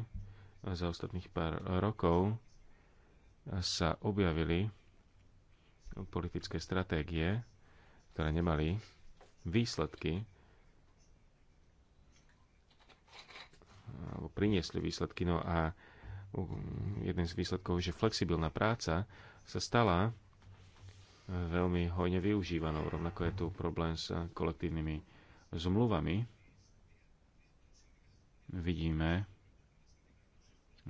za ostatných pár rokov sa objavili politické stratégie, ktoré nemali výsledky, alebo priniesli výsledky. No a jeden z výsledkov, že flexibilná práca sa stala veľmi hojne využívanou. Rovnako je tu problém s kolektívnymi zmluvami. Vidíme,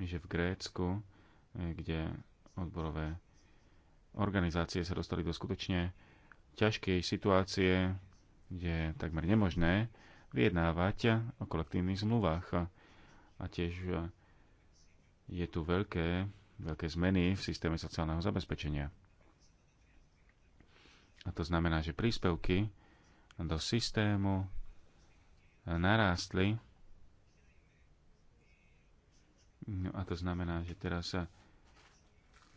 že v Grécku, e, kde odborové organizácie sa dostali do skutočne ťažkej situácie, kde je takmer nemožné vyjednávať o kolektívnych zmluvách. A tiež e, je tu veľké, veľké zmeny v systéme sociálneho zabezpečenia. A to znamená, že príspevky do systému narástli No a to znamená, že teraz sa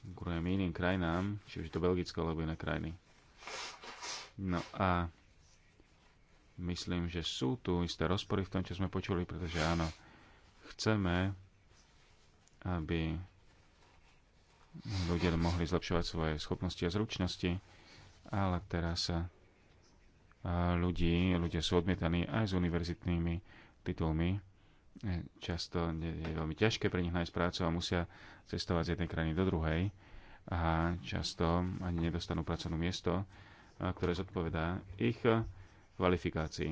konkurujeme iným krajinám, či už to Belgicko alebo iné krajiny. No a myslím, že sú tu isté rozpory v tom, čo sme počuli, pretože áno, chceme, aby ľudia mohli zlepšovať svoje schopnosti a zručnosti, ale teraz sa ľudí, ľudia sú odmietaní aj s univerzitnými titulmi Často je veľmi ťažké pre nich nájsť prácu a musia cestovať z jednej krajiny do druhej a často ani nedostanú pracovné miesto, ktoré zodpovedá ich kvalifikácii.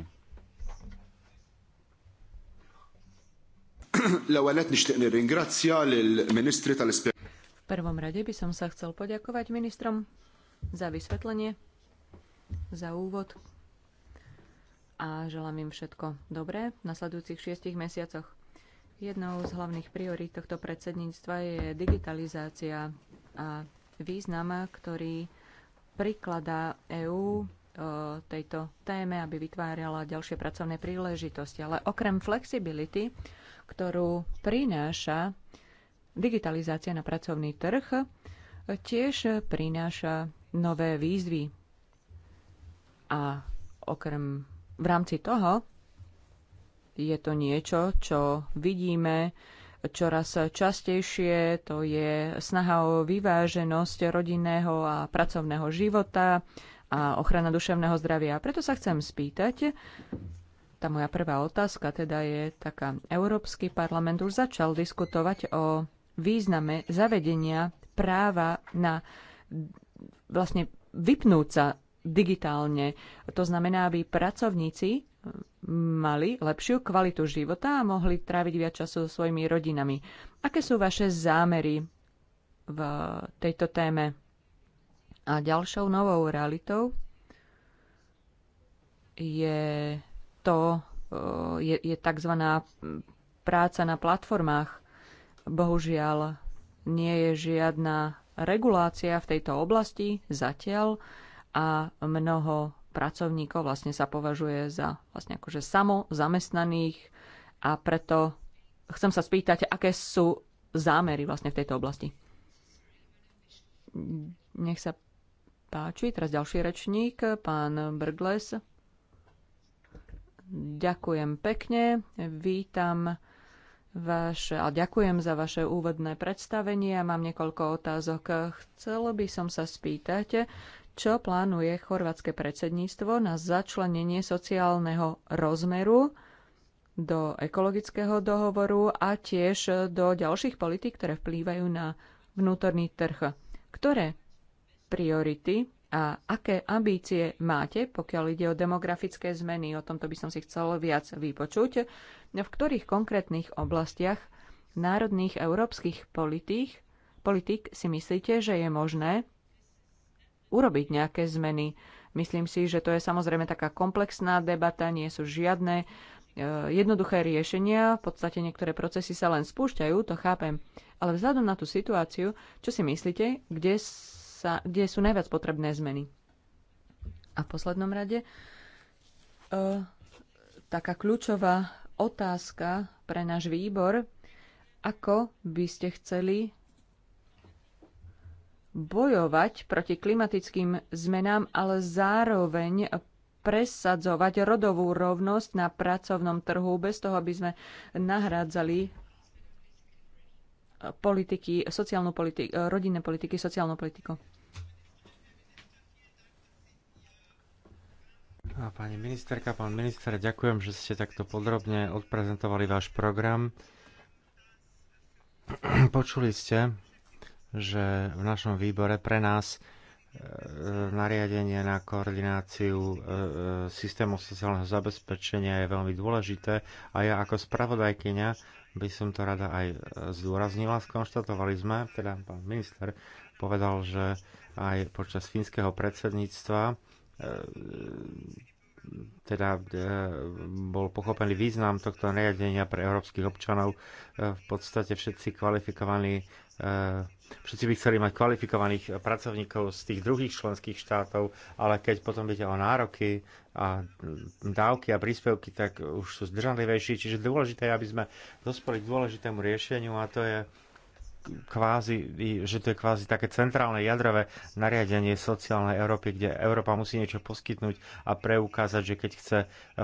V prvom rade by som sa chcel poďakovať ministrom za vysvetlenie, za úvod a želám im všetko dobré v nasledujúcich šiestich mesiacoch. Jednou z hlavných priorít tohto predsedníctva je digitalizácia a význam, ktorý prikladá EÚ e, tejto téme, aby vytvárala ďalšie pracovné príležitosti. Ale okrem flexibility, ktorú prináša digitalizácia na pracovný trh, tiež prináša nové výzvy. A okrem v rámci toho je to niečo, čo vidíme čoraz častejšie, to je snaha o vyváženosť rodinného a pracovného života a ochrana duševného zdravia. A preto sa chcem spýtať, tá moja prvá otázka teda je taká. Európsky parlament už začal diskutovať o význame zavedenia práva na vlastne vypnúť sa digitálne. To znamená, aby pracovníci eh, mali lepšiu kvalitu života a mohli tráviť viac času so svojimi rodinami. Aké sú vaše zámery v tejto téme? A ďalšou novou realitou je to, eh, je, je tzv. práca na platformách. Bohužiaľ, nie je žiadna regulácia v tejto oblasti zatiaľ a mnoho pracovníkov vlastne sa považuje za vlastne akože samozamestnaných a preto chcem sa spýtať, aké sú zámery vlastne v tejto oblasti. Nech sa páči, teraz ďalší rečník, pán Brgles. Ďakujem pekne, vítam vaše, a ďakujem za vaše úvodné predstavenie. Mám niekoľko otázok. Chcelo by som sa spýtať, čo plánuje chorvátske predsedníctvo na začlenenie sociálneho rozmeru do ekologického dohovoru a tiež do ďalších politík, ktoré vplývajú na vnútorný trh. Ktoré priority a aké ambície máte, pokiaľ ide o demografické zmeny? O tomto by som si chcel viac vypočuť. V ktorých konkrétnych oblastiach národných európskych politík, politík si myslíte, že je možné urobiť nejaké zmeny. Myslím si, že to je samozrejme taká komplexná debata, nie sú žiadne e, jednoduché riešenia, v podstate niektoré procesy sa len spúšťajú, to chápem. Ale vzhľadom na tú situáciu, čo si myslíte, kde, sa, kde sú najviac potrebné zmeny? A v poslednom rade, e, taká kľúčová otázka pre náš výbor, ako by ste chceli bojovať proti klimatickým zmenám, ale zároveň presadzovať rodovú rovnosť na pracovnom trhu bez toho, aby sme nahrádzali politiky, sociálnu politik, rodinné politiky, sociálnu politiku. pani ministerka, pán minister, ďakujem, že ste takto podrobne odprezentovali váš program. Počuli ste, že v našom výbore pre nás e, nariadenie na koordináciu e, e, systému sociálneho zabezpečenia je veľmi dôležité a ja ako spravodajkyňa by som to rada aj zdôraznila. Skonštatovali sme, teda pán minister povedal, že aj počas fínskeho predsedníctva teda bol pochopený význam tohto nariadenia pre európskych občanov. V podstate všetci kvalifikovaní Všetci by chceli mať kvalifikovaných pracovníkov z tých druhých členských štátov, ale keď potom ide o nároky a dávky a príspevky, tak už sú zdržanlivejší. Čiže dôležité je, aby sme dospeli k dôležitému riešeniu a to je kvázi, že to je kvázi také centrálne jadrové nariadenie sociálnej Európy, kde Európa musí niečo poskytnúť a preukázať, že keď chce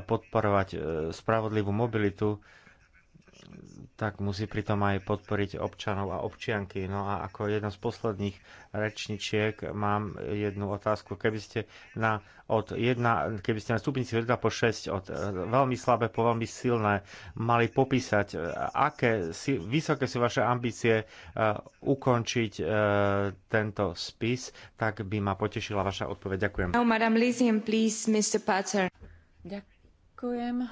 podporovať e, spravodlivú mobilitu, tak musí pritom aj podporiť občanov a občianky. No a ako jedna z posledných rečničiek mám jednu otázku. Keby ste na, od jedna, keby ste na stupnici 1 po 6, od e, veľmi slabé po veľmi silné, mali popísať, e, aké si, vysoké sú vaše ambície uh, ukončiť uh, tento spis, tak by ma potešila vaša odpoveď. Ďakujem. No, Lysian, please, Mr. Ďakujem.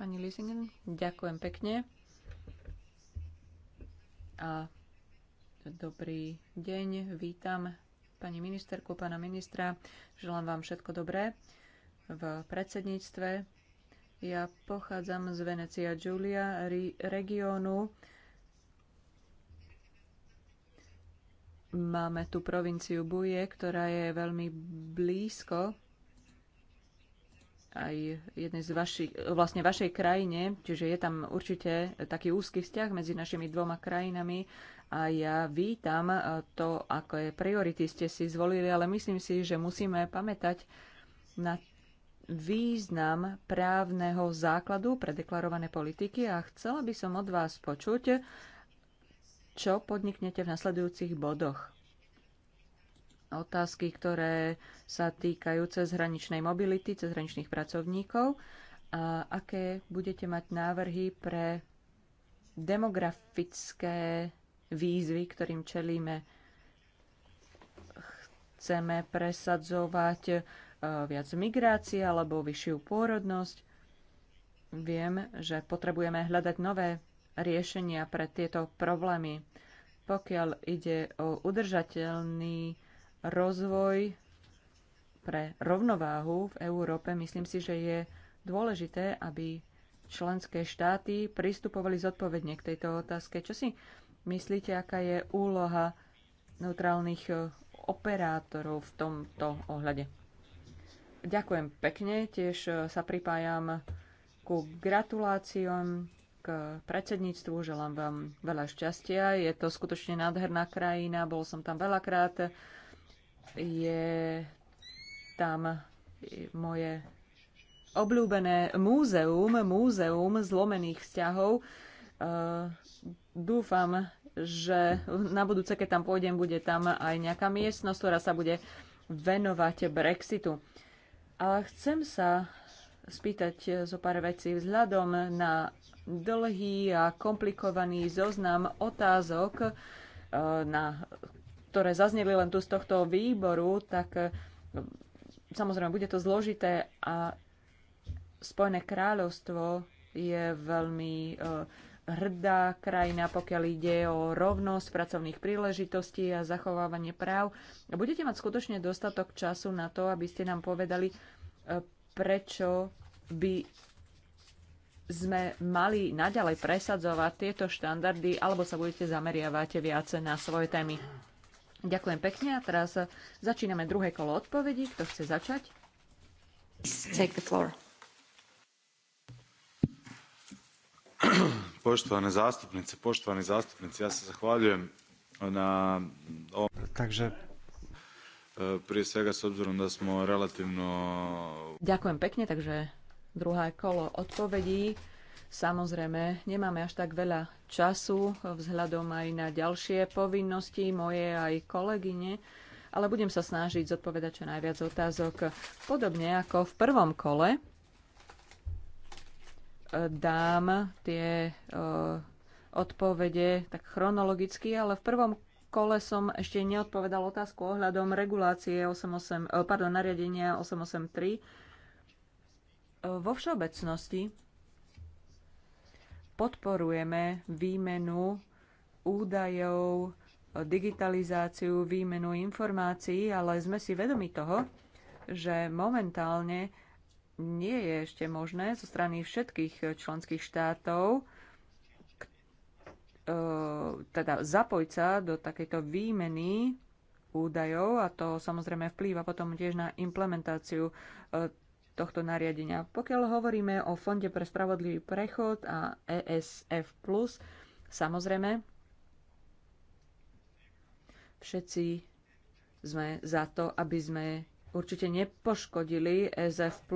Pani Lisingen, ďakujem pekne. A dobrý deň, vítam pani ministerku, pána ministra. Želám vám všetko dobré v predsedníctve. Ja pochádzam z Venecia Giulia, regiónu. Máme tu provinciu Buje, ktorá je veľmi blízko aj jednej z vašich, vlastne vašej krajine, čiže je tam určite taký úzky vzťah medzi našimi dvoma krajinami a ja vítam eh, to, je priority ste si zvolili, ale myslím si, že musíme pamätať na význam právneho základu pre deklarované politiky a chcela by som od vás počuť, čo podniknete v nasledujúcich bodoch otázky, ktoré sa týkajú cezhraničnej mobility, cezhraničných pracovníkov. A aké budete mať návrhy pre demografické výzvy, ktorým čelíme? Chceme presadzovať e, viac migrácie alebo vyššiu pôrodnosť? Viem, že potrebujeme hľadať nové riešenia pre tieto problémy. Pokiaľ ide o udržateľný rozvoj pre rovnováhu v Európe, myslím si, že je dôležité, aby členské štáty pristupovali zodpovedne k tejto otázke. Čo si myslíte, aká je úloha neutrálnych eh, operátorov v tomto ohľade? Ďakujem pekne, tiež eh, sa pripájam ku gratuláciám k predsedníctvu, želám vám veľa šťastia. Je to skutočne nádherná krajina, bol som tam veľakrát je tam moje obľúbené múzeum, múzeum zlomených vzťahov. E, dúfam, že na budúce, keď tam pôjdem, bude tam aj nejaká miestnosť, ktorá sa bude venovať Brexitu. Ale chcem sa spýtať zo pár vecí vzhľadom na dlhý a komplikovaný zoznam otázok, e, na ktoré zazneli len tu z tohto výboru, tak eh, samozrejme bude to zložité a Spojené kráľovstvo je veľmi eh, hrdá krajina, pokiaľ ide o rovnosť pracovných príležitostí a zachovávanie práv. Budete mať skutočne dostatok času na to, aby ste nám povedali, eh, prečo by sme mali naďalej presadzovať tieto štandardy, alebo sa budete zameriavať viac na svoje témy. Ďakujem pekne a teraz začíname druhé kolo odpovedí. Kto chce začať? Take the floor. Poštovane zastupnice, poštovani zastupnici, ja sa zahvaljujem na ovom... Takže e, prije svega s obzirom da smo relativno... Ďakujem pekne, takže druhé kolo odpovedí. Samozrejme, nemáme až tak veľa času vzhľadom aj na ďalšie povinnosti moje aj kolegyne, ale budem sa snažiť zodpovedať čo najviac otázok. Podobne ako v prvom kole e, dám tie e, odpovede tak chronologicky, ale v prvom kole som ešte neodpovedal otázku ohľadom regulácie 88, e, pardon, nariadenia 883. Vo všeobecnosti podporujeme výmenu údajov, digitalizáciu, výmenu informácií, ale sme si vedomi toho, že momentálne nie je ešte možné zo strany všetkých členských štátov e, teda zapojiť sa do takejto výmeny údajov a to samozrejme vplýva potom tiež na implementáciu e, tohto nariadenia. Pokiaľ hovoríme o Fonde pre spravodlivý prechod a ESF+, samozrejme, všetci sme za to, aby sme určite nepoškodili ESF+,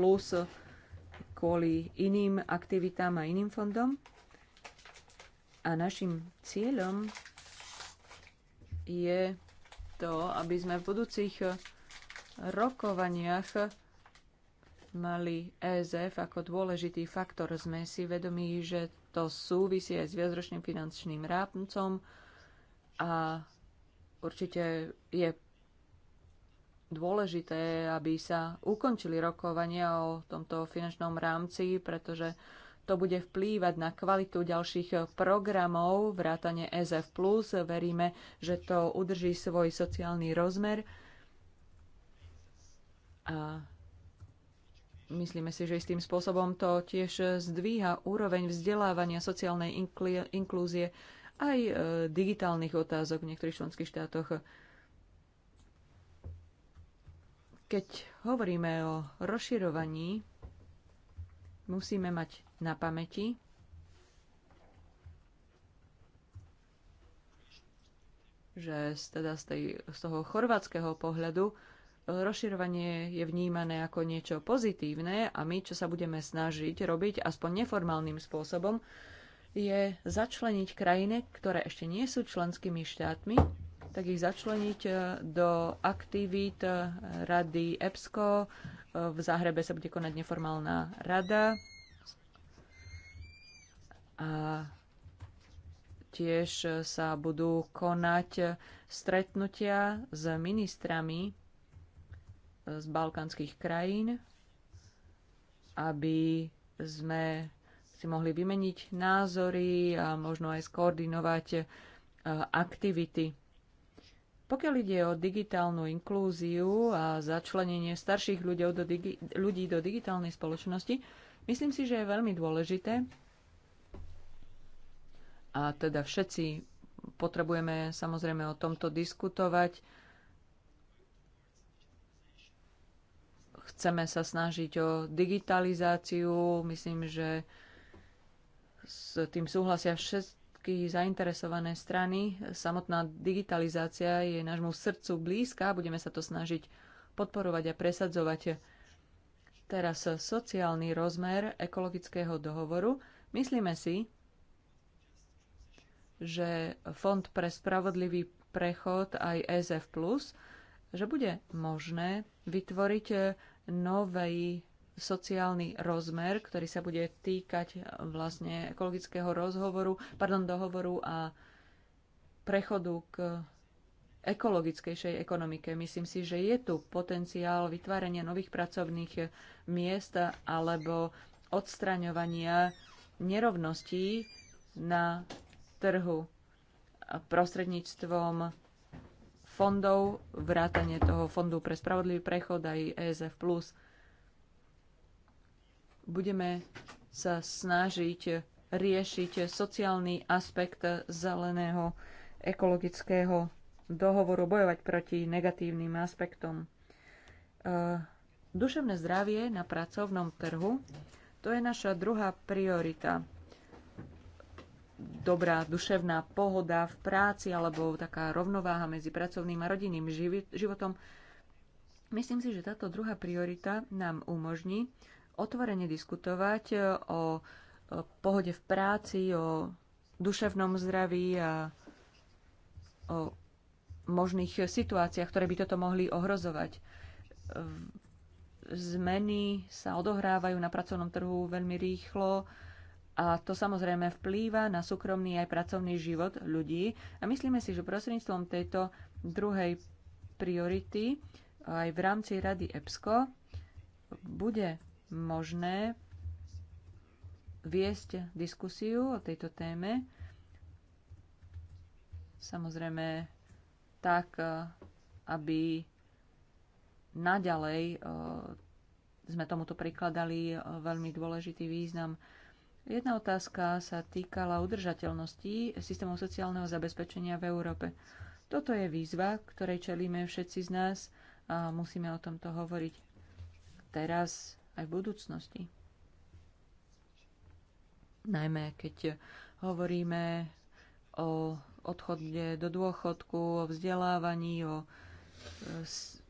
kvôli iným aktivitám a iným fondom. A našim cieľom je to, aby sme v budúcich rokovaniach mali ESF ako dôležitý faktor. Sme si vedomí, že to súvisí aj s viacročným finančným rámcom a určite je dôležité, aby sa ukončili rokovania o tomto finančnom rámci, pretože to bude vplývať na kvalitu ďalších programov, vrátane e plus. Veríme, že to udrží svoj sociálny rozmer a Myslíme si, že istým spôsobom to tiež zdvíha úroveň vzdelávania sociálnej inklúzie aj e, digitálnych otázok v niektorých členských štátoch. Keď hovoríme o rozširovaní, musíme mať na pamäti, že z, teda z, tej, z toho chorvátskeho pohľadu rozširovanie je vnímané ako niečo pozitívne a my, čo sa budeme snažiť robiť aspoň neformálnym spôsobom, je začleniť krajiny, ktoré ešte nie sú členskými štátmi, tak ich začleniť e, do aktivít e, rady EPSCO. E, v Záhrebe sa bude konať neformálna rada. A tiež sa budú konať stretnutia s ministrami z balkánskych krajín, aby sme si mohli vymeniť názory a možno aj skoordinovať e, aktivity. Pokiaľ ide o digitálnu inklúziu a začlenenie starších ľudí do, digi- ľudí do digitálnej spoločnosti, myslím si, že je veľmi dôležité, a teda všetci potrebujeme samozrejme o tomto diskutovať, Chceme sa snažiť o digitalizáciu. Myslím, že s tým súhlasia všetky zainteresované strany. Samotná digitalizácia je nášmu srdcu blízka. Budeme sa to snažiť podporovať a presadzovať. Teraz sociálny rozmer ekologického dohovoru. Myslíme si, že Fond pre spravodlivý prechod aj e Plus, že bude možné vytvoriť nový sociálny rozmer, ktorý sa bude týkať eh, vlastne ekologického rozhovoru, pardon, dohovoru a prechodu k ekologickejšej ekonomike. Myslím si, že je tu potenciál vytvárania nových pracovných eh, miest alebo odstraňovania nerovností na trhu prostredníctvom fondov, vrátanie toho fondu pre spravodlivý prechod aj ESF+. Budeme sa snažiť riešiť sociálny aspekt zeleného ekologického dohovoru, bojovať proti negatívnym aspektom. E, duševné zdravie na pracovnom trhu to je naša druhá priorita dobrá duševná pohoda v práci alebo taká rovnováha medzi pracovným a rodinným životom. Myslím si, že táto druhá priorita nám umožní otvorene diskutovať e, o e, pohode v práci, o duševnom zdraví a o možných situáciách, ktoré by toto mohli ohrozovať. E, zmeny sa odohrávajú na pracovnom trhu veľmi rýchlo a to samozrejme vplýva na súkromný aj pracovný život ľudí. A myslíme si, že prostredníctvom tejto druhej priority aj v rámci Rady EPSCO bude možné viesť diskusiu o tejto téme. Samozrejme tak, e, aby naďalej e, sme tomuto prikladali e, veľmi dôležitý význam. Jedna otázka sa týkala udržateľnosti systémov sociálneho zabezpečenia v Európe. Toto je výzva, ktorej čelíme všetci z nás a musíme o tomto hovoriť teraz aj v budúcnosti. Najmä keď hovoríme o odchode do dôchodku, o vzdelávaní, o e,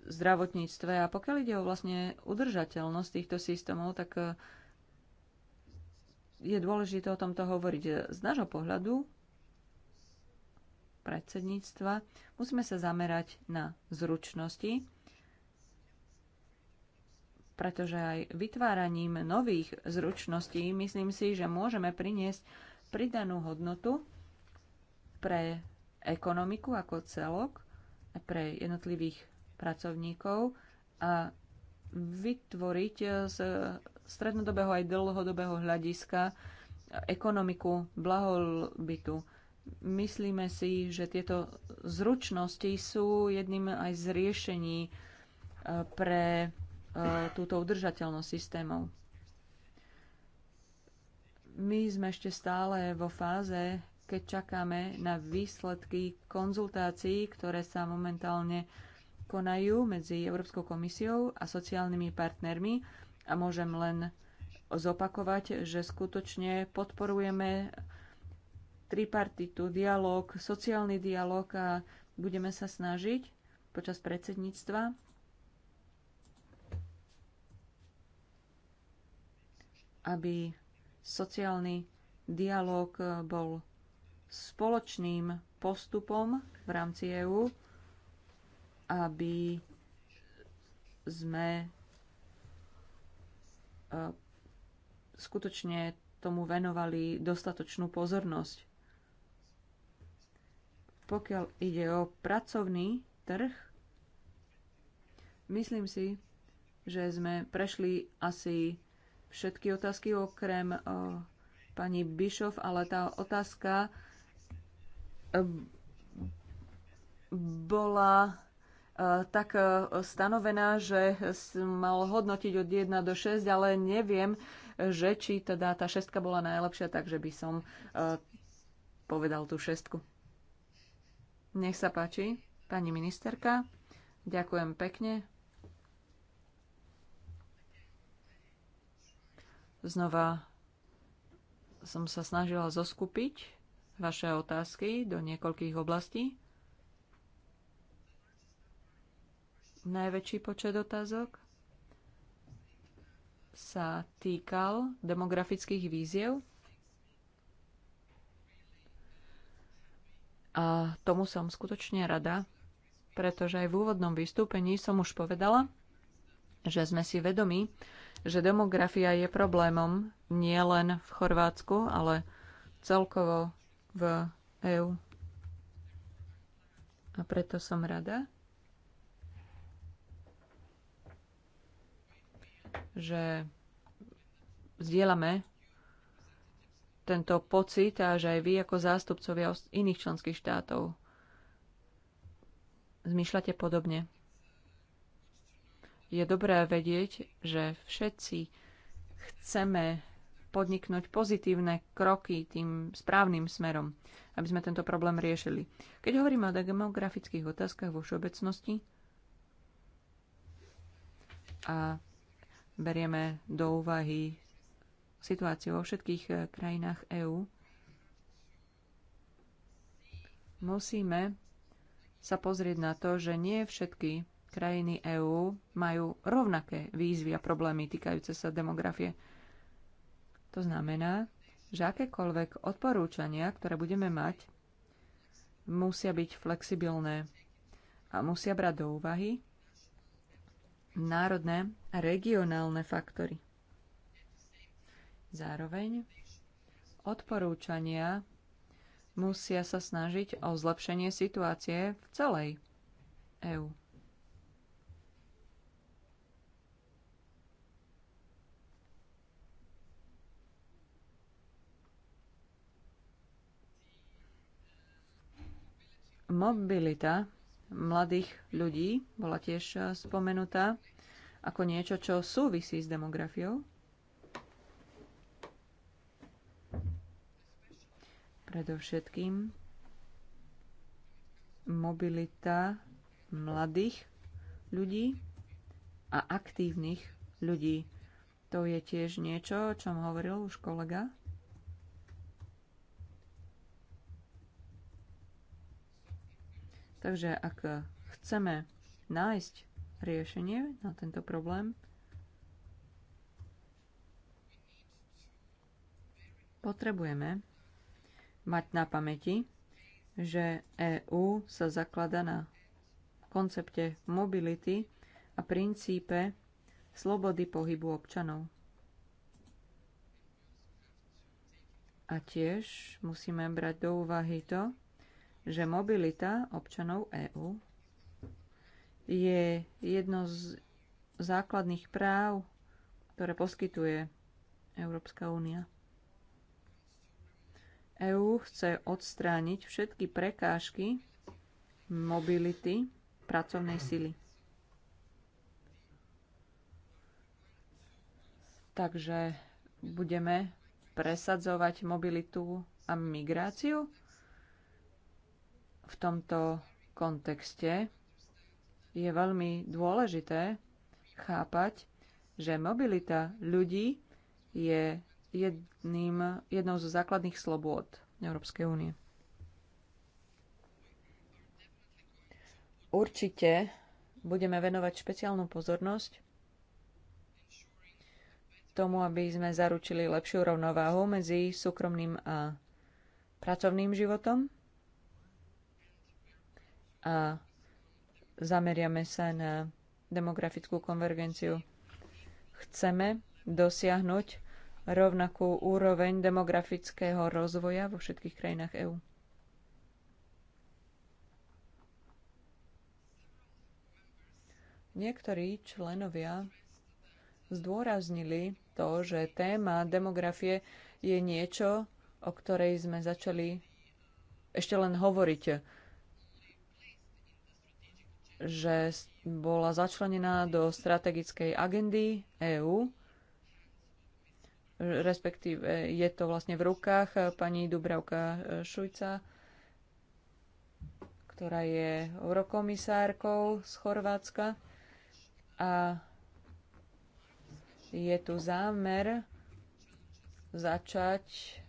zdravotníctve. A pokiaľ ide o vlastne udržateľnosť týchto systémov, tak e, je dôležité o tomto hovoriť. Z nášho pohľadu predsedníctva musíme sa zamerať na zručnosti, pretože aj vytváraním nových zručností myslím si, že môžeme priniesť pridanú hodnotu pre ekonomiku ako celok, a pre jednotlivých pracovníkov a vytvoriť z strednodobého aj dlhodobého hľadiska ekonomiku blahobytu. Myslíme si, že tieto zručnosti sú jedným aj z riešení e, pre e, túto udržateľnosť systémov. My sme ešte stále vo fáze, keď čakáme na výsledky konzultácií, ktoré sa momentálne konajú medzi Európskou komisiou a sociálnymi partnermi a môžem len zopakovať, že skutočne podporujeme tripartitu, dialog, sociálny dialog a budeme sa snažiť počas predsedníctva aby sociálny dialog bol spoločným postupom v rámci EÚ, aby sme E, skutočne tomu venovali dostatočnú pozornosť. Pokiaľ ide o pracovný trh, myslím si, že sme prešli asi všetky otázky okrem o, e, pani Bišov, ale tá otázka e, bola Eh, tak eh, stanovená, že mal hodnotiť od 1 do 6, ale neviem, že či teda tá šestka bola najlepšia, takže by som eh, povedal tú šestku. Nech sa páči, pani ministerka. Ďakujem pekne. Znova som sa snažila zoskupiť vaše otázky do niekoľkých oblastí. najväčší počet otázok sa týkal demografických víziev. A tomu som skutočne rada, pretože aj v úvodnom vystúpení som už povedala, že sme si vedomi, že demografia je problémom nielen v Chorvátsku, ale celkovo v EÚ. A preto som rada, že zdieľame tento pocit a že aj vy ako zástupcovia iných členských štátov zmýšľate podobne. Je dobré vedieť, že všetci chceme podniknúť pozitívne kroky tým správnym smerom, aby sme tento problém riešili. Keď hovoríme o demografických otázkach vo všeobecnosti a berieme do úvahy situáciu vo všetkých eh, krajinách EÚ, musíme sa pozrieť na to, že nie všetky krajiny EÚ majú rovnaké výzvy a problémy týkajúce sa demografie. To znamená, že akékoľvek odporúčania, ktoré budeme mať, musia byť flexibilné a musia brať do úvahy národné a regionálne faktory. Zároveň odporúčania musia sa snažiť o zlepšenie situácie v celej EÚ. Mobilita mladých ľudí bola tiež eh, spomenutá ako niečo, čo súvisí s demografiou. Predovšetkým mobilita mladých ľudí a aktívnych ľudí. To je tiež niečo, o čom hovoril už kolega. Takže ak chceme nájsť riešenie na tento problém, potrebujeme mať na pamäti, že EÚ sa zaklada na koncepte mobility a princípe slobody pohybu občanov. A tiež musíme brať do úvahy to, že mobilita občanov EÚ je jedno z základných práv, ktoré poskytuje Európska únia. EÚ chce odstrániť všetky prekážky mobility pracovnej sily. Takže budeme presadzovať mobilitu a migráciu? v tomto kontexte je veľmi dôležité chápať, že mobilita ľudí je jedným, jednou zo základných slobôd Európskej únie. Určite budeme venovať špeciálnu pozornosť tomu, aby sme zaručili lepšiu rovnováhu medzi súkromným a pracovným životom a zameriame sa na demografickú konvergenciu. Chceme dosiahnuť rovnakú úroveň demografického rozvoja vo všetkých krajinách EÚ. Niektorí členovia zdôraznili to, že téma demografie je niečo, o ktorej sme začali ešte len hovoriť že bola začlenená do strategickej agendy EÚ, respektíve je to vlastne v rukách eh, pani Dubravka eh, Šujca, ktorá je eurokomisárkou z Chorvátska. A je tu zámer začať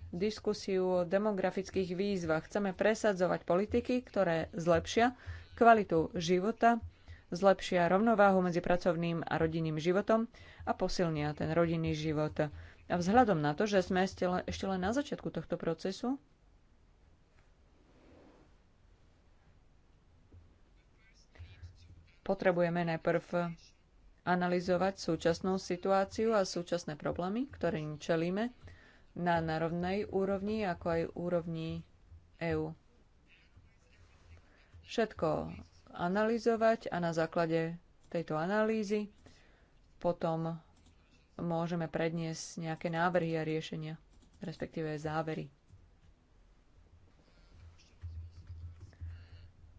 diskusiu o demografických výzvach. Chceme presadzovať politiky, ktoré zlepšia kvalitu života, zlepšia rovnováhu medzi pracovným a rodinným životom a posilnia ten rodinný život. A vzhľadom na to, že sme ešte len na začiatku tohto procesu, potrebujeme najprv analyzovať súčasnú situáciu a súčasné problémy, ktorým čelíme na národnej úrovni, ako aj úrovni EÚ všetko analyzovať a na základe tejto analýzy potom môžeme predniesť nejaké návrhy a riešenia, respektíve závery.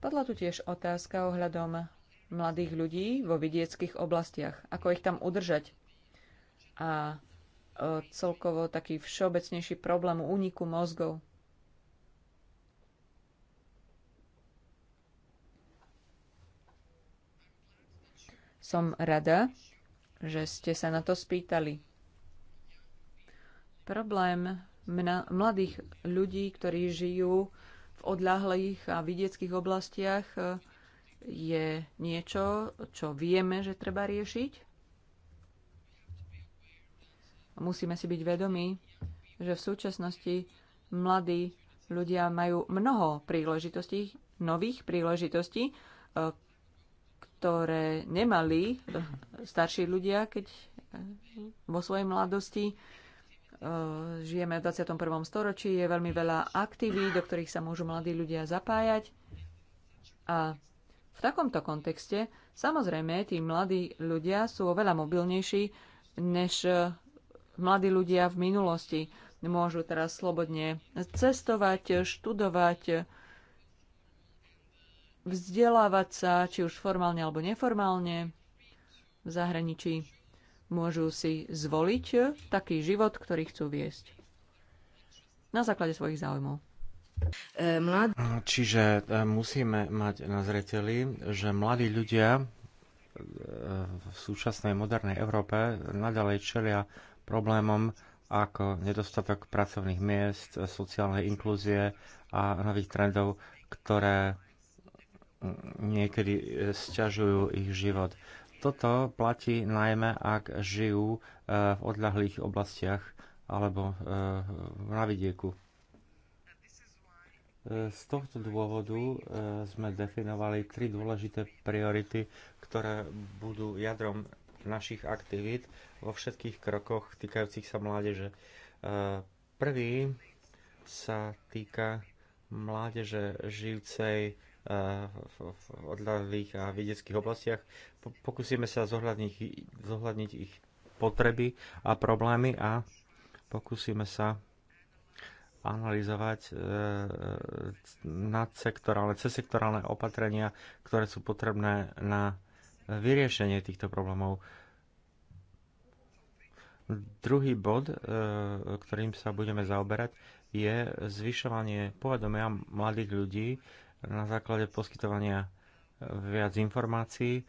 Padla tu tiež otázka ohľadom mladých ľudí vo vidieckých oblastiach, ako ich tam udržať. A e, celkovo taký všeobecnejší problém úniku mozgov. Som rada, že ste sa na to spýtali. Problém mladých ľudí, ktorí žijú v odľahlých a vidieckých oblastiach, je niečo, čo vieme, že treba riešiť. Musíme si byť vedomí, že v súčasnosti mladí ľudia majú mnoho príležitostí, nových príležitostí, ktoré nemali starší ľudia, keď vo svojej mladosti e, žijeme v 21. storočí, je veľmi veľa aktiví, do ktorých sa môžu mladí ľudia zapájať. A v takomto kontexte, samozrejme, tí mladí ľudia sú oveľa mobilnejší než e, mladí ľudia v minulosti. Môžu teraz slobodne cestovať, študovať, vzdelávať sa, či už formálne alebo neformálne v zahraničí. Môžu si zvoliť taký život, ktorý chcú viesť. Na základe svojich záujmov. E, čiže e, musíme mať na zreteli, že mladí ľudia e, v súčasnej modernej Európe nadalej čelia problémom ako nedostatok pracovných miest, sociálnej inklúzie a nových trendov, ktoré niekedy e, sťažujú ich život. Toto platí najmä, ak žijú e, v odľahlých oblastiach alebo e, na vidieku. Z tohto dôvodu sme definovali tri dôležité priority, ktoré budú jadrom našich aktivít vo všetkých krokoch týkajúcich sa mládeže. Prvý sa týka mládeže žijúcej v odľahlých a vedeckých oblastiach. Pokúsime sa zohľadniť, zohľadniť ich potreby a problémy a pokúsime sa analyzovať e, e, nadsektorálne, cesektorálne opatrenia, ktoré sú potrebné na vyriešenie týchto problémov. Druhý bod, e, ktorým sa budeme zaoberať, je zvyšovanie povedomia mladých ľudí na základe poskytovania e, viac informácií.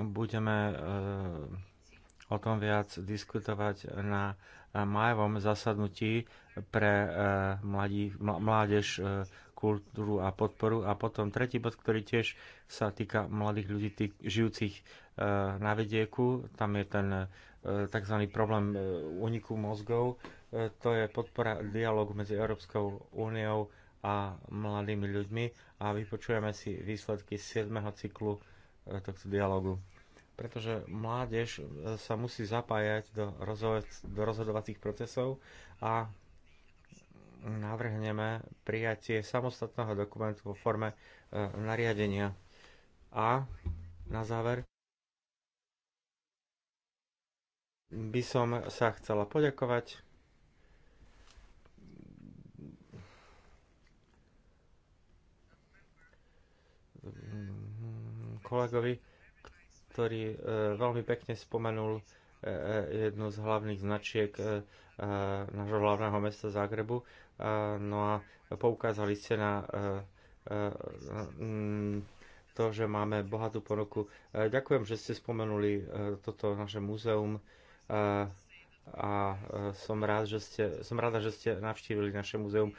Budeme e, o tom viac diskutovať na e, majovom zasadnutí pre mladí, mládež, kultúru a podporu. A potom tretí bod, ktorý tiež sa týka mladých ľudí tých, žijúcich na vedieku. Tam je ten tzv. problém uniku mozgov. To je podpora dialogu medzi Európskou úniou a mladými ľuďmi a vypočujeme si výsledky 7. cyklu e, tohto dialogu. Pretože mládež e, sa musí zapájať do, rozhod- do rozhodovacích procesov a navrhneme prijatie samostatného dokumentu vo forme e, nariadenia. A na záver by som sa chcela poďakovať kolegovi, ktorý e, veľmi pekne spomenul e, e, jednu z hlavných značiek nášho hlavného mesta Zagrebu. No a poukázali ste na to, že máme bohatú ponuku. Ďakujem, že ste spomenuli toto naše múzeum a som, rád, že ste, som rada, že ste navštívili naše muzeum.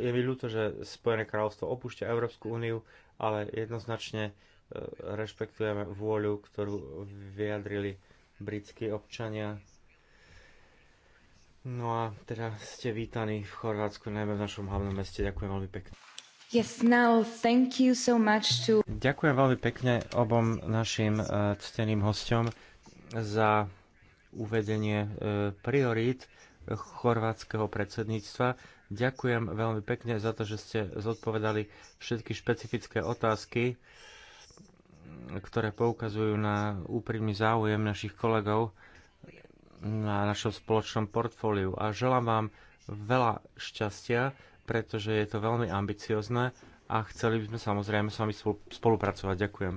Je mi ľúto, že Spojené kráľovstvo opúšťa Európsku úniu, ale jednoznačne E, rešpektujeme vôľu, ktorú vyjadrili britskí občania. No a teda ste vítaní v Chorvátsku, najmä v našom hlavnom meste. Ďakujem veľmi pekne. Yes, now, thank you so much to... Ďakujem veľmi pekne obom našim uh, cteným hostom za uvedenie uh, priorít chorvátskeho predsedníctva. Ďakujem veľmi pekne za to, že ste zodpovedali všetky špecifické otázky. Uh, ktoré poukazujú na úprimný záujem našich kolegov na našom spoločnom portfóliu. A želám vám veľa šťastia, pretože je to veľmi ambiciozne a chceli by sme samozrejme s vami spolupracovať. Ďakujem.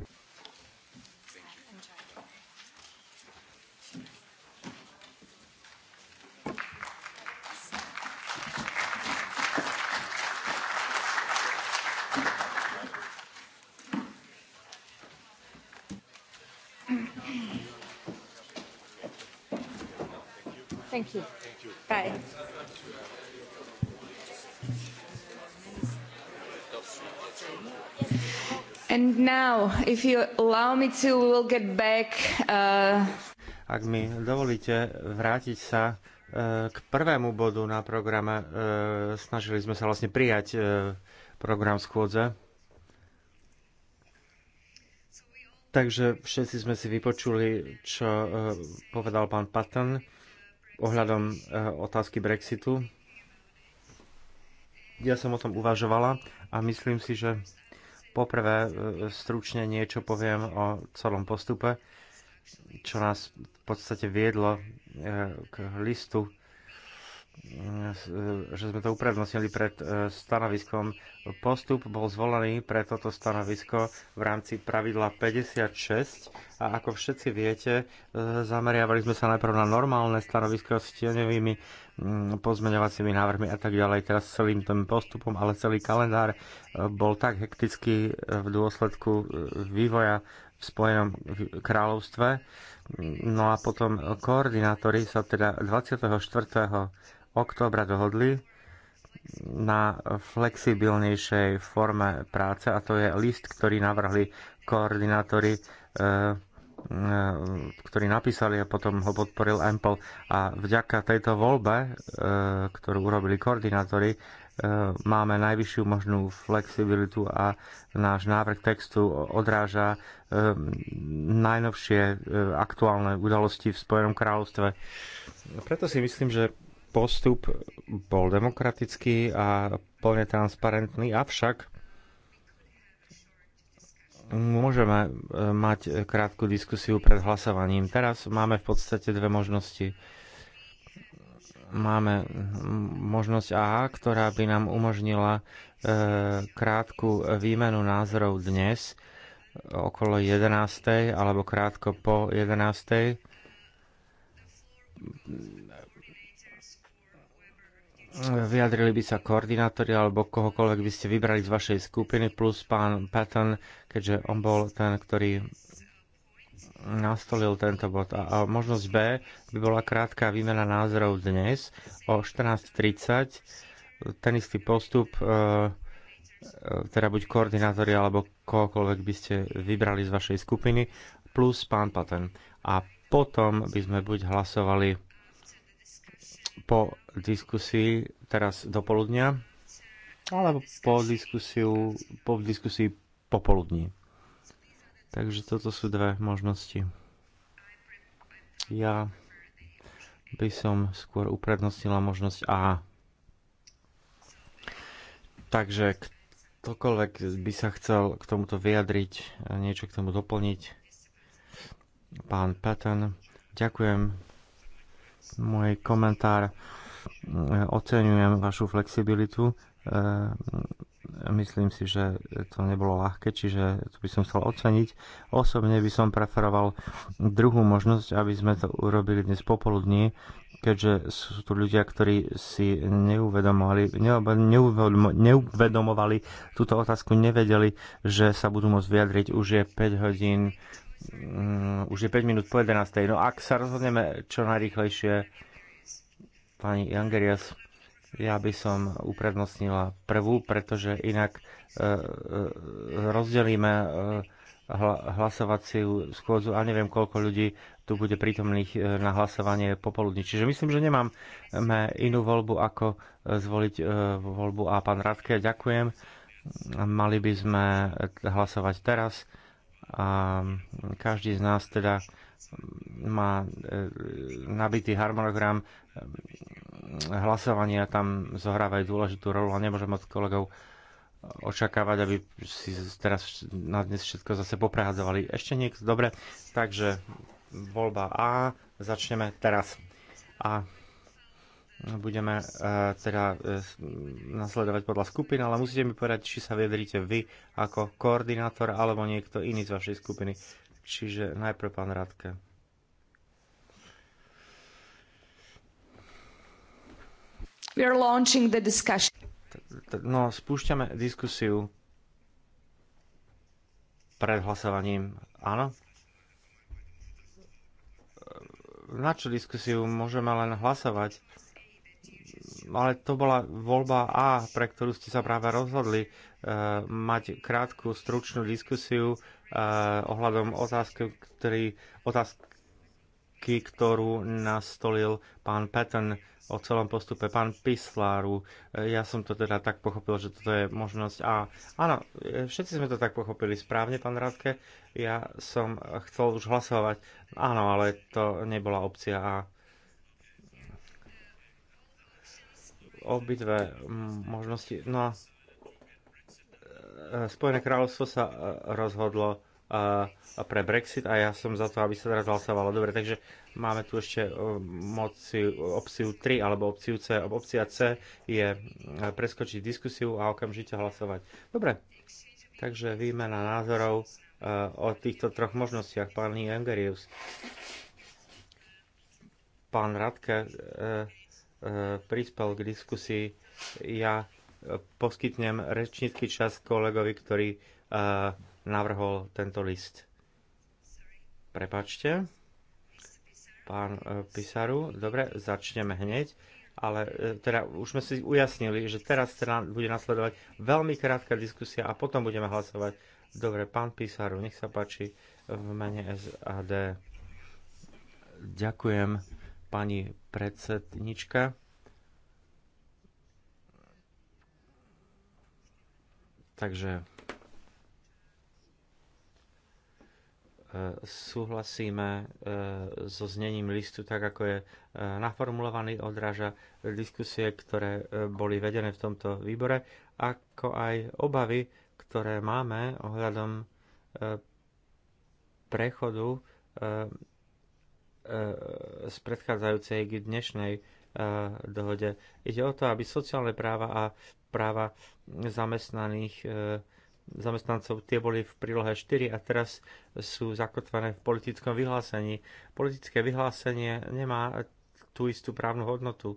if you allow me to, we'll get back. Uh... Ak mi dovolíte vrátiť sa uh, k prvému bodu na programe, uh, snažili sme sa vlastne prijať uh, program schôdze. Takže všetci sme si vypočuli, čo povedal pán Patton ohľadom otázky Brexitu. Ja som o tom uvažovala a myslím si, že Poprvé e, stručne niečo poviem o celom postupe, čo nás v podstate viedlo e, k listu Mm, že sme to uprednostnili pred e, stanoviskom. Postup bol zvolený pre toto stanovisko v rámci pravidla 56 a ako všetci viete, e, zameriavali sme sa najprv na normálne stanovisko s tieňovými mm, pozmeňovacími návrhmi a tak ďalej. Teraz celým tým postupom, ale celý kalendár e, bol tak hektický v dôsledku vývoja v Spojenom kráľovstve. No a potom koordinátori sa teda 24 októbra dohodli na flexibilnejšej forme práce a to je list, ktorý navrhli koordinátori e, e, ktorí napísali a potom ho podporil Ample. A vďaka tejto voľbe, e, ktorú urobili koordinátori, máme najvyššiu možnú flexibilitu a náš návrh textu odráža najnovšie aktuálne udalosti v Spojenom kráľovstve. Preto si myslím, že postup bol demokratický a plne transparentný, avšak môžeme e, mať krátku diskusiu pred hlasovaním. Teraz máme v podstate dve možnosti. Máme možnosť A, ktorá by nám umožnila e, krátku výmenu názorov dnes okolo 11. alebo krátko po 11 vyjadrili by sa koordinátori alebo kohokoľvek by ste vybrali z vašej skupiny, plus pán Patton, keďže on bol ten, ktorý nastolil tento bod. A, a možnosť B by bola krátka výmena názorov dnes o 14.30. Ten istý postup, e, e, teda buď koordinátori alebo kohokoľvek by ste vybrali z vašej skupiny, plus pán Patton. A potom by sme buď hlasovali po diskusii teraz do poludnia, alebo po, diskusiu, po diskusii popoludní. Takže toto sú dve možnosti. Ja by som skôr uprednostnila možnosť A. Takže ktokoľvek by sa chcel k tomuto vyjadriť, niečo k tomu doplniť, pán Patton, ďakujem môj komentár. Oceňujem vašu flexibilitu. E, myslím si, že to nebolo ľahké, čiže to by som chcel oceniť. Osobne by som preferoval druhú možnosť, aby sme to urobili dnes popoludní, keďže sú tu ľudia, ktorí si neuvedomovali, neuvedomovali túto otázku, nevedeli, že sa budú môcť vyjadriť. Už je 5 hodín Mm, už je 5 minút po 11. No ak sa rozhodneme čo najrychlejšie, pani Jangerias, ja by som uprednostnila prvú, pretože inak e, e, rozdelíme e, hla, hlasovaciu schôdzu a neviem, koľko ľudí tu bude prítomných e, na hlasovanie popoludní. Čiže myslím, že nemáme inú voľbu, ako zvoliť voľbu. A pán Radke, ďakujem. Mali by sme hlasovať teraz a každý z nás teda má e, nabitý harmonogram e, hlasovania tam zohrávajú dôležitú rolu a nemôžem od kolegov očakávať, aby si teraz na dnes všetko zase poprehadzovali. Ešte niekto? Dobre, takže voľba A, začneme teraz. A budeme eh, teda eh, nasledovať podľa skupiny, ale musíte mi povedať, či sa vyjadríte vy ako koordinátor alebo niekto iný z vašej skupiny. Čiže najprv pán Radke. We are launching the discussion. No, spúšťame diskusiu pred hlasovaním. Áno? Na čo diskusiu? Môžeme len hlasovať ale to bola voľba A, pre ktorú ste sa práve rozhodli uh, mať krátku, stručnú diskusiu uh, ohľadom otázky, ktorý, otázky, ktorú nastolil pán Patton o celom postupe pán Pisláru. Eh, ja som to teda tak pochopil, že toto je možnosť A. Áno, všetci sme to tak pochopili správne, pán Radke. Ja som chcel už hlasovať. Áno, ale to nebola opcia A. obidve možnosti. No a e, Spojené kráľovstvo sa e, rozhodlo e, pre Brexit a ja som za to, aby sa teraz hlasovalo. Dobre, takže máme tu ešte moci opciu 3 alebo opciu C. Opcia C je preskočiť diskusiu a okamžite hlasovať. Dobre, takže výmena názorov o týchto troch možnostiach. Pán Jengerius, pán Radke, E, prispel k diskusii. Ja e, poskytnem rečnícky čas kolegovi, ktorý e, navrhol tento list. Prepačte, pán Pisaru. Dobre, začneme hneď. Ale teda už sme si ujasnili, že teraz teda bude nasledovať veľmi krátka diskusia a potom budeme hlasovať. Dobre, pán Pisaru, nech sa páči v mene SAD. Ďakujem, pani predsednička. Takže e, súhlasíme e, so znením listu, tak ako je e, naformulovaný, odráža diskusie, ktoré boli vedené v tomto výbore, ako aj obavy, ktoré máme ohľadom prechodu E, z predchádzajúcej k dnešnej e, dohode. Ide o to, aby sociálne práva a práva zamestnaných e, zamestnancov tie boli v prílohe 4 a teraz sú zakotvené v politickom vyhlásení. Politické vyhlásenie nemá tú istú právnu hodnotu,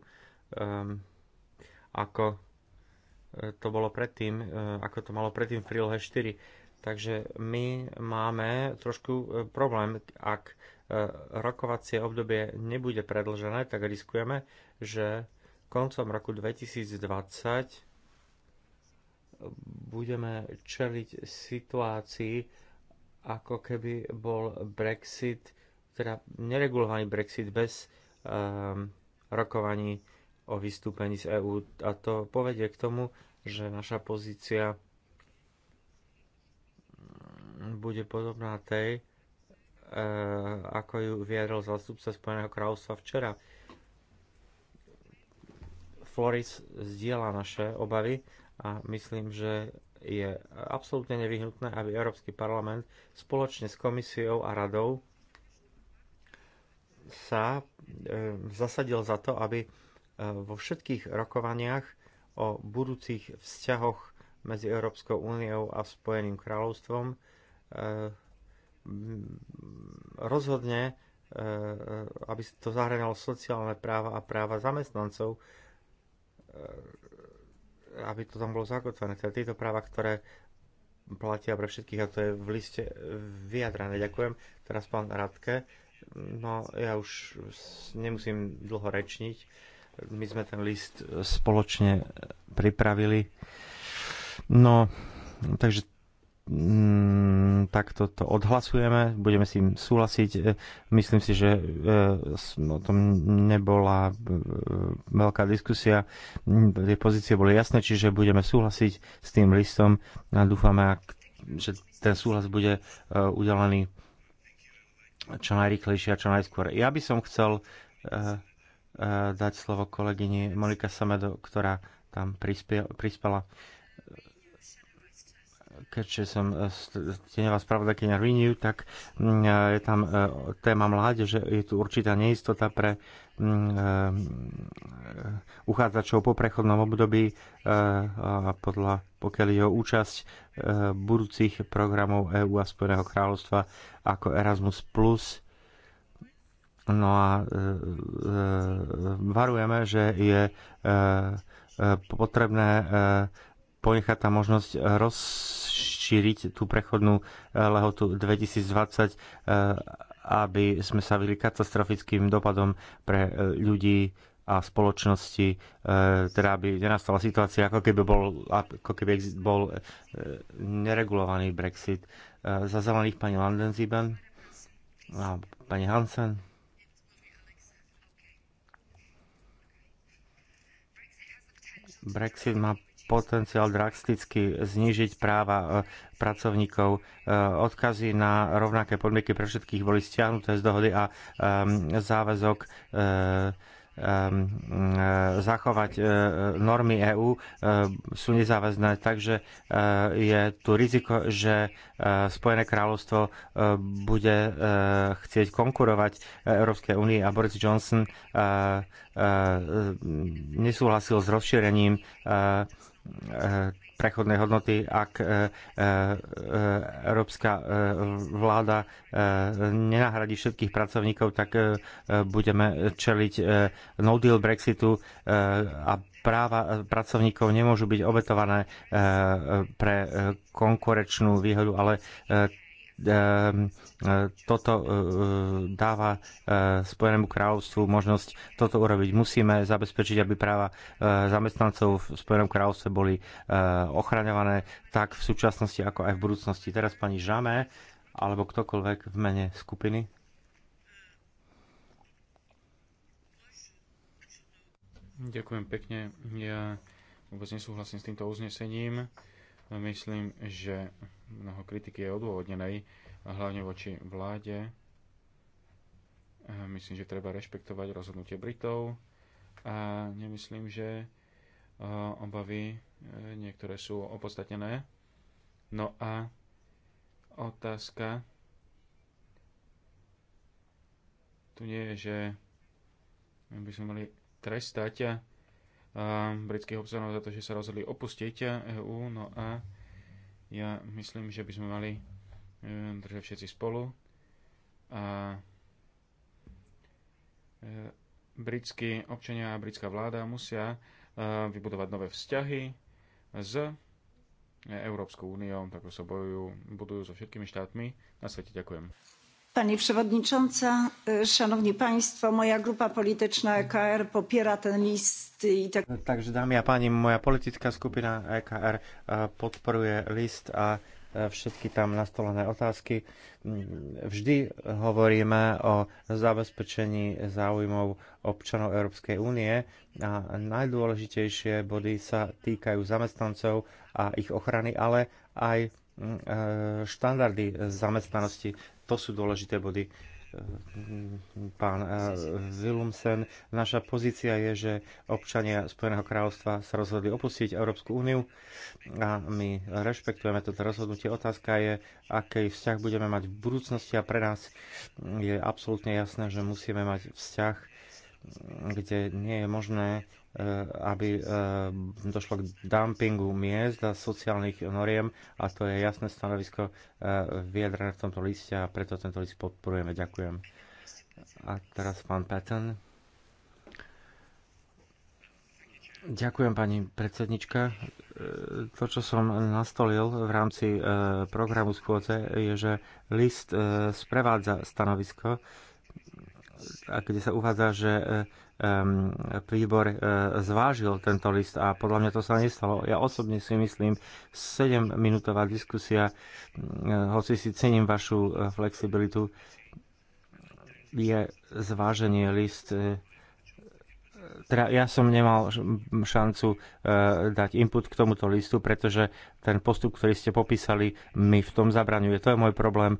um, ako to bolo predtým, ako to malo predtým v prílohe 4. Takže my máme trošku problém, ak E, rokovacie obdobie nebude predlžené, tak riskujeme, že koncom roku 2020 budeme čeliť situácii, ako keby bol Brexit, teda neregulovaný Brexit bez um, rokovaní o vystúpení z EÚ. A to povedie k tomu, že naša pozícia bude podobná tej, Eh, ako ju vyjadril zastupca Spojeného kráľovstva včera. Floris zdieľa naše obavy a myslím, že je absolútne nevyhnutné, aby Európsky parlament spoločne s komisiou a radou sa eh, zasadil za to, aby eh, vo všetkých rokovaniach o budúcich vzťahoch medzi Európskou úniou a Spojeným kráľovstvom Mm, rozhodne, e, e, aby to zahrňalo sociálne práva a práva zamestnancov, e, aby to tam bolo zakotvené. Teda tieto práva, ktoré platia pre všetkých a to je v liste vyjadrané. Ďakujem. Teraz pán Radke. No, ja už nemusím dlho rečniť. My sme ten list spoločne pripravili. No, takže Mm, tak to odhlasujeme, budeme s tým súhlasiť. E, myslím si, že e, o no, tom nebola e, veľká diskusia. Mm, tie pozície boli jasné, čiže budeme súhlasiť s tým listom a dúfame, že ten súhlas bude udelený čo najrychlejšie a čo najskôr. Ja by som chcel dať slovo kolegyni Monika Samedo, ktorá tam prispela keďže som e, spravda spravodajkynia Renew, tak mm, e, je tam e, téma mládeže, je tu určitá neistota pre mm, uchádzačov po prechodnom období a podľa, pokiaľ je účasť budúcich programov EÚ a Spojeného kráľovstva ako Erasmus+, No a varujeme, že je potrebné ponechať tá možnosť rozšíriť tú prechodnú eh, lehotu 2020, eh, aby sme sa vyli katastrofickým dopadom pre eh, ľudí a spoločnosti, teda aby nenastala situácia, ako keby bol, ako keby bol neregulovaný Brexit. Za zelených pani Landenziben a pani Hansen. Brexit má potenciál drasticky znížiť práva e, pracovníkov. E, odkazy na rovnaké podmienky pre všetkých boli stiahnuté z dohody a záväzok e, zachovať normy EÚ sú nezáväzné, takže je tu riziko, že Spojené kráľovstvo bude chcieť konkurovať Európskej únii a Boris Johnson nesúhlasil s rozšírením Eh, prechodné hodnoty, ak eh, eh, európska vláda nenahradí všetkých pracovníkov, tak budeme čeliť no deal Brexitu a práva pracovníkov nemôžu byť obetované pre konkurečnú výhodu, ale Ehm, e, toto e, e, dáva Spojenému kráľovstvu možnosť toto urobiť. Musíme zabezpečiť, aby práva zamestnancov v Spojenom kráľovstve boli ochraňované tak v súčasnosti, ako aj v budúcnosti. Teraz pani Žame, alebo ktokoľvek v mene skupiny. Ďakujem pekne. Ja vôbec nesúhlasím s týmto uznesením. Myslím, že mnoho kritiky je odôvodnenej, hlavne voči vláde. Eh, myslím, že treba rešpektovať rozhodnutie Britov a nemyslím, že eh, obavy eh, niektoré sú opodstatnené. No a otázka tu nie je, že by sme mali trestať britských občanov za to, že sa rozhodli opustiť EÚ. No a ja myslím, že by sme mali e, držať všetci spolu. A e, britskí občania a britská vláda musia e, vybudovať nové vzťahy s Európskou úniou, tak sa bojujú, budujú so všetkými štátmi. Na svete ďakujem. Pani przewodnicząca, e, szanowni państwo, moja grupa polityczna EKR popiera ten list i tak... Takže dámy a páni, moja politická skupina EKR e, podporuje list a všetky tam nastolené otázky. Vždy mm, hovoríme o zabezpečení záujmov občanov Európskej únie a najdôležitejšie body sa týkajú zamestnancov a ich ochrany, ale aj Mm, e, štandardy zamestnanosti. To sú dôležité body. E, pán e, Willumsen, naša pozícia je, že občania Spojeného kráľovstva sa rozhodli opustiť Európsku úniu a my rešpektujeme toto rozhodnutie. Otázka je, aký vzťah budeme mať v budúcnosti a pre nás je absolútne jasné, že musíme mať vzťah, kde nie je možné Eh, aby eh, došlo k dumpingu miest a sociálnych noriem a to je jasné stanovisko eh, vyjadrené v tomto liste a preto tento list podporujeme. Ďakujem. A teraz pán Patton. Ďakujem pani predsednička. To, čo som nastolil v rámci programu schôdze, je, že list sprevádza stanovisko a kde sa uvádza, že e, príbor e, zvážil tento list a podľa mňa to sa nestalo. Ja osobne si myslím, 7-minútová diskusia, hoci si cením vašu e, flexibilitu, je zváženie list. Teda ja som nemal šancu dať input k tomuto listu, pretože ten postup, ktorý ste popísali, mi v tom zabraňuje. To je môj problém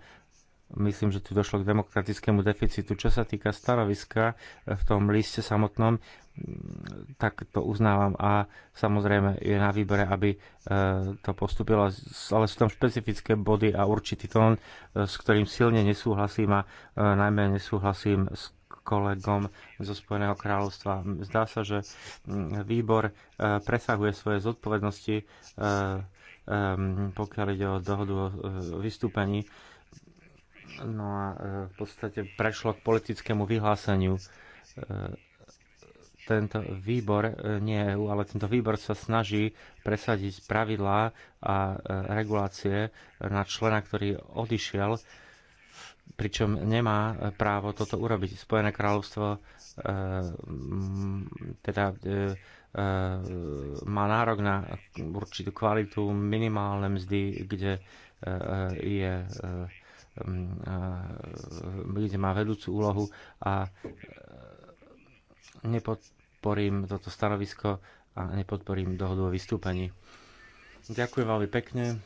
Myslím, že tu došlo k demokratickému deficitu. Čo sa týka stanoviska eh, v tom liste samotnom, mm, tak to uznávam a samozrejme je na výbere, aby eh, to postupilo, ale sú tam špecifické body a určitý tón, eh, s ktorým silne nesúhlasím a najmä nesúhlasím s kolegom zo Spojeného kráľovstva. Zdá sa, že mm, výbor presahuje svoje zodpovednosti, pokiaľ ide o dohodu o vystúpení No a e, v podstate prešlo k politickému vyhláseniu. E, tento výbor, e, nie EU, ale tento výbor sa snaží presadiť pravidlá a regulácie na člena, ktorý odišiel, pričom nemá právo toto urobiť. Spojené kráľovstvo teda má nárok na určitú kvalitu, minimálne mzdy, kde je Hm, e, kde má vedúcu úlohu a e, nepodporím toto stanovisko a nepodporím dohodu o vystúpení. Ďakujem veľmi pekne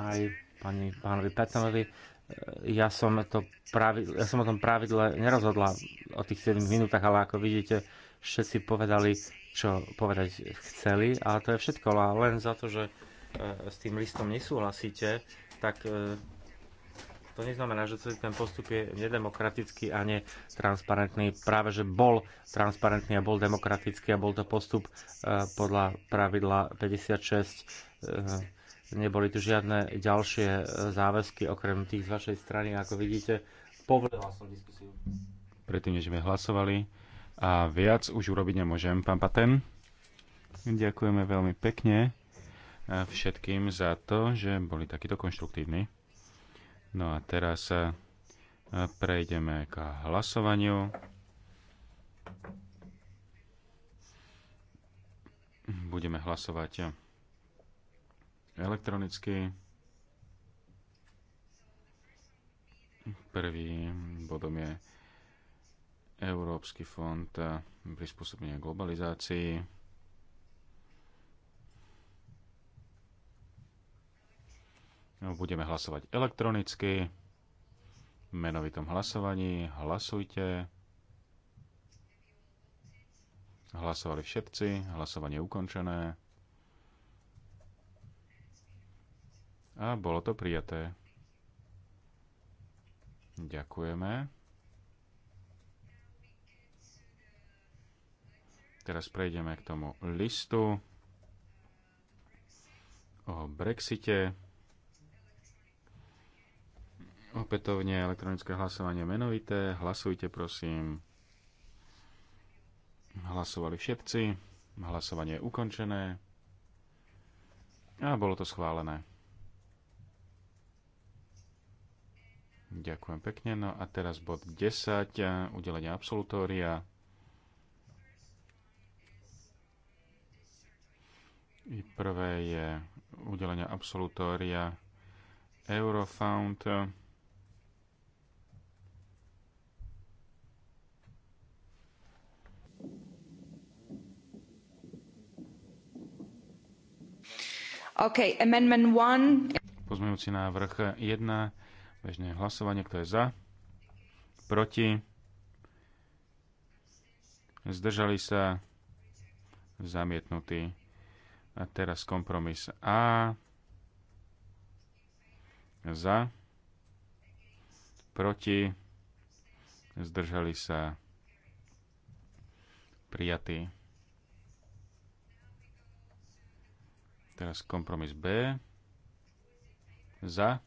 aj pani, pánovi Petanovi. E, ja som, to pravi, ja som o tom pravidle nerozhodla o tých 7 minútach, ale ako vidíte, všetci povedali, čo povedať chceli a to je všetko. len za to, že s tým listom nesúhlasíte, tak to neznamená, že celý ten postup je nedemokratický a netransparentný. Práve, že bol transparentný a bol demokratický a bol to postup eh, podľa pravidla 56. Eh, neboli tu žiadne ďalšie eh, záväzky, okrem tých z vašej strany. Ako vidíte, povedal som diskusiu. Predtým, než sme hlasovali. A viac už urobiť nemôžem, pán Paten. Ďakujeme veľmi pekne všetkým za to, že boli takýto konštruktívni. No a teraz eh, prejdeme k hlasovaniu. Budeme hlasovať eh, elektronicky. Prvým bodom je Európsky fond eh, prispôsobenia globalizácii. Budeme hlasovať elektronicky. V menovitom hlasovaní hlasujte. Hlasovali všetci. Hlasovanie je ukončené. A bolo to prijaté. Ďakujeme. Teraz prejdeme k tomu listu o Brexite. Opätovne elektronické hlasovanie menovité. Hlasujte, prosím. Hlasovali všetci. Hlasovanie je ukončené. A bolo to schválené. Ďakujem pekne. No a teraz bod 10. Udelenie absolutória. I prvé je udelenie absolutória Eurofound. Okay, amendment 1. Pozmejúci návrh 1. Bežné hlasovanie, kto je za? Proti? Zdržali sa? Zamietnutý. A teraz kompromis A. Za? Proti? Zdržali sa? Prijatý Teraz kompromis B. Za.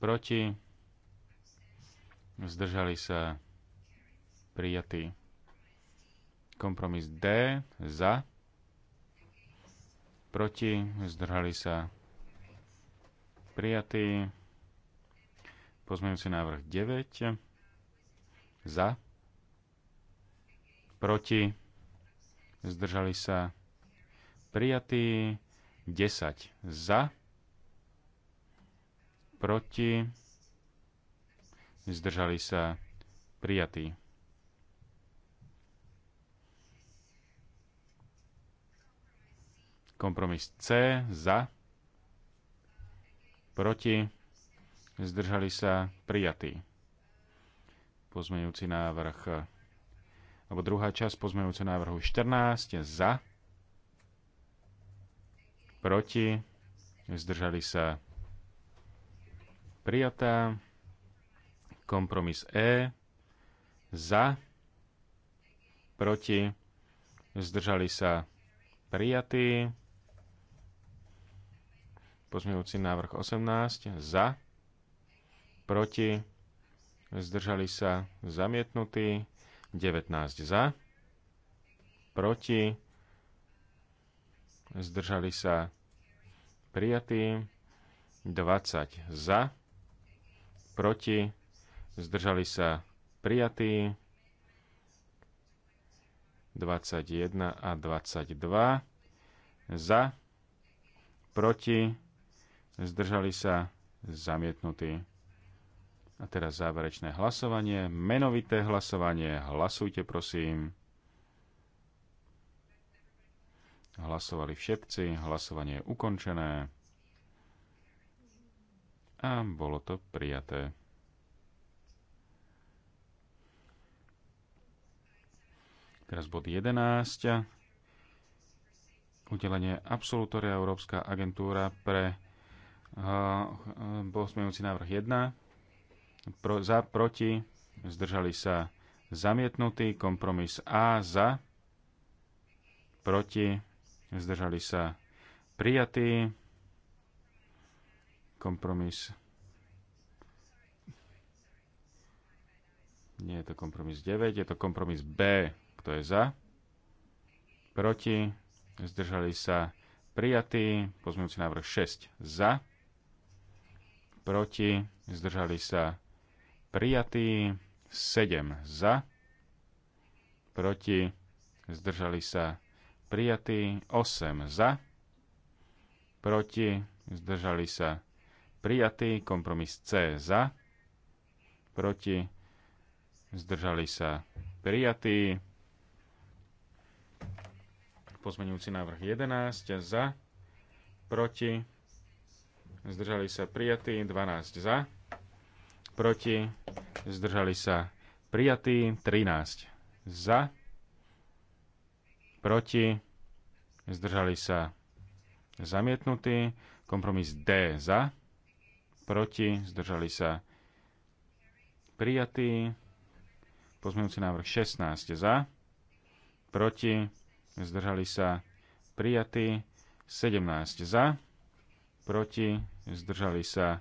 Proti. Zdržali sa prijatí. Kompromis D. Za. Proti. Zdržali sa prijatí. Pozmeňujúci návrh 9. Za. Proti. Zdržali sa prijatý. 10 za, proti, zdržali sa prijatí. Kompromis C za, proti, zdržali sa prijatí. Pozmeňujúci návrh, alebo druhá časť pozmeňujúceho návrhu 14 za, proti, zdržali sa prijatá, kompromis E, za, proti, zdržali sa prijatí, pozmeňujúci návrh 18, za, proti, zdržali sa zamietnutí, 19 za, proti, zdržali sa prijatí, 20 za, proti, zdržali sa prijatí, 21 a 22 za, proti, zdržali sa zamietnutí. A teraz záverečné hlasovanie, menovité hlasovanie. Hlasujte prosím. Hlasovali všetci, hlasovanie je ukončené a bolo to prijaté. Teraz bod 11. Udelenie absolutória Európska agentúra pre uh, eh, bol smiejúci návrh 1. Pro, za, proti, zdržali sa zamietnutý kompromis A za, proti, zdržali sa prijatí. Kompromis. Nie je to kompromis 9, je to kompromis B. Kto je za? Proti. Zdržali sa prijatí. Pozmeňujúci návrh 6 za. Proti. Zdržali sa prijatí. 7 za. Proti. Zdržali sa prijatí prijatý, 8 za, proti, zdržali sa prijatý, kompromis C za, proti, zdržali sa prijatý, pozmenujúci návrh 11 za, proti, zdržali sa prijatí, 12 za, proti, zdržali sa prijatí, 13 za, proti, zdržali sa zamietnutí, kompromis D za, proti, zdržali sa prijatí, pozmeňujúci návrh 16 za, proti, zdržali sa prijatí, 17 za, proti, zdržali sa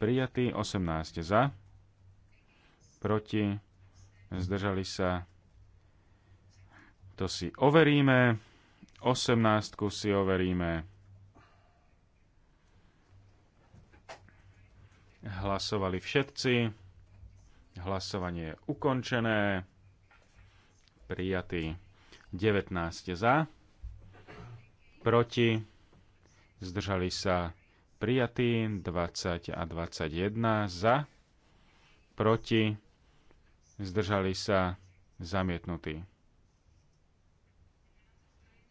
prijatí, 18 za, proti, zdržali sa to si overíme. 18 si overíme. Hlasovali všetci. Hlasovanie je ukončené. Prijatý 19 za. Proti. Zdržali sa prijatí 20 a 21 za. Proti. Zdržali sa zamietnutí.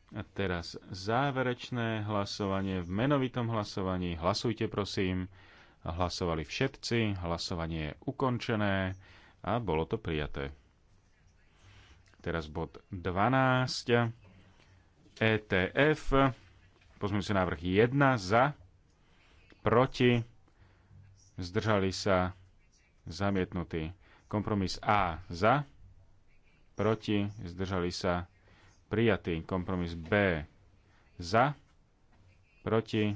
A teraz záverečné hlasovanie v menovitom hlasovaní. Hlasujte prosím. Hlasovali všetci, hlasovanie je ukončené a bolo to prijaté. Teraz bod 12. ETF. si návrh 1 za, proti, zdržali sa, zamietnutý. Kompromis A za, proti, zdržali sa, prijatý. Kompromis B za, proti,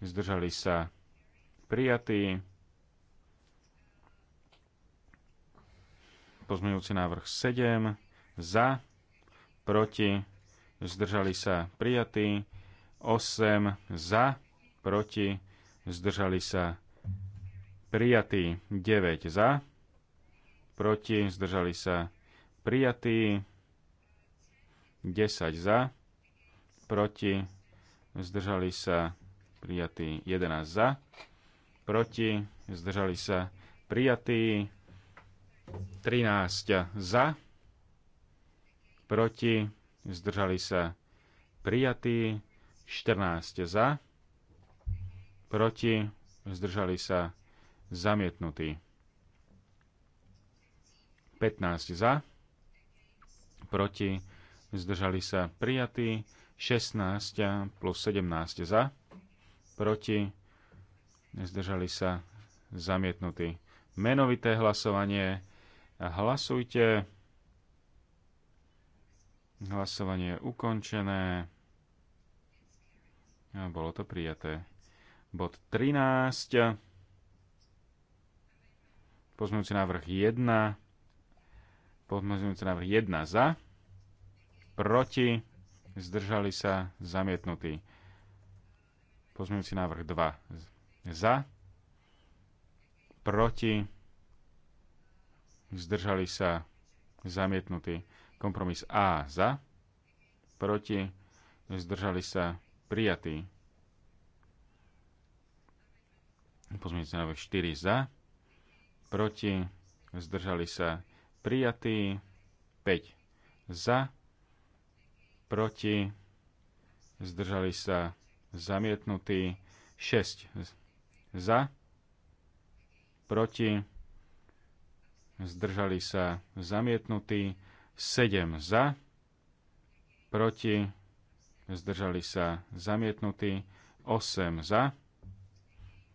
zdržali sa prijatý. Pozmeňujúci návrh 7 za, proti, zdržali sa prijatý. 8 za, proti, zdržali sa prijatý. 9 za, proti, zdržali sa prijatý. 10 za, proti, zdržali sa prijatí 11 za, proti, zdržali sa prijatí 13 za, proti, zdržali sa prijatí 14 za, proti, zdržali sa zamietnutí 15 za, proti, zdržali sa prijatí, 16 plus 17 za, proti, zdržali sa zamietnutí. Menovité hlasovanie. Hlasujte. Hlasovanie je ukončené. A bolo to prijaté. Bod 13. Pozmeňujúci návrh 1. Pozmeňujúci návrh 1 za proti, zdržali sa, zamietnutý. Pozmeňujúci návrh 2 za, proti, zdržali sa, zamietnutý. Kompromis A za, proti, zdržali sa, prijatý. Pozmeňujúci návrh 4 za, proti, zdržali sa, prijatý. 5 za, proti, zdržali sa zamietnutí, 6 za, proti, zdržali sa zamietnutí, 7 za, proti, zdržali sa zamietnutí, 8 za,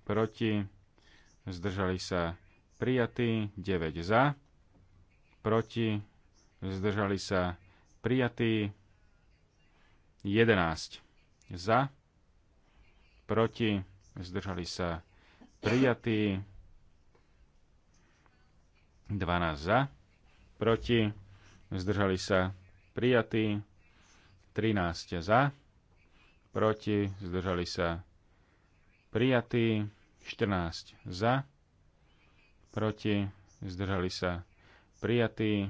proti, zdržali sa prijatí, 9 za, proti, zdržali sa prijatí, 11 za, proti, zdržali sa prijatí, 12 za, proti, zdržali sa prijatí, 13 za, proti, zdržali sa prijatí, 14 za, proti, zdržali sa prijatí,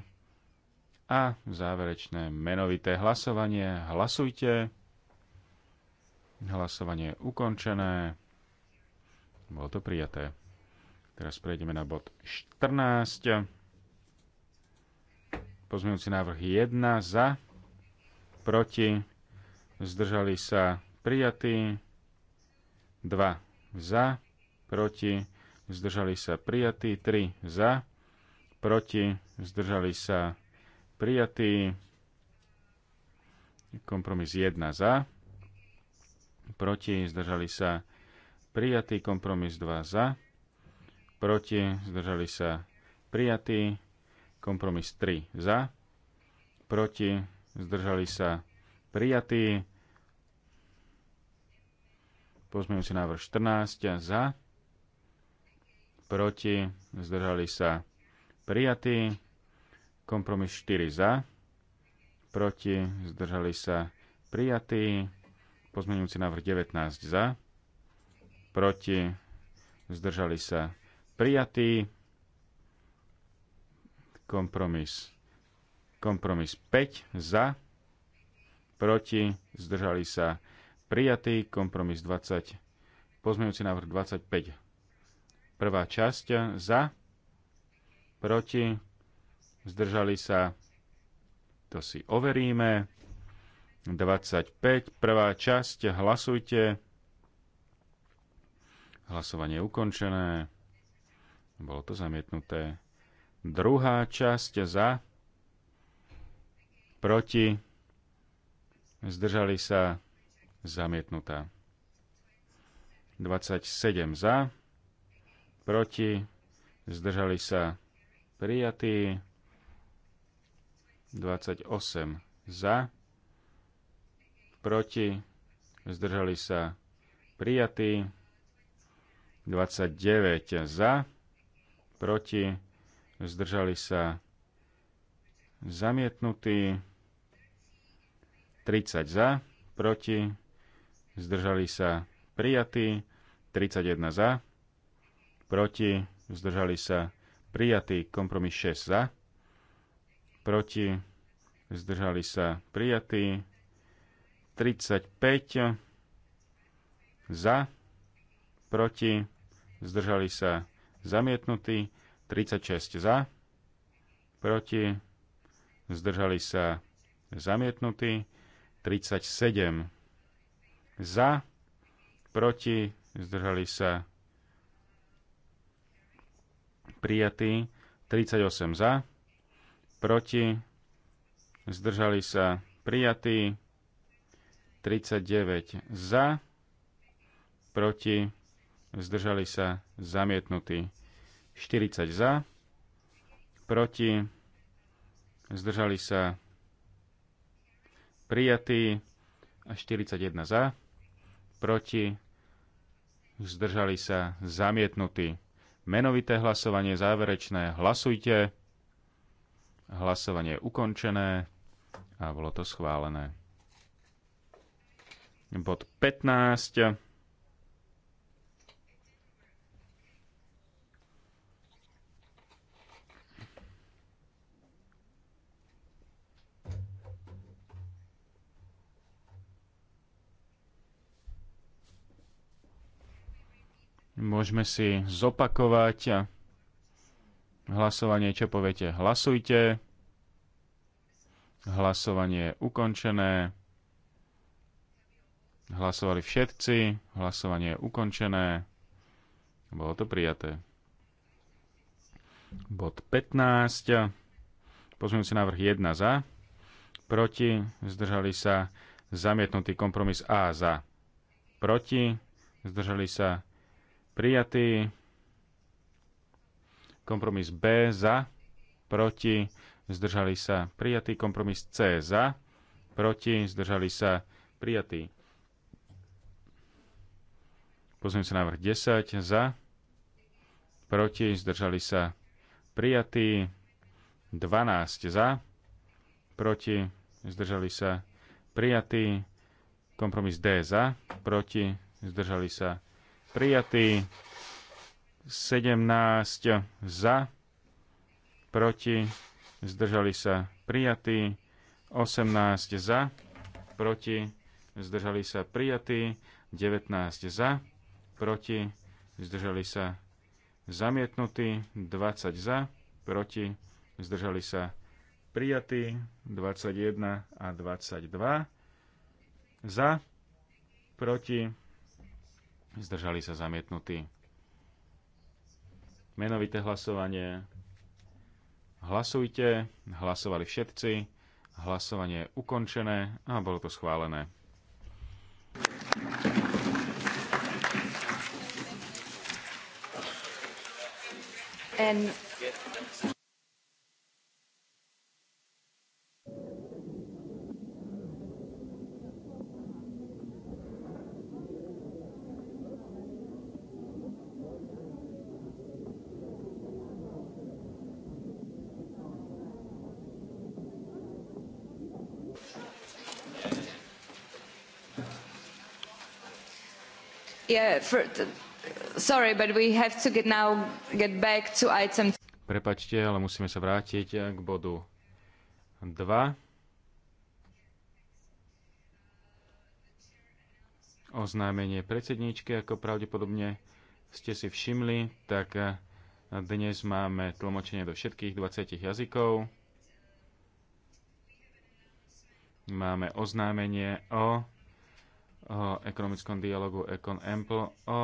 a záverečné menovité hlasovanie. Hlasujte. Hlasovanie je ukončené. Bolo to prijaté. Teraz prejdeme na bod 14. Pozmeňujúci návrh 1 za, proti, zdržali sa prijatí, 2 za, proti, zdržali sa prijatí, 3 za, proti, zdržali sa prijatí prijatý. Kompromis 1 za, proti, zdržali sa prijatý. Kompromis 2 za, proti, zdržali sa prijatý. Kompromis 3 za, proti, zdržali sa prijatý. Pozmeňujúci návrh 14 za, proti, zdržali sa prijatý. Kompromis 4 za, proti, zdržali sa prijatí. Pozmeňujúci návrh 19 za, proti, zdržali sa prijatí. Kompromis, kompromis 5 za, proti, zdržali sa prijatí. Kompromis 20, pozmeňujúci návrh 25. Prvá časť za, proti, zdržali sa, to si overíme. 25, prvá časť, hlasujte. Hlasovanie ukončené. Bolo to zamietnuté. Druhá časť za, proti, zdržali sa, zamietnutá. 27 za, proti, zdržali sa, prijatí. 28 za, proti, zdržali sa prijatí, 29 za, proti, zdržali sa zamietnutí, 30 za, proti, zdržali sa prijatí, 31 za, proti, zdržali sa prijatí, kompromis 6 za, proti, zdržali sa prijatí, 35 za, proti, zdržali sa zamietnutí, 36 za, proti, zdržali sa zamietnutí, 37 za, proti, zdržali sa prijatí, 38 za, proti, zdržali sa prijatí, 39 za, proti, zdržali sa zamietnutí, 40 za, proti, zdržali sa prijatí a 41 za, proti, zdržali sa zamietnutí. Menovité hlasovanie záverečné. Hlasujte. Hlasovanie je ukončené a bolo to schválené. Bod 15. Môžeme si zopakovať Hlasovanie, čo poviete? Hlasujte. Hlasovanie je ukončené. Hlasovali všetci. Hlasovanie je ukončené. Bolo to prijaté. Bod 15. Pozmeňujúci návrh 1 za. Proti. Zdržali sa. Zamietnutý kompromis A za. Proti. Zdržali sa. Prijatý. Kompromis B za, proti, zdržali sa prijatý. Kompromis C za, proti, zdržali sa prijatý. sa návrh 10 za, proti, zdržali sa prijatí, 12 za, proti, zdržali sa prijatí, kompromis D za, proti, zdržali sa prijatí, 17 za, proti, zdržali sa prijatí, 18 za, proti, zdržali sa prijatí, 19 za, proti, zdržali sa zamietnutí, 20 za, proti, zdržali sa prijatí, 21 a 22 za, proti, zdržali sa zamietnutí menovité hlasovanie. Hlasujte, hlasovali všetci, hlasovanie je ukončené a bolo to schválené. And Prepačte, ale musíme sa vrátiť eh, k bodu 2. Oznámenie predsedníčky, ako pravdepodobne ste si všimli, tak eh, dnes máme tlmočenie do všetkých 20 jazykov. Máme oznámenie o o ekonomickom dialogu Econ Ample, o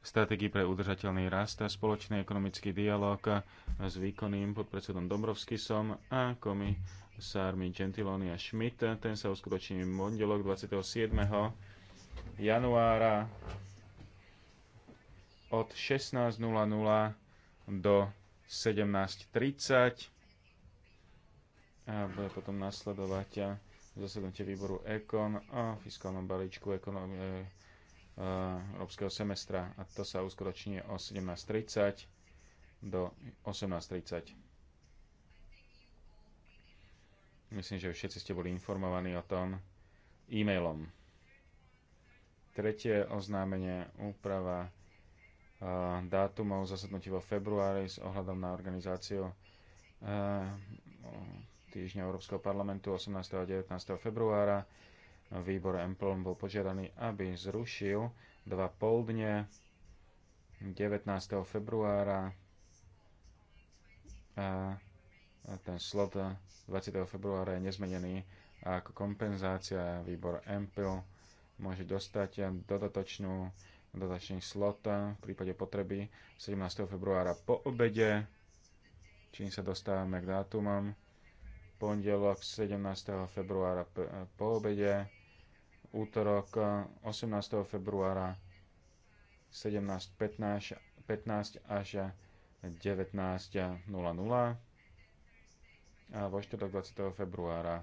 strategii pre udržateľný rast a spoločný ekonomický dialog s výkonným podpredsedom Dombrovskisom a komisármi Gentiloni a Schmidt. Ten sa uskutoční v mondelok 27. januára od 16.00 do 17.30 a bude potom nasledovať zasadnutie výboru EKON o fiskálnom balíčku ekonomie e, európskeho semestra a to sa uskutoční o 17.30 do 18.30. Myslím, že všetci ste boli informovaní o tom e-mailom. Tretie oznámenie úprava e, dátumov zasadnutí vo februári s ohľadom na organizáciu e, týždňa Európskeho parlamentu 18. a 19. februára. Výbor EMPL bol požiadaný, aby zrušil dva poldne 19. februára a ten slot 20. februára je nezmenený a ako kompenzácia výbor MPL môže dostať dodatočnú dodatočný slot v prípade potreby 17. februára po obede, čím sa dostávame k dátumom pondelok 17. februára po obede, útorok 18. februára 17.15 15 až 19.00 a vo štvrtok 20. februára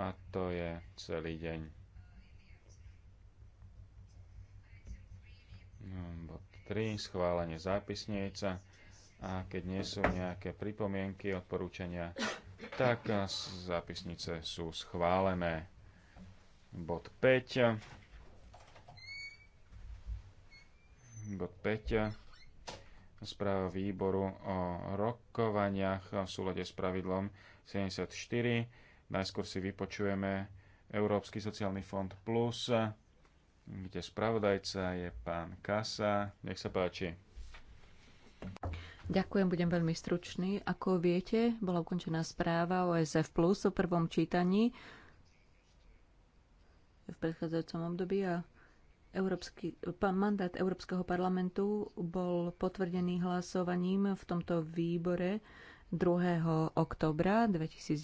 a to je celý deň. Bod 3. Schválenie zápisníca a keď nie sú nejaké pripomienky, odporúčania tak zápisnice sú schválené. Bod 5. Bod 5. Správa výboru o rokovaniach v súlade s pravidlom 74. Najskôr si vypočujeme Európsky sociálny fond Plus, kde spravodajca je pán Kasa. Nech sa páči. Ďakujem, budem veľmi stručný. Ako viete, bola ukončená správa o SF Plus o prvom čítaní v predchádzajúcom období a Európsky, mandát Európskeho parlamentu bol potvrdený hlasovaním v tomto výbore 2. oktobra 2019.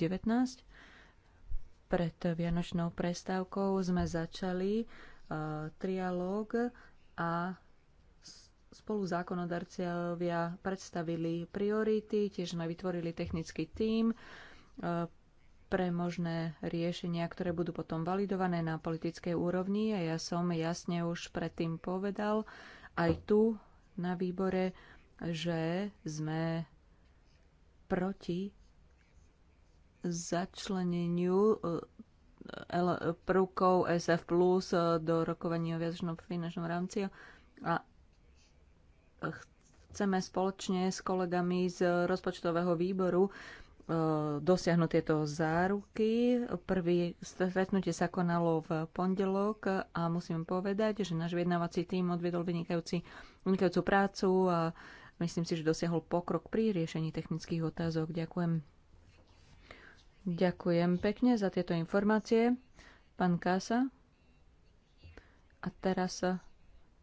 Pred Vianočnou prestávkou sme začali uh, trialóg a spolu zákonodarcovia predstavili priority, tiež sme vytvorili technický tím e, pre možné riešenia, ktoré budú potom validované na politickej úrovni. A ja som jasne už predtým povedal aj tu na výbore, že sme proti začleneniu e, e, prvkov SF Plus do rokovania o viacnom finančnom rámci a chceme spoločne s kolegami z rozpočtového výboru e, dosiahnuť tieto záruky. Prvý stretnutie sa konalo v pondelok a musím povedať, že náš vyjednávací tým odvedol vynikajúci, vynikajúcu prácu a myslím si, že dosiahol pokrok pri riešení technických otázok. Ďakujem. Ďakujem pekne za tieto informácie. Pán Kása. A teraz e,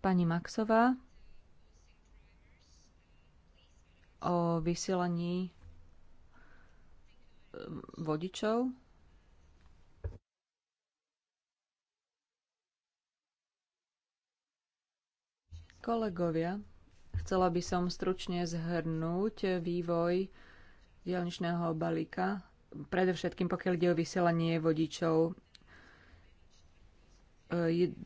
pani Maxová. o vysielaní um, vodičov. Kolegovia, chcela by som stručne zhrnúť vývoj dielničného balíka, predovšetkým pokiaľ ide o vysielanie vodičov 11.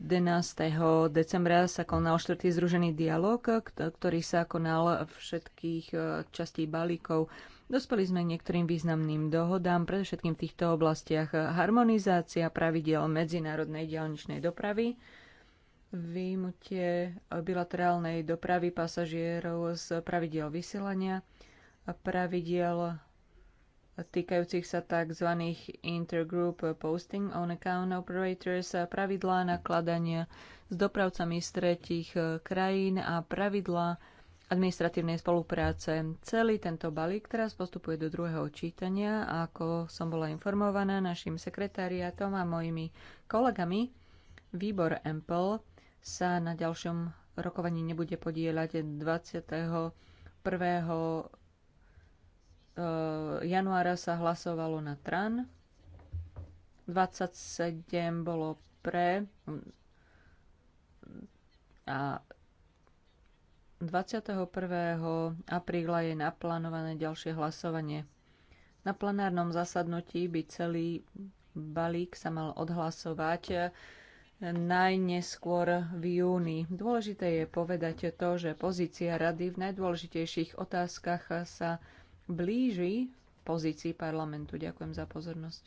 decembra sa konal štvrtý združený dialog, ktorý sa konal všetkých e, častí balíkov. Dospeli sme k niektorým významným dohodám, predovšetkým v týchto oblastiach harmonizácia pravidel medzinárodnej diaľničnej dopravy, výjimutie bilaterálnej dopravy pasažierov z pravidel vysielania, pravidel týkajúcich sa tzv. intergroup posting on account operators, pravidlá nakladania s dopravcami z tretich eh, krajín a pravidlá administratívnej spolupráce. Celý tento balík teraz postupuje do druhého čítania a ako som bola informovaná našim sekretariatom a mojimi kolegami, výbor Empel sa na ďalšom rokovaní nebude podieľať 21. Eh, januára sa hlasovalo na TRAN, 27 bolo pre a 21. apríla je naplánované ďalšie hlasovanie. Na plenárnom zasadnutí by celý balík sa mal odhlasovať eh, najneskôr v júni. Dôležité je povedať to, že pozícia rady v najdôležitejších otázkach sa blíži pozícii parlamentu. Ďakujem za pozornosť.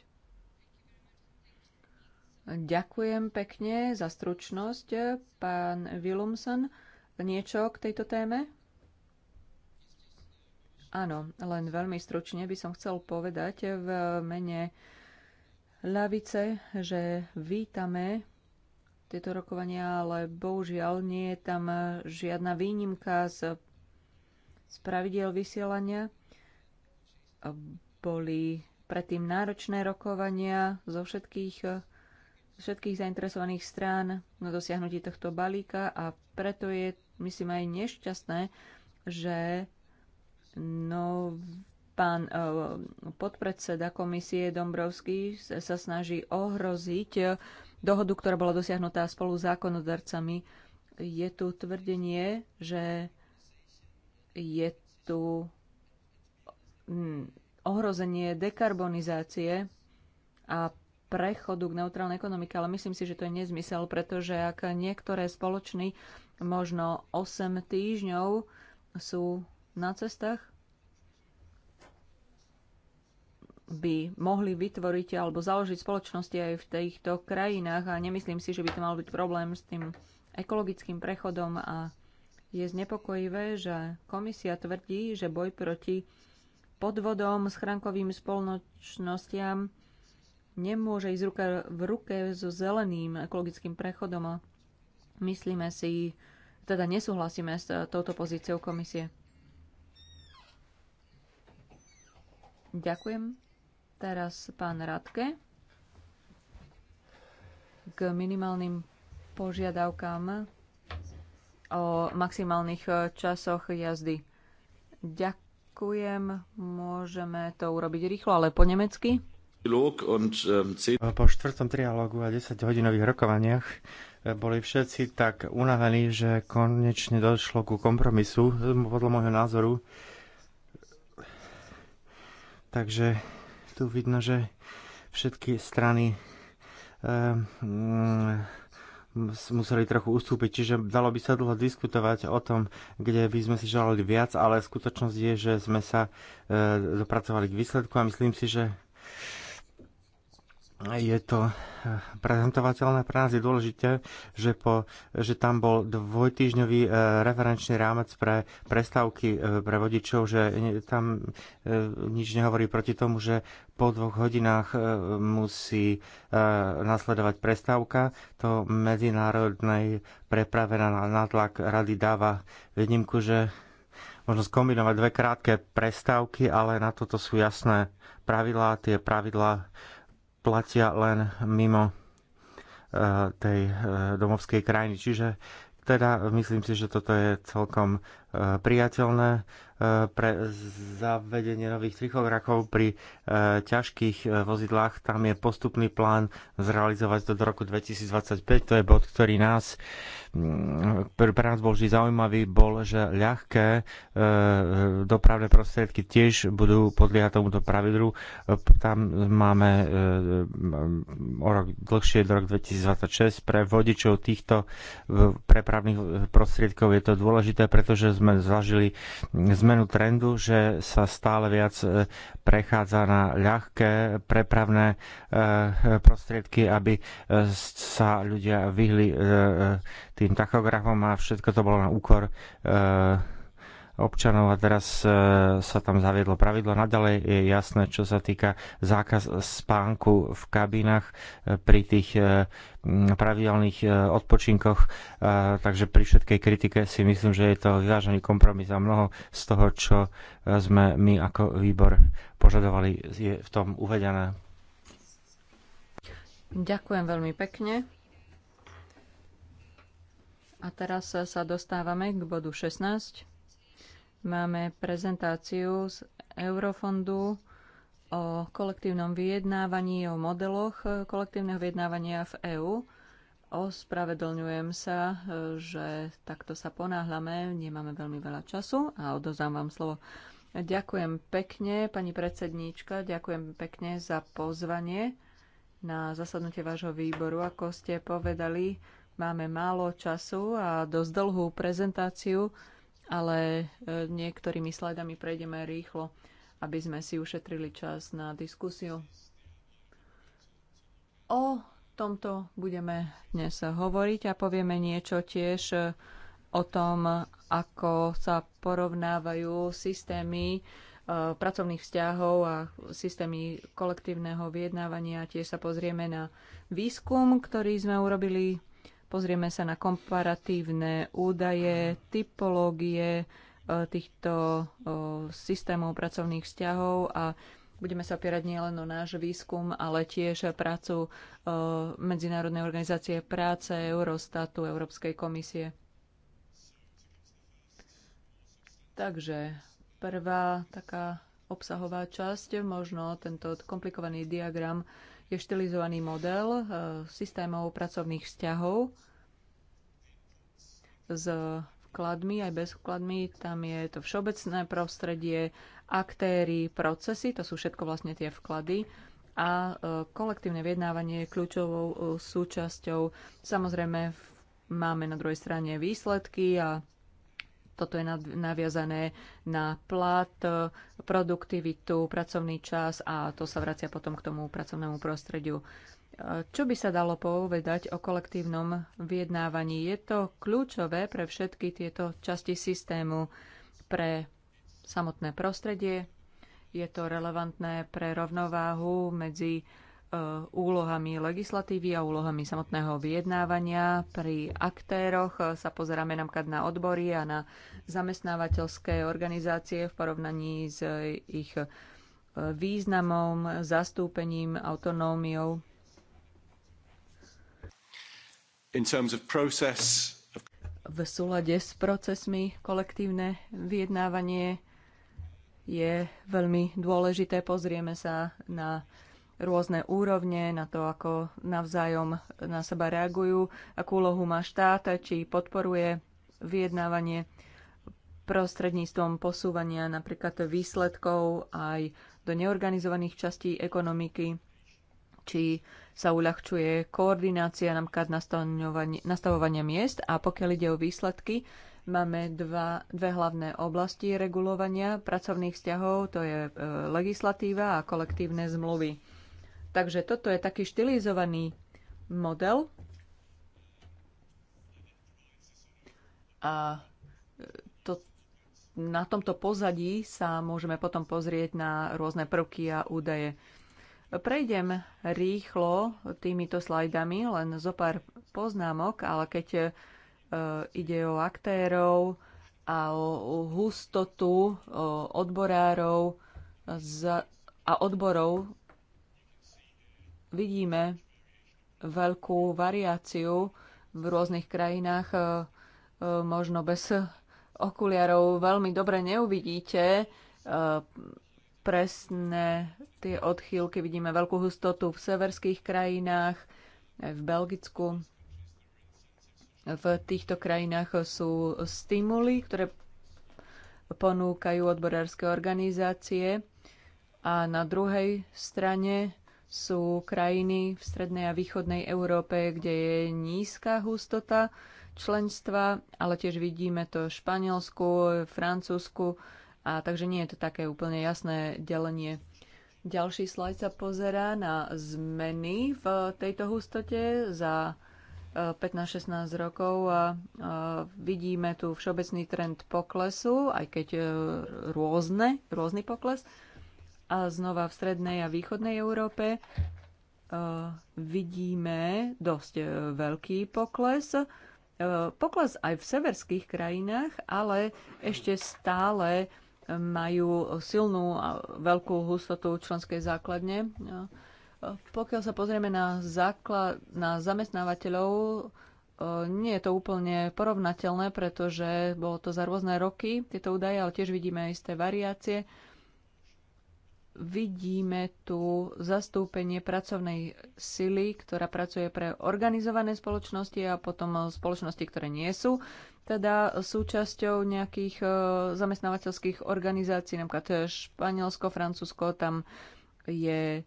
Ďakujem pekne za stručnosť, pán Willumson. Niečo k tejto téme? Áno, len veľmi stručne by som chcel povedať v mene ľavice, že vítame tieto rokovania, ale bohužiaľ nie je tam žiadna výnimka z, z pravidel vysielania. Boli predtým náročné rokovania zo všetkých všetkých zainteresovaných strán na dosiahnutí tohto balíka a preto je, myslím, aj nešťastné, že no, pán eh, podpredseda komisie Dombrovský sa snaží ohroziť dohodu, ktorá bola dosiahnutá spolu s zákonodarcami. Je tu tvrdenie, že je tu ohrozenie dekarbonizácie a prechodu k neutrálnej ekonomike, ale myslím si, že to je nezmysel, pretože ak niektoré spoločný možno 8 týždňov sú na cestách, by mohli vytvoriť alebo založiť spoločnosti aj v týchto krajinách a nemyslím si, že by to mal byť problém s tým ekologickým prechodom a je znepokojivé, že komisia tvrdí, že boj proti podvodom, schránkovým spoločnostiam nemôže ísť ruka v ruke so zeleným ekologickým prechodom. Myslíme si, teda nesúhlasíme s touto pozíciou komisie. Ďakujem. Teraz pán Radke k minimálnym požiadavkám o maximálnych časoch jazdy. Ďakujem Ďakujem. Môžeme to urobiť rýchlo, ale po nemecky. Ähm, po štvrtom trialógu a 10-hodinových rokovaniach e, boli všetci tak unavení, že konečne došlo ku kompromisu, podľa môjho názoru. Takže tu vidno, že všetky strany um, museli trochu ustúpiť, čiže dalo by sa dlho diskutovať o tom, kde by sme si želali viac, ale skutočnosť je, že sme sa e, dopracovali k výsledku a myslím si, že je to eh, prezentovateľné. Pre nás je dôležité, že, po, že tam bol dvojtýždňový eh, referenčný rámec pre prestávky eh, pre vodičov, že tam nič nehovorí proti tomu, že po dvoch hodinách musí nasledovať prestávka. To medzinárodnej preprave na nátlak rady dáva výnimku, že možno skombinovať dve krátke prestávky, ale na toto sú jasné pravidlá. Tie pravidlá platia len mimo e, tej e, domovskej krajiny. Čiže teda myslím si, že toto je celkom e, priateľné pre zavedenie nových trichograkov pri e, ťažkých e, vozidlách. Tam je postupný plán zrealizovať to do roku 2025. To je bod, ktorý nás, mm, pre nás bol vždy zaujímavý, bol, že ľahké e, dopravné prostriedky tiež budú podliehať tomuto pravidlu. Tam máme o rok dlhšie do rok 2026. Pre vodičov týchto prepravných prostriedkov je to dôležité, pretože sme zažili zmenu zmenu trendu, že sa stále viac e, prechádza na ľahké prepravné e, prostriedky, aby e, sa ľudia vyhli tým tachografom a všetko to bolo na úkor občanov a teraz e, sa tam zaviedlo pravidlo. Nadalej je jasné, čo sa týka zákaz spánku v kabinách e, pri tých e, pravidelných odpočinkoch, takže pri všetkej kritike si myslím, že je to vyvážený kompromis a mnoho z toho, čo sme my ako výbor požadovali, je v tom uvedené. Ďakujem veľmi pekne. A teraz sa dostávame k bodu 16 máme prezentáciu z Eurofondu o kolektívnom vyjednávaní, o modeloch kolektívneho vyjednávania v EÚ. Ospravedlňujem sa, že takto sa ponáhľame, nemáme veľmi veľa času a odozám vám slovo. Ďakujem pekne, pani predsedníčka, ďakujem pekne za pozvanie na zasadnutie vášho výboru. Ako ste povedali, máme málo času a dosť dlhú prezentáciu ale e, niektorými slajdami prejdeme rýchlo, aby sme si ušetrili čas na diskusiu. O tomto budeme dnes hovoriť a povieme niečo tiež o tom, ako sa porovnávajú systémy e, pracovných vzťahov a systémy kolektívneho vyjednávania. Tiež sa pozrieme na výskum, ktorý sme urobili Pozrieme sa na komparatívne údaje, typológie e, týchto e, systémov pracovných vzťahov a budeme sa opierať nielen o náš výskum, ale tiež prácu e, Medzinárodnej organizácie práce, Eurostatu, Európskej komisie. Takže prvá taká obsahová časť, možno tento komplikovaný diagram je štilizovaný model e, systémov pracovných vzťahov s vkladmi aj bez vkladmi. Tam je to všeobecné prostredie, aktéry, procesy, to sú všetko vlastne tie vklady a e, kolektívne vyjednávanie je kľúčovou e, súčasťou. Samozrejme máme na druhej strane výsledky a toto je naviazané na plat, produktivitu, pracovný čas a to sa vracia potom k tomu pracovnému prostrediu. E, čo by sa dalo povedať o kolektívnom vyjednávaní? Je to kľúčové pre všetky tieto časti systému, pre samotné prostredie, je to relevantné pre rovnováhu medzi Eh, úlohami legislatívy a úlohami samotného vyjednávania. Pri aktéroch eh, sa pozeráme napríklad na odbory a na zamestnávateľské organizácie v porovnaní s eh, ich významom, zastúpením, autonómiou. In terms of process, v súlade s procesmi kolektívne vyjednávanie je veľmi dôležité. Pozrieme sa na rôzne úrovne, na to, ako navzájom na seba reagujú, akú úlohu má štát, či podporuje vyjednávanie prostredníctvom posúvania napríklad výsledkov aj do neorganizovaných častí ekonomiky, či sa uľahčuje koordinácia napríklad nastavovania miest a pokiaľ ide o výsledky, máme dva, dve hlavné oblasti regulovania pracovných vzťahov, to je e, legislatíva a kolektívne zmluvy. Takže toto je taký štilizovaný model. A e, to, na tomto pozadí sa môžeme potom pozrieť na rôzne prvky a údaje. Prejdem rýchlo týmito slajdami, len zo pár poznámok, ale keď e, ide o aktérov a o hustotu o odborárov z, a odborov vidíme veľkú variáciu v rôznych krajinách, e, e, možno bez okuliarov veľmi dobre neuvidíte e, presné tie odchýlky. Vidíme veľkú hustotu v severských krajinách, aj v Belgicku. V týchto krajinách sú stimuly, ktoré ponúkajú odborárske organizácie a na druhej strane sú krajiny v strednej a východnej Európe, kde je nízka hustota členstva, ale tiež vidíme to v Španielsku, Francúzsku, a takže nie je to také úplne jasné delenie. Ďalší slajd sa pozerá na zmeny v tejto hustote za 15-16 e, rokov a e, vidíme tu všeobecný trend poklesu, aj keď e, rôzne, rôzny pokles a znova v strednej a východnej Európe e, vidíme dosť e, veľký pokles. E, pokles aj v severských krajinách, ale ešte stále majú silnú a veľkú hustotu členskej základne. Pokiaľ sa pozrieme na, základ, na zamestnávateľov, nie je to úplne porovnateľné, pretože bolo to za rôzne roky, tieto údaje, ale tiež vidíme isté variácie vidíme tu zastúpenie pracovnej sily, ktorá pracuje pre organizované spoločnosti a potom spoločnosti, ktoré nie sú teda súčasťou nejakých e, zamestnávateľských organizácií, napríklad e, Španielsko, Francúzsko, tam je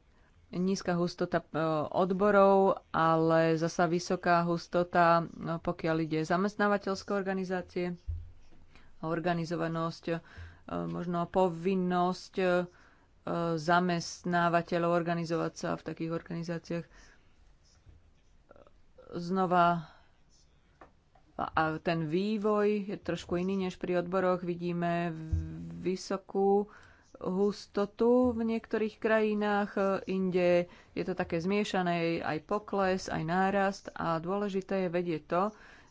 nízka hustota e, odborov, ale zasa vysoká hustota, pokiaľ ide zamestnávateľské organizácie, organizovanosť, možno povinnosť zamestnávateľov organizovať sa v takých organizáciách. Znova a ten vývoj je trošku iný než pri odboroch. Vidíme vysokú hustotu v niektorých krajinách, inde je to také zmiešané aj pokles, aj nárast a dôležité je vedieť to,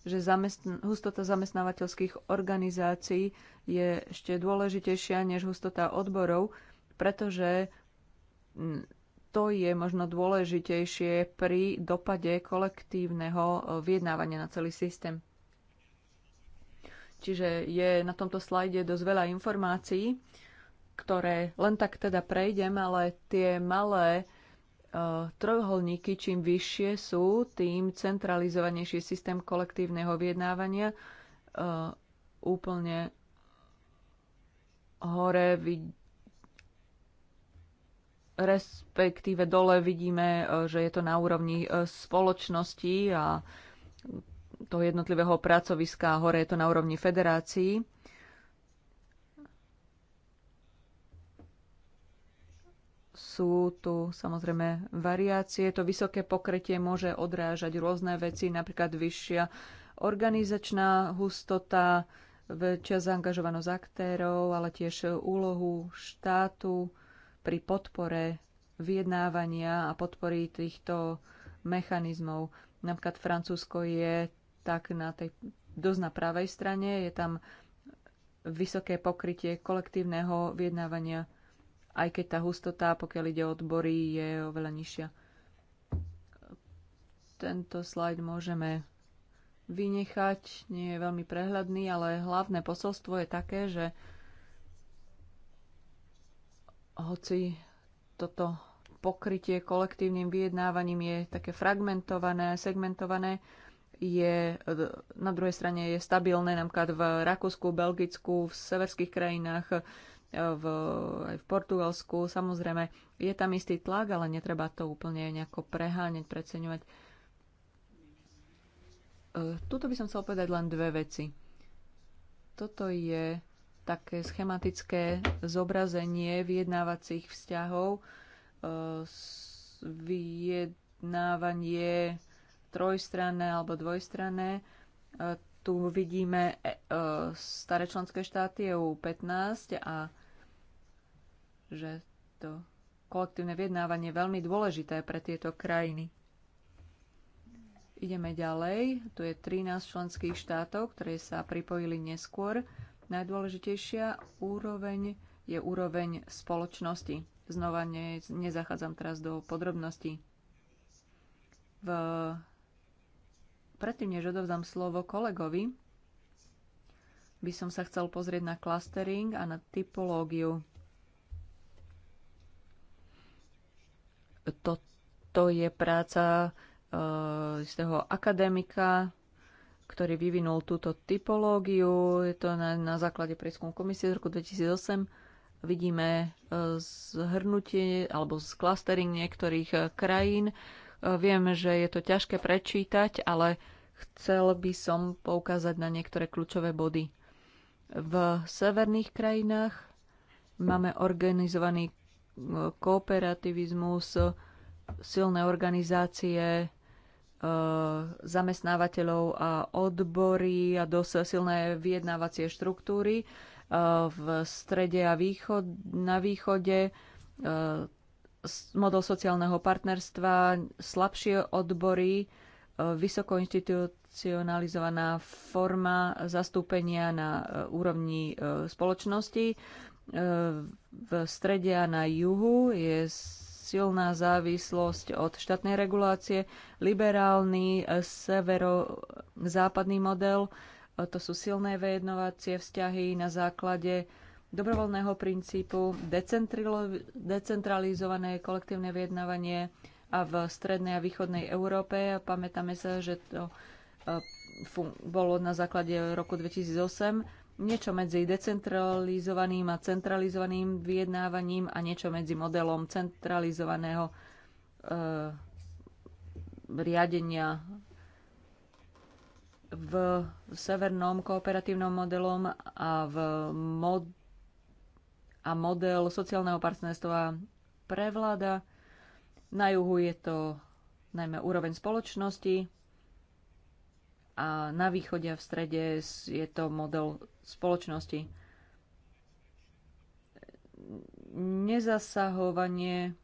že zamestn- hustota zamestnávateľských organizácií je ešte dôležitejšia než hustota odborov, pretože mm, to je možno dôležitejšie pri dopade kolektívneho e, vyjednávania na celý systém. Čiže je na tomto slajde dosť veľa informácií, ktoré len tak teda prejdem, ale tie malé e, trojuholníky, čím vyššie sú, tým centralizovanejší systém kolektívneho vyjednávania. E, úplne hore vidíte respektíve dole vidíme, e, že je to na úrovni e, spoločnosti a toho jednotlivého pracoviska a hore je to na úrovni federácií. Sú tu samozrejme variácie. To vysoké pokrytie môže odrážať rôzne veci, napríklad vyššia organizačná hustota, väčšia zaangažovanosť aktérov, ale tiež úlohu štátu, pri podpore vyjednávania a podpory týchto mechanizmov. Napríklad Francúzsko je tak na tej dosť na pravej strane, je tam vysoké pokrytie kolektívneho vyjednávania, aj keď tá hustota, pokiaľ ide o odbory, je oveľa nižšia. Tento slajd môžeme vynechať, nie je veľmi prehľadný, ale hlavné posolstvo je také, že hoci toto pokrytie kolektívnym vyjednávaním je také fragmentované, segmentované, je na druhej strane je stabilné napríklad v Rakúsku, Belgicku, v severských krajinách, e, v, aj v Portugalsku. Samozrejme, je tam istý tlak, ale netreba to úplne nejako preháňať, preceňovať. E, tuto by som chcel povedať len dve veci. Toto je také schematické zobrazenie vyjednávacích vzťahov, e, vyjednávanie trojstranné alebo dvojstranné. E, tu vidíme e, staré členské štáty EU 15 a že to kolektívne vyjednávanie je veľmi dôležité pre tieto krajiny. Ideme ďalej. Tu je 13 členských štátov, ktoré sa pripojili neskôr Najdôležitejšia úroveň je úroveň spoločnosti. Znova ne, nezachádzam teraz do podrobností. V... Predtým, než odovzdám slovo kolegovi, by som sa chcel pozrieť na clustering a na typológiu. Toto je práca z eh, toho akademika, ktorý vyvinul túto typológiu. Je to na, na základe prieskumu komisie z roku 2008. Vidíme e, zhrnutie alebo z clustering niektorých e, krajín. E, viem, že je to ťažké prečítať, ale chcel by som poukázať na niektoré kľúčové body. V severných krajinách máme organizovaný kooperativizmus, silné organizácie, Eh, zamestnávateľov a odbory a dosť silné vyjednávacie štruktúry eh, v strede a východ, na východe, eh, model sociálneho partnerstva, slabšie odbory, vysoko institucionalizovaná forma zastúpenia na úrovni spoločnosti. V strede a na juhu je silná závislosť od štátnej regulácie, liberálny eh, severozápadný model, eh, to sú silné vyjednovacie vzťahy na základe dobrovoľného princípu, decentralizované kolektívne vyjednávanie a v strednej a východnej Európe. Pamätáme sa, že to eh, bolo na základe roku 2008 niečo medzi decentralizovaným a centralizovaným vyjednávaním a niečo medzi modelom centralizovaného e, riadenia v severnom kooperatívnom modelom a v mod, a model sociálneho partnerstva prevláda. Na juhu je to najmä úroveň spoločnosti, a na východe a v strede je to model spoločnosti. Nezasahovanie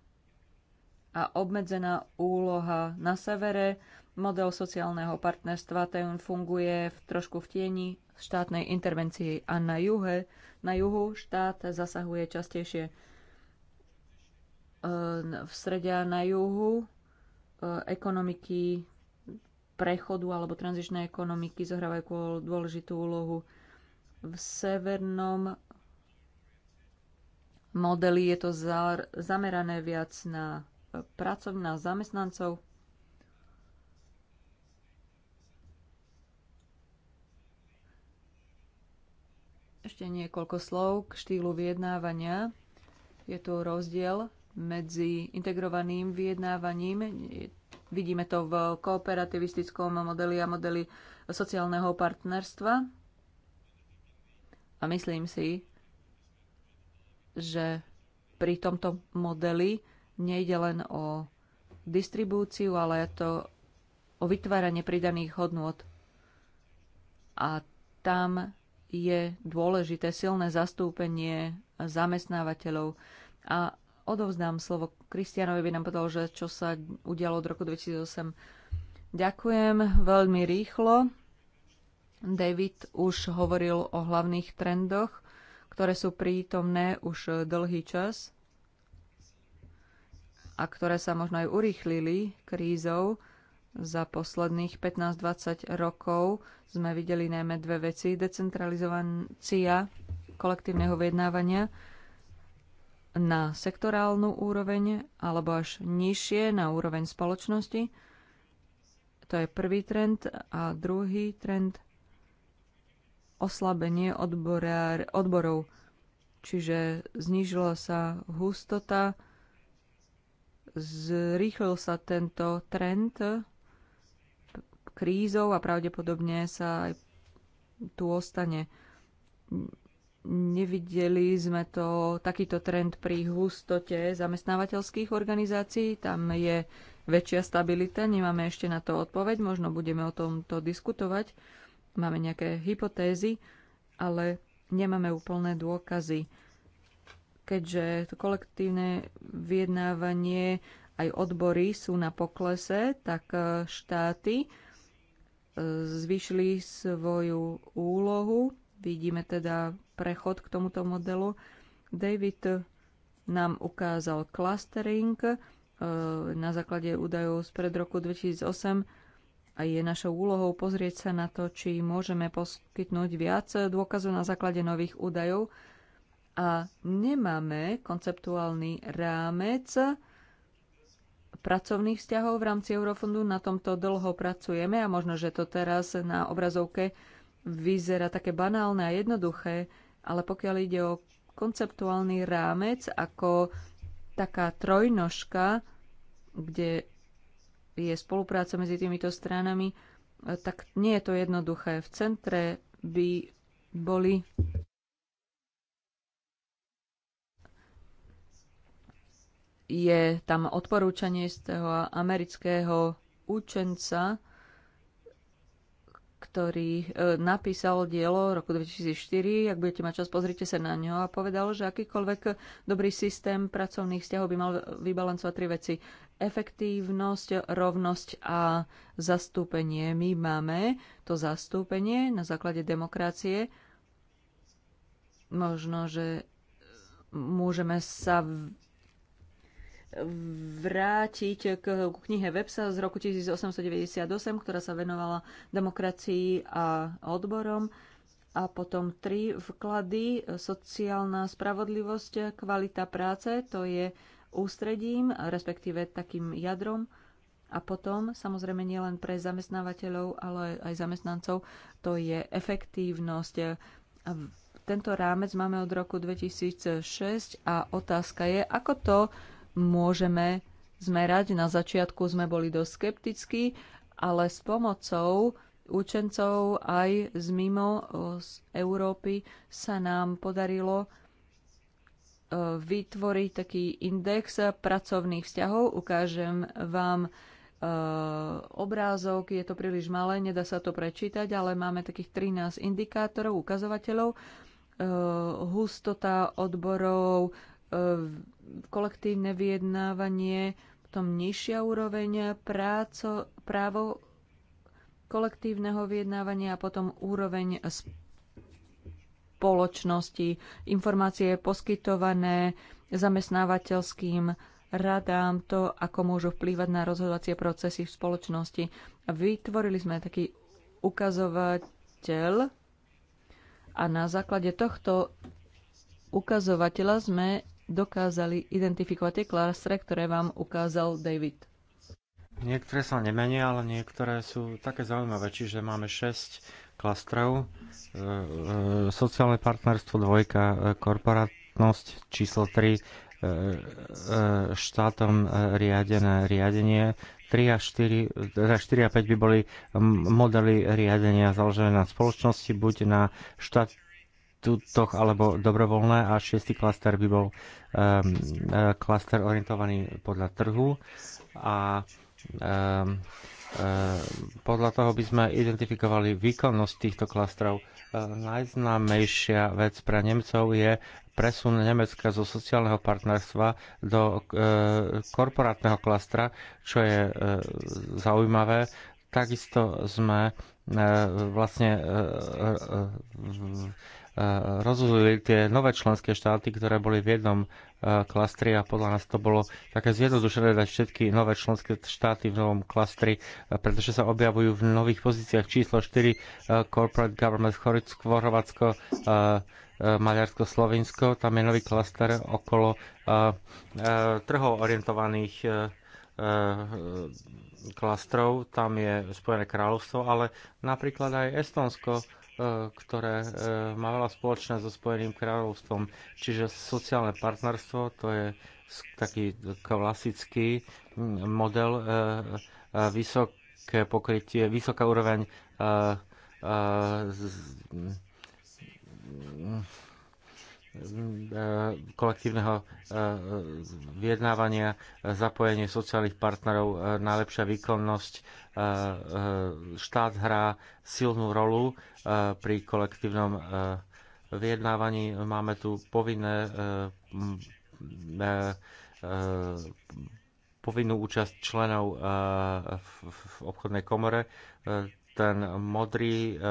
a obmedzená úloha na severe. Model sociálneho partnerstva ten funguje v trošku v tieni štátnej intervencii a na, juhe, na juhu štát zasahuje častejšie e, v strede a na juhu e, ekonomiky prechodu alebo tranzičnej ekonomiky zohrávajú dôležitú úlohu v severnom modeli je to zamerané viac na e, pracovná zamestnancov. Ešte niekoľko slov k štýlu vyjednávania. Je tu rozdiel medzi integrovaným vyjednávaním. Vidíme to v kooperativistickom modeli a modeli sociálneho partnerstva a myslím si, že pri tomto modeli nejde len o distribúciu, ale je to o vytváranie pridaných hodnôt. A tam je dôležité silné zastúpenie zamestnávateľov. A odovzdám slovo Kristianovi, by nám povedal, že čo sa udialo od roku 2008. Ďakujem veľmi rýchlo. David už hovoril o hlavných trendoch, ktoré sú prítomné už dlhý čas a ktoré sa možno aj urýchlili krízou. Za posledných 15-20 rokov sme videli najmä dve veci. Decentralizovancia kolektívneho vyjednávania na sektorálnu úroveň alebo až nižšie na úroveň spoločnosti. To je prvý trend. A druhý trend oslabenie odborár, odborov. Čiže znížila sa hustota, zrýchlil sa tento trend krízou a pravdepodobne sa aj tu ostane. Nevideli sme to, takýto trend pri hustote zamestnávateľských organizácií. Tam je väčšia stabilita, nemáme ešte na to odpoveď, možno budeme o tomto diskutovať máme nejaké hypotézy, ale nemáme úplné dôkazy. Keďže to kolektívne vyjednávanie aj odbory sú na poklese, tak e, štáty e, zvyšli svoju úlohu. Vidíme teda prechod k tomuto modelu. David nám ukázal clustering e, na základe údajov z pred roku 2008 a je našou úlohou pozrieť sa na to, či môžeme poskytnúť viac dôkazov na základe nových údajov a nemáme konceptuálny rámec pracovných vzťahov v rámci Eurofondu. Na tomto dlho pracujeme a možno, že to teraz na obrazovke vyzerá také banálne a jednoduché, ale pokiaľ ide o konceptuálny rámec ako taká trojnožka, kde je spolupráca medzi týmito stranami, e, tak nie je to jednoduché. V centre by boli je tam odporúčanie z toho amerického učenca, ktorý e, napísal dielo v roku 2004, ak budete mať čas, pozrite sa na ňo a povedal, že akýkoľvek dobrý systém pracovných vzťahov by mal vybalancovať tri veci efektívnosť, rovnosť a zastúpenie. My máme to zastúpenie na základe demokracie. Možno, že môžeme sa vrátiť k knihe Websa z roku 1898, ktorá sa venovala demokracii a odborom. A potom tri vklady, sociálna spravodlivosť, kvalita práce, to je ústredím, respektíve takým jadrom. A potom, samozrejme nielen pre zamestnávateľov, ale aj zamestnancov, to je efektívnosť. Tento rámec máme od roku 2006 a otázka je, ako to môžeme zmerať. Na začiatku sme boli dosť skeptickí, ale s pomocou učencov aj z mimo z Európy sa nám podarilo vytvoriť taký index pracovných vzťahov. Ukážem vám e, obrázok, je to príliš malé, nedá sa to prečítať, ale máme takých 13 indikátorov, ukazovateľov, e, hustota odborov, e, kolektívne vyjednávanie, potom nižšia úroveň práco, právo kolektívneho vyjednávania a potom úroveň spoločnosti. Informácie poskytované zamestnávateľským radám to, ako môžu vplývať na rozhodovacie procesy v spoločnosti. Vytvorili sme taký ukazovateľ a na základe tohto ukazovateľa sme dokázali identifikovať tie klastre, ktoré vám ukázal David. Niektoré sa nemenia, ale niektoré sú také zaujímavé, čiže máme 6 klastrov, e, e, sociálne partnerstvo dvojka, e, korporátnosť číslo 3, štátom riadené riadenie. 3 a 4, 4 teda a 5 by boli modely riadenia založené na spoločnosti, buď na štát, tutoch alebo dobrovoľné a šiestý klaster by bol um, klaster orientovaný podľa trhu a um, Ehm, podľa toho by sme identifikovali výkonnosť týchto klastrov. Ehm, najznámejšia vec pre Nemcov je presun Nemecka zo sociálneho partnerstva do ehm, korporátneho klastra, čo je zaujímavé. Takisto sme vlastne rozhodli tie nové členské štáty, ktoré boli v jednom klastri a podľa nás to bolo také zjednodušené dať všetky nové členské štáty v novom klastri, pretože sa objavujú v nových pozíciách číslo 4 Corporate Government Chorvátsko, Maďarsko, Slovinsko. Tam je nový klaster okolo trhov orientovaných klastrov, tam je Spojené kráľovstvo, ale napríklad aj Estonsko E, ktoré e, má veľa spoločné so Spojeným kráľovstvom. Čiže sociálne partnerstvo, to je taký klasický model, e, vysoké pokrytie, vysoká úroveň Eh, kolektívneho eh, vyjednávania, eh, zapojenie sociálnych partnerov, najlepšia výkonnosť. Štát hrá silnú rolu pri kolektívnom vyjednávaní. Máme tu povinné povinnú účasť členov v obchodnej komore. Ten modrý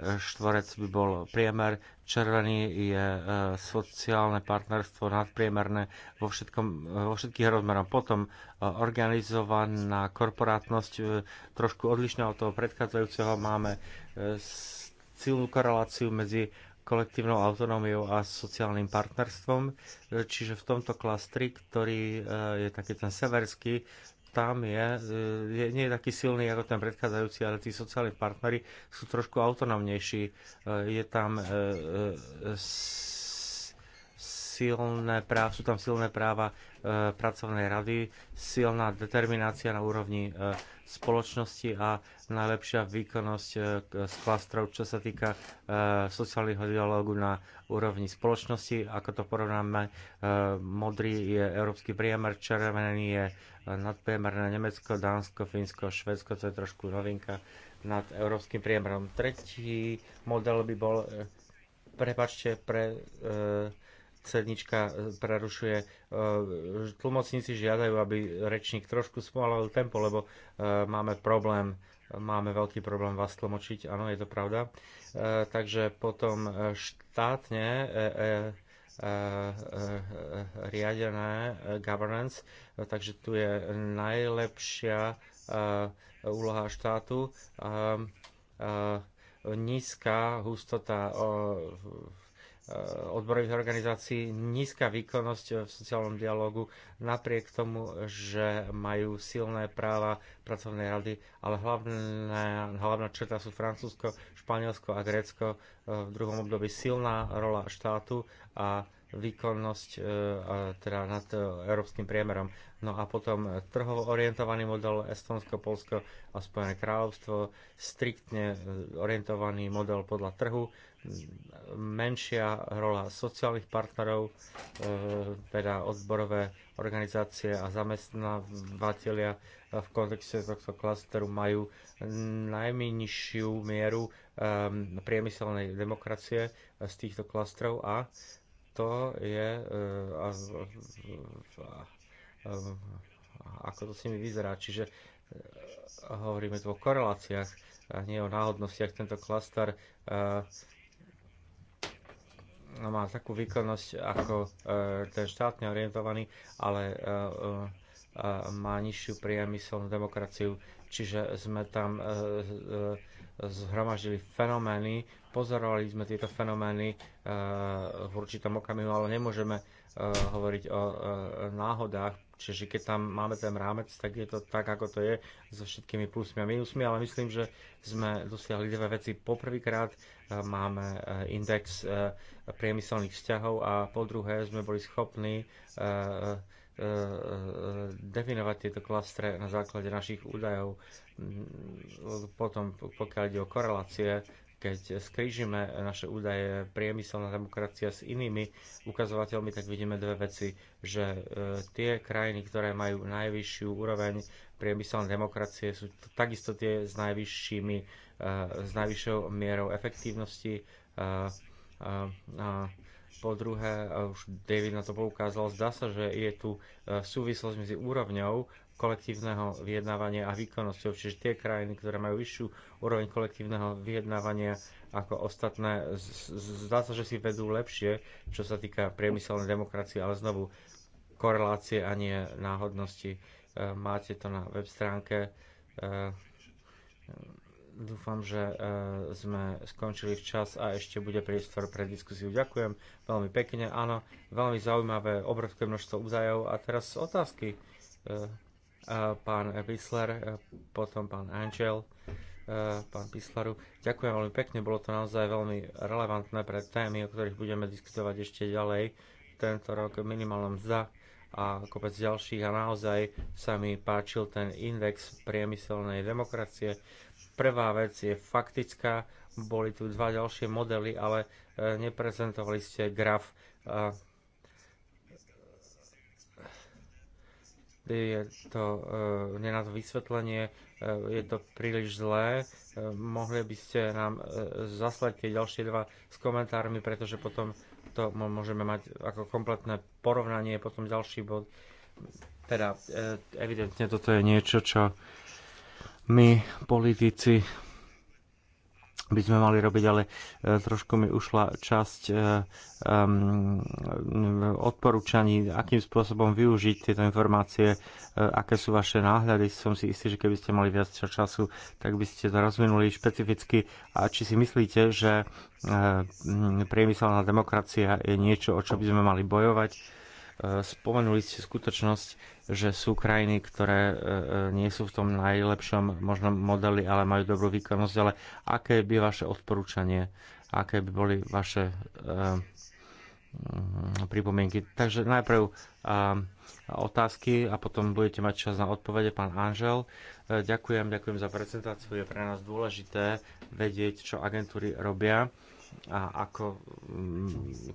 štvorec by bol priemer, Červený je e, sociálne partnerstvo nadpriemerné vo, všetkom, e, vo všetkých rozmeroch. Potom e, organizovaná korporátnosť, trošku odlišná od toho predchádzajúceho, máme silnú koreláciu medzi kolektívnou autonómiou a sociálnym partnerstvom. Čiže v tomto klastri, ktorý je taký ten severský, tam je, je, nie je taký silný ako ten predchádzajúci, ale tí sociálni partnery sú trošku autonomnejší. E, je tam e, e, silné práva, sú tam silné práva E, pracovnej rady, silná determinácia na úrovni e, spoločnosti a najlepšia výkonnosť e, z klastrov, čo sa týka sociálneho dialógu na úrovni spoločnosti. Ako to porovnáme, modrý je európsky priemer, červený je nadpriemerné Nemecko, Dánsko, Fínsko, Švedsko, to je trošku novinka nad európskym priemerom. Tretí model by bol, prepačte, pre Cernička e, prerušuje. E, Tlmocníci žiadajú, aby rečník trošku spomalil tempo, lebo e, máme problém, máme veľký problém vás tlmočiť, áno, je to pravda. Takže potom štátne riadené governance, takže tu je najlepšia úloha štátu nízka hustota Eh, odborových organizácií, nízka výkonnosť v sociálnom dialogu, napriek tomu, že majú silné práva pracovnej rady, ale hlavná, hlavná črta sú Francúzsko, Španielsko a Grécko, eh, v druhom období silná rola štátu a výkonnosť eh, teda nad európskym priemerom. No a potom trhovo orientovaný model Estonsko, Polsko a Spojené kráľovstvo, striktne orientovaný model podľa trhu, menšia rola sociálnych partnerov, e, teda odborové organizácie a zamestnávateľia v kontexte tohto klasteru majú najnižšiu mieru e, priemyselnej demokracie z týchto klastrov a to je e, ako to s nimi vyzerá. Čiže hovoríme tu o koreláciách, a nie o náhodnostiach. Tento klaster No, má takú výkonnosť ako e, ten štátne orientovaný, ale e, e, má nižšiu priemyselnú demokraciu, čiže sme tam zhromaždili fenomény, pozorovali sme tieto fenomény eh, v určitom okamihu, ale nemôžeme eh, hovoriť o eh, náhodách, čiže keď tam máme ten rámec, tak je to tak, ako to je, so všetkými plusmi a minusmi, ale myslím, že sme dosiahli dve veci. Poprvýkrát máme index priemyselných vzťahov a po druhé sme boli schopní Eh, definovať tieto klastre na základe našich údajov. Mm, potom, pokiaľ ide o korelácie, keď skrížime naše údaje priemyselná demokracia s inými ukazovateľmi, tak vidíme dve veci, že eh, tie krajiny, ktoré majú najvyššiu úroveň priemyselnej demokracie, sú takisto tie s, najvyššími, eh, s najvyššou mierou efektívnosti a, a, a po druhé, už David na to poukázal, zdá sa, že je tu e, súvislosť medzi úrovňou kolektívneho vyjednávania a výkonnosťou, čiže tie krajiny, ktoré majú vyššiu úroveň kolektívneho vyjednávania ako ostatné, zdá sa, že si vedú lepšie, čo sa týka priemyselnej demokracie, ale znovu korelácie a nie náhodnosti. E, máte to na web stránke e, Dúfam, že e, sme skončili včas a ešte bude priestor pre diskusiu. Ďakujem veľmi pekne. Áno, veľmi zaujímavé, obrovské množstvo údajov. A teraz otázky. E, e, pán Bisler, potom pán Angel, pán Bisleru. Ďakujem veľmi pekne, bolo to naozaj veľmi relevantné pre témy, o ktorých budeme diskutovať ešte ďalej tento rok minimálnom mzda a kopec ďalších a naozaj sa mi páčil ten index priemyselnej demokracie Prvá vec je faktická, boli tu dva ďalšie modely, ale e, neprezentovali ste graf. Je to, e, nie na to vysvetlenie, e, je to príliš zlé. Mohli by ste nám zaslať tie ďalšie dva s komentármi, pretože potom to môžeme mať ako kompletné porovnanie, potom ďalší bod. Teda evidentne toto je niečo, čo my, politici, by sme mali robiť, ale e, trošku mi ušla časť e, odporúčaní, akým spôsobom využiť tieto informácie, e, aké sú vaše náhľady. Som si istý, že keby ste mali viac času, tak by ste to rozvinuli špecificky. A či si myslíte, že priemyselná demokracia je niečo, o čo by sme mali bojovať? Eh, spomenuli ste skutočnosť, že sú krajiny, ktoré eh, eh, nie sú v tom najlepšom možnom modeli, ale majú dobrú výkonnosť, ale aké by vaše odporúčanie, aké by boli vaše mm, pripomienky. Takže najprv otázky a potom budete mať čas na odpovede, pán Anžel. Ďakujem, ďakujem za prezentáciu. Je pre nás dôležité vedieť, čo agentúry robia a ako mm,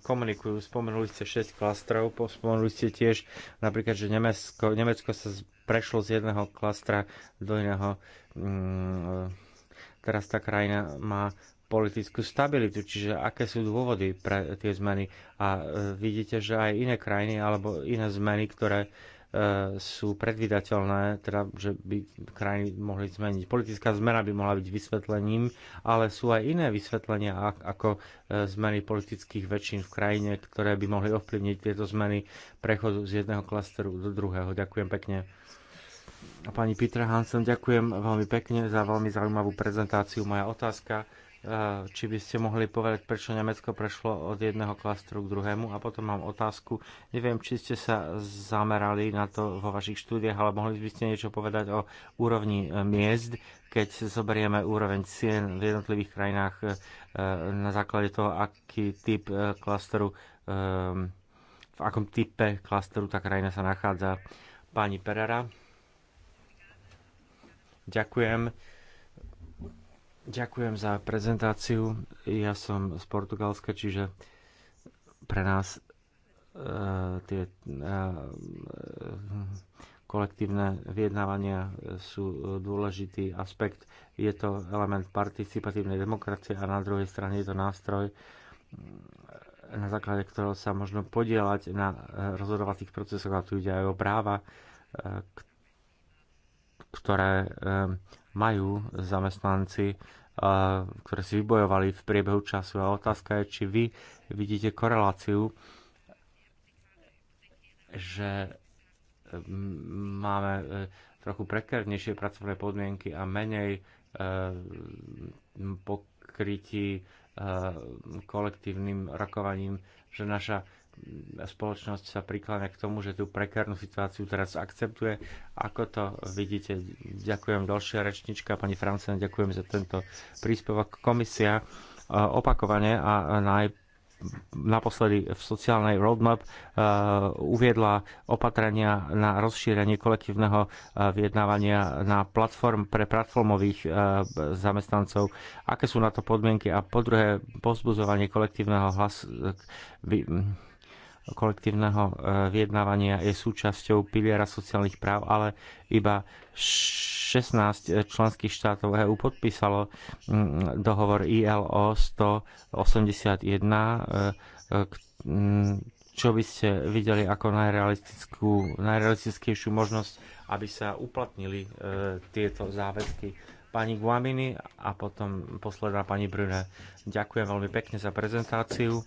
komunikujú. Spomenuli ste 6 klastrov, spomenuli ste tiež napríklad, že Nemecko, Nemecko sa prešlo z jedného klastra do iného. Mm, e, teraz tá krajina má politickú stabilitu, čiže aké sú dôvody pre tie zmeny. A e, vidíte, že aj iné krajiny alebo iné zmeny, ktoré E, sú predvydateľné, teda, že by krajiny mohli zmeniť. Politická zmena by mohla byť vysvetlením, ale sú aj iné vysvetlenia, ako e, zmeny politických väčšín v krajine, ktoré by mohli ovplyvniť tieto zmeny prechodu z jedného klasteru do druhého. Ďakujem pekne. Pani Peter Hansen, ďakujem veľmi pekne za veľmi zaujímavú prezentáciu. Moja otázka či by ste mohli povedať, prečo Nemecko prešlo od jedného klastru k druhému. A potom mám otázku, neviem, či ste sa zamerali na to vo vašich štúdiách, ale mohli by ste niečo povedať o úrovni e, miest, keď zoberieme úroveň cien v jednotlivých krajinách e, na základe toho, aký typ e, klastru, ehm, v akom type klasteru tá krajina sa nachádza. Pani Perera. Ďakujem Ďakujem za prezentáciu. Ja som z Portugalska, čiže pre nás e, tie e, kolektívne vyjednávania sú dôležitý aspekt. Je to element participatívnej demokracie a na druhej strane je to nástroj, na základe ktorého sa možno podielať na rozhodovacích procesoch a tu ide aj o práva, e, ktoré e, majú zamestnanci, eh, ktoré si vybojovali v priebehu času. A otázka je, či vy vidíte koreláciu, že mm, máme eh, trochu prekernejšie pracovné podmienky a menej eh, pokrytí kolektívnym rokovaním, že naša spoločnosť sa prikláňa k tomu, že tú prekárnu situáciu teraz akceptuje. Ako to vidíte? Ďakujem ďalšia rečnička, pani Francena, ďakujem za tento príspevok. Komisia e, opakovane a naj, naposledy v sociálnej roadmap uh, uviedla opatrenia na rozšírenie kolektívneho uh, vyjednávania na platform pre platformových uh, zamestnancov. Aké sú na to podmienky a po druhé pozbuzovanie kolektívneho hlas, vy, kolektívneho e, vyjednávania je súčasťou piliera sociálnych práv, ale iba 16 e, členských štátov EU podpísalo mm, dohovor ILO 181, e, mm, čo by ste videli ako najrealistickú, najrealistickejšiu možnosť, aby sa uplatnili tieto záväzky pani Guamini a potom posledná pani Brune. Ďakujem veľmi pekne za prezentáciu.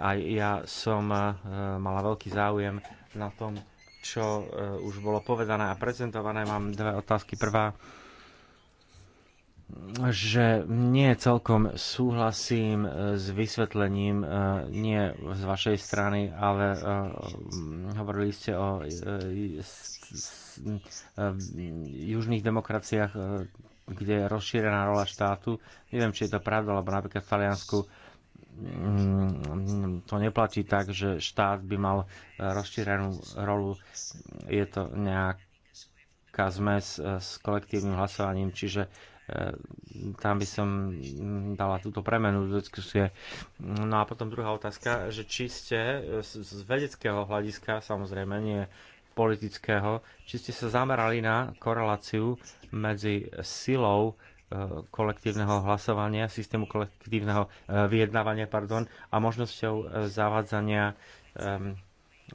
Aj ja som eh, mala veľký záujem na tom, čo eh, už bolo povedané a prezentované. Mám dve otázky. Prvá, že nie celkom súhlasím eh, s vysvetlením, nie z vašej strany, ale mm, hovorili ste o južných demokraciách, kde je rozšírená rola štátu. Neviem, či je to pravda, lebo napríklad v Taliansku Mm, to neplatí tak, že štát by mal rozšírenú rolu. Je to nejaká zmes eh, s kolektívnym hlasovaním, čiže eh, tam by som mm, dala túto premenu do diskusie. No a potom druhá otázka, že či ste eh, z vedeckého hľadiska, samozrejme nie politického, či ste sa zamerali na koreláciu medzi silou kolektívneho hlasovania, systému kolektívneho e, vyjednávania pardon, a možnosťou e, zavádzania e,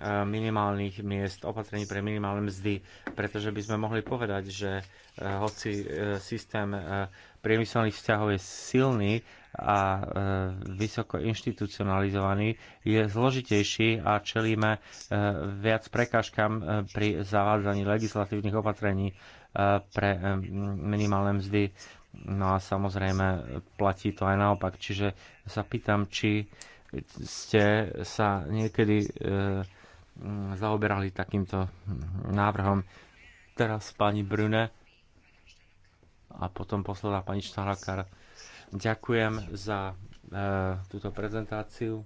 minimálnych miest, opatrení pre minimálne mzdy, pretože by sme mohli povedať, že hoci systém priemyselných vzťahov je silný a vysoko inštitucionalizovaný, je zložitejší a čelíme viac prekážkam pri zavádzaní legislatívnych opatrení pre minimálne mzdy. No a samozrejme platí to aj naopak. Čiže sa pýtam, či ste sa niekedy e, zaoberali takýmto návrhom. Teraz pani Brune a potom posledná pani Štalakar. Ďakujem za e, túto prezentáciu.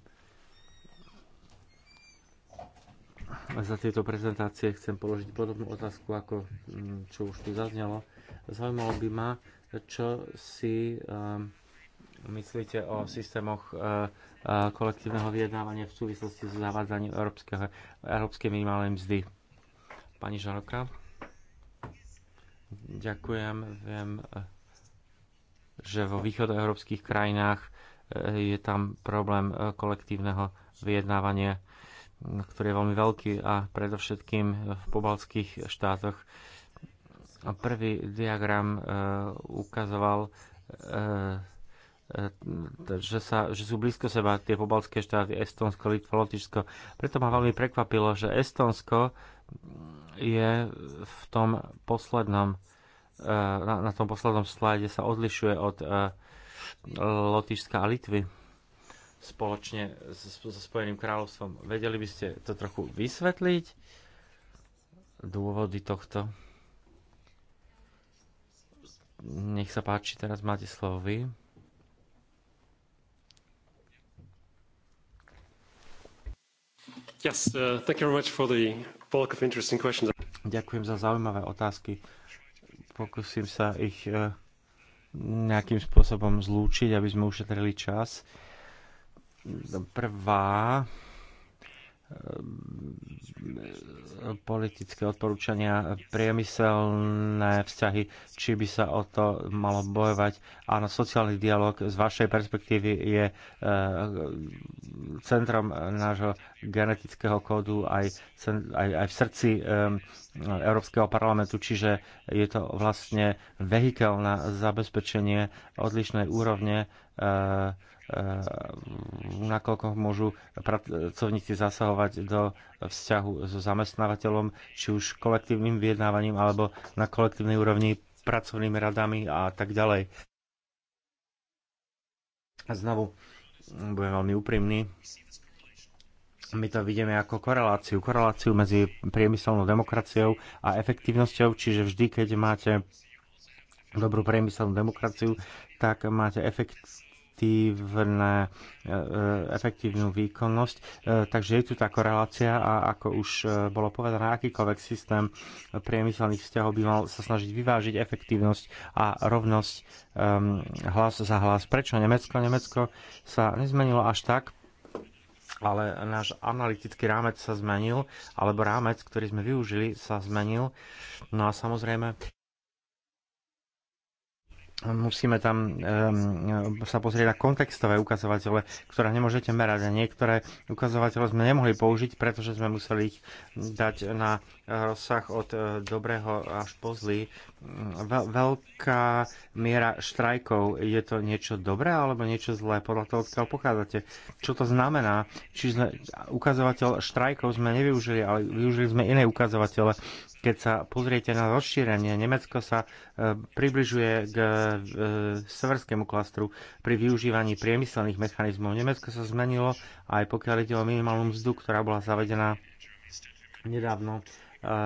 Za tieto prezentácie chcem položiť podobnú otázku, ako čo už tu zaznelo. Zaujímalo by ma, čo si ehm, myslíte o systémoch eh, eh, kolektívneho vyjednávania v súvislosti s zavádzaním európskej minimálnej mzdy? Pani Žaroka? Ďakujem. Viem, eh, že vo východoeurópskych krajinách je tam problém kolektívneho vyjednávania, ktorý je veľmi veľký a predovšetkým v pobalských štátoch a prvý diagram e, ukazoval, e, e, že, sa, že sú blízko seba tie pobalské štáty Estonsko, Litvo, Lotyšsko. Preto ma veľmi prekvapilo, že Estonsko je v tom poslednom e, na, na tom poslednom slajde sa odlišuje od e, Lotyšska a Litvy spoločne so Spojeným kráľovstvom. Vedeli by ste to trochu vysvetliť? Dôvody tohto? Nech sa páči, teraz máte slovo vy. Yes, uh, thank you very much for the bulk of interesting questions. Ďakujem za zaujímavé otázky. Pokúsim sa ich uh, nejakým spôsobom zlúčiť, aby sme ušetrili čas. Prvá politické odporúčania, priemyselné vzťahy, či by sa o to malo bojovať. Áno, sociálny dialog z vašej perspektívy je eh, centrom nášho genetického kódu aj, aj, aj v srdci eh, Európskeho parlamentu, čiže je to vlastne vehikel na zabezpečenie odlišnej úrovne eh, Ehm, nakoľko môžu pracovníci zasahovať do vzťahu so zamestnávateľom, či už kolektívnym vyjednávaním alebo na kolektívnej úrovni pracovnými radami a tak ďalej. A znovu, budem veľmi úprimný, my to vidíme ako koreláciu. Koreláciu medzi priemyselnou demokraciou a efektívnosťou, čiže vždy, keď máte dobrú priemyselnú demokraciu, tak máte efekt, efektívne, e, e, efektívnu výkonnosť. E, takže je tu tá korelácia a ako už bolo povedané, akýkoľvek systém priemyselných vzťahov by mal sa snažiť vyvážiť efektívnosť a rovnosť hlas za hlas. Prečo Nemecko? Nemecko sa nezmenilo až tak, ale náš analytický rámec sa zmenil, alebo rámec, ktorý sme využili, sa zmenil. No a samozrejme, musíme tam um, sa pozrieť na kontextové ukazovatele, ktoré nemôžete merať. A niektoré ukazovatele sme nemohli použiť, pretože sme museli ich dať na rozsah od e, dobrého až po zlý. Veľká miera štrajkov, je to niečo dobré alebo niečo zlé podľa toho, odkiaľ pochádzate? Čo to znamená? Čiže ukazovateľ štrajkov sme nevyužili, ale využili sme iné ukazovatele, keď sa pozriete na rozšírenie, Nemecko sa e, približuje k e, severskému klastru pri využívaní priemyselných mechanizmov. Nemecko sa zmenilo aj pokiaľ ide o minimálnu mzdu, ktorá bola zavedená nedávno e,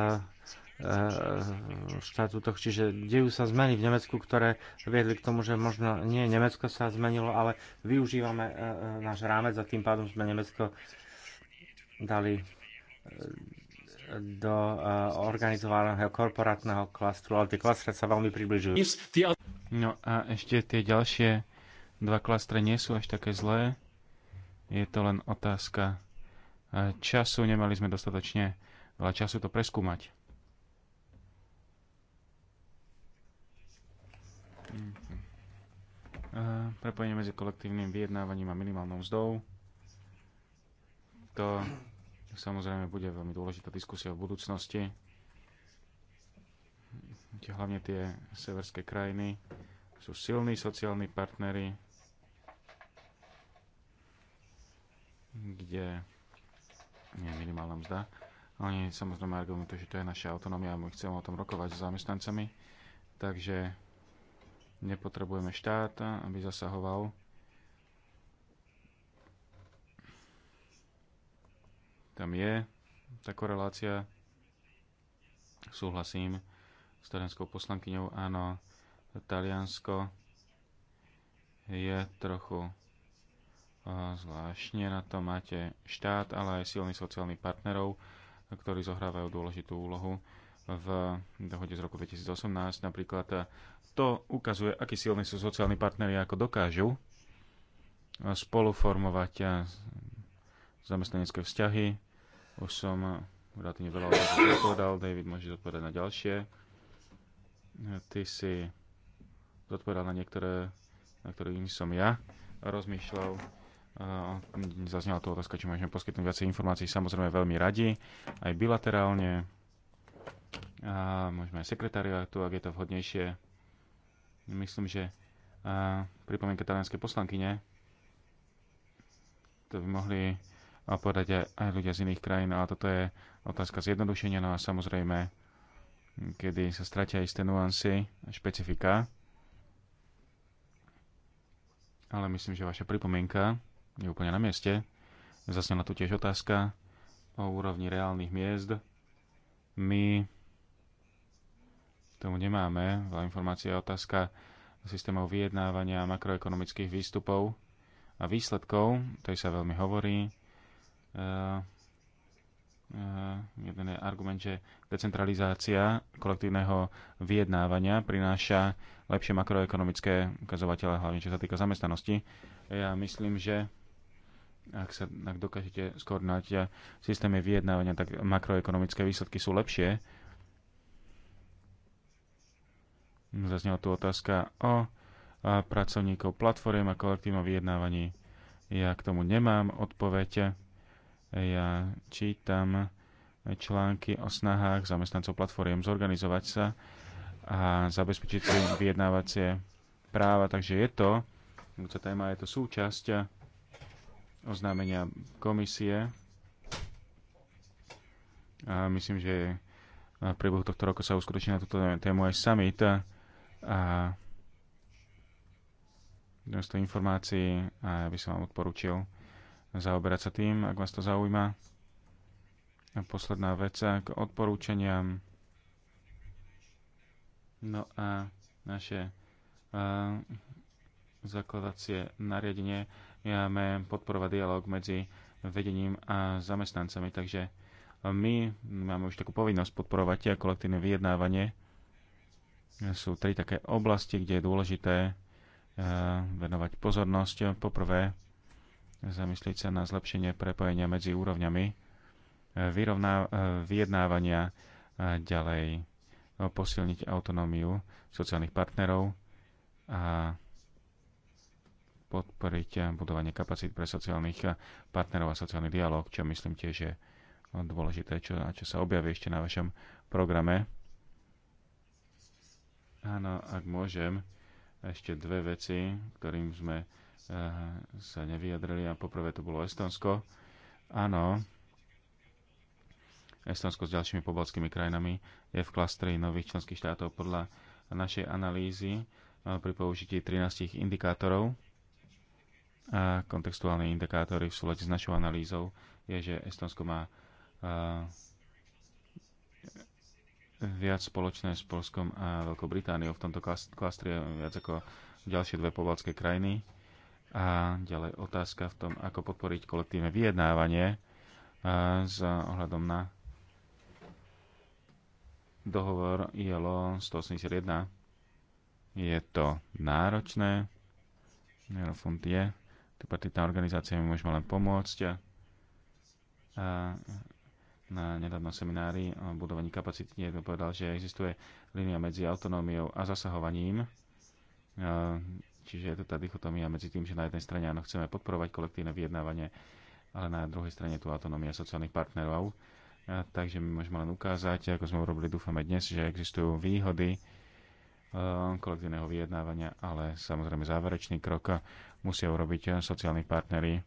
štatútoch. Čiže dejú sa zmeny v Nemecku, ktoré viedli k tomu, že možno nie Nemecko sa zmenilo, ale využívame náš rámec a tým pádom sme Nemecko dali do eh, organizovaného korporátneho klastru, ale tie klastre sa veľmi približujú. No a ešte tie ďalšie dva klastre nie sú až také zlé. Je to len otázka eh, času. Nemali sme dostatočne veľa času to preskúmať. Mhm. Eh, prepojenie medzi kolektívnym vyjednávaním a minimálnou mzdou. To Samozrejme, bude veľmi dôležitá diskusia v budúcnosti. Hlavne tie severské krajiny sú silní sociálni partnery, kde nie minimálna mzda. Oni samozrejme argumentujú, že to je naša autonómia a my chceme o tom rokovať s zamestnancami. Takže nepotrebujeme štát, aby zasahoval tam je tá korelácia. Súhlasím s talianskou poslankyňou, áno, Taliansko je trochu eh, zvláštne na to. Máte štát, ale aj silný sociálny partnerov, ktorí zohrávajú dôležitú úlohu v dohode z roku 2018. Napríklad eh, to ukazuje, akí silní sú sociálni partnery, ako dokážu eh, spoluformovať zamestnanecké vzťahy, už som eh, relatívne veľa otázok odpovedal. David, môžeš odpovedať na ďalšie. Eh, ty si odpovedal na niektoré, na ktorých som ja rozmýšľal. Eh, zaznela tu otázka, či môžeme poskytnúť viacej informácií. Samozrejme veľmi radi, aj bilaterálne. A môžeme aj sekretariátu, ak je to vhodnejšie. Myslím, že pripomienka talianskej poslankyne to by mohli a povedať aj ľudia z iných krajín. A toto je otázka zjednodušenia. No a samozrejme, kedy sa stratia isté nuancy, a špecifika. Ale myslím, že vaša pripomienka je úplne na mieste. Zasnela tu tiež otázka o úrovni reálnych miest. My tomu nemáme veľa informácií. Otázka systémov vyjednávania makroekonomických výstupov a výsledkov, tej sa veľmi hovorí. Eh, eh, jeden je argument, že decentralizácia kolektívneho vyjednávania prináša lepšie makroekonomické ukazovatele, hlavne čo sa týka zamestnanosti. Ja myslím, že ak, sa, ak dokážete skoordinovať eh, systémy vyjednávania, tak makroekonomické výsledky sú lepšie. Zaznela tu otázka o pracovníkov platform a kolektívnom vyjednávaní. Ja k tomu nemám odpoveď ja čítam články o snahách zamestnancov platformiem zorganizovať sa a zabezpečiť si vyjednávacie práva. Takže je to, tá téma je to súčasť oznámenia komisie. A myslím, že v priebehu tohto roku sa uskutoční na túto tému aj summit. A množstvo informácií a ja by som vám odporučil zaoberať sa tým, ak vás to zaujíma. A posledná vec k odporúčaniam. No a naše uh, zakladacie nariadenie máme podporovať dialog medzi vedením a zamestnancami, takže my máme už takú povinnosť podporovať tie kolektívne vyjednávanie. Sú tri také oblasti, kde je dôležité venovať pozornosť. Poprvé, zamyslieť sa na zlepšenie prepojenia medzi úrovňami e, vyrovná, e, vyjednávania a e, ďalej posilniť autonómiu sociálnych partnerov a podporiť budovanie kapacít pre sociálnych partnerov a sociálny dialog, čo myslím tiež je dôležité, čo, čo sa objaví ešte na vašom programe. Áno, ak môžem, ešte dve veci, ktorým sme Eh, sa nevyjadrili a poprvé to bolo Estonsko. Áno, Estonsko s ďalšími pobalskými krajinami je v klastri nových členských štátov podľa našej analýzy eh, pri použití 13 indikátorov a kontextuálne indikátory v súlade s našou analýzou je, že Estonsko má eh, viac spoločné s Polskom a Veľkou Britániou. V tomto klastri je viac ako ďalšie dve pobalské krajiny. A ďalej otázka v tom, ako podporiť kolektívne vyjednávanie s ohľadom na dohovor ILO 181. Je to náročné. Eurofund je. Tripartitná organizácia mi môžeme len pomôcť. A na nedávnom seminári o budovaní kapacity niekto povedal, že existuje línia medzi autonómiou a zasahovaním Čiže je to tá dichotomia medzi tým, že na jednej strane áno, chceme podporovať kolektívne vyjednávanie, ale na druhej strane tu autonómia sociálnych partnerov. A, takže my môžeme len ukázať, ako sme urobili, dúfame dnes, že existujú výhody e, kolektívneho vyjednávania, ale samozrejme záverečný krok musia urobiť sociálni partnery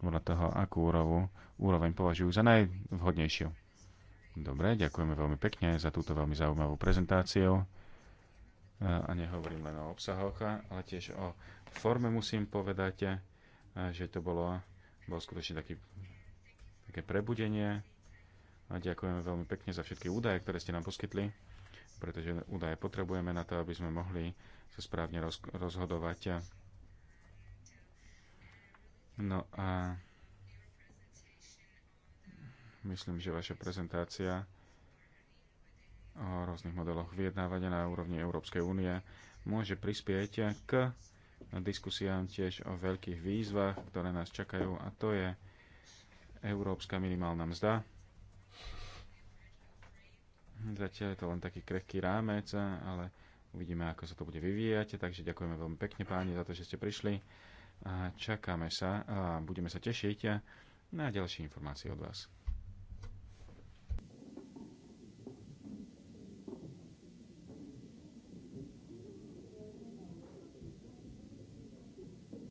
podľa toho, akú úrovu, úroveň považujú za najvhodnejšiu. Dobre, ďakujeme veľmi pekne za túto veľmi zaujímavú prezentáciu a nehovorím len o obsahoch, ale tiež o forme musím povedať, že to bolo, bolo skutočne taký, také prebudenie. A ďakujeme veľmi pekne za všetky údaje, ktoré ste nám poskytli, pretože údaje potrebujeme na to, aby sme mohli sa správne roz, rozhodovať. No a myslím, že vaša prezentácia o rôznych modeloch vyjednávania na úrovni Európskej únie môže prispieť k diskusiám tiež o veľkých výzvach, ktoré nás čakajú a to je Európska minimálna mzda. Zatiaľ je to len taký krehký rámec, ale uvidíme, ako sa to bude vyvíjať. Takže ďakujeme veľmi pekne páni za to, že ste prišli. A čakáme sa a budeme sa tešiť na ďalšie informácie od vás.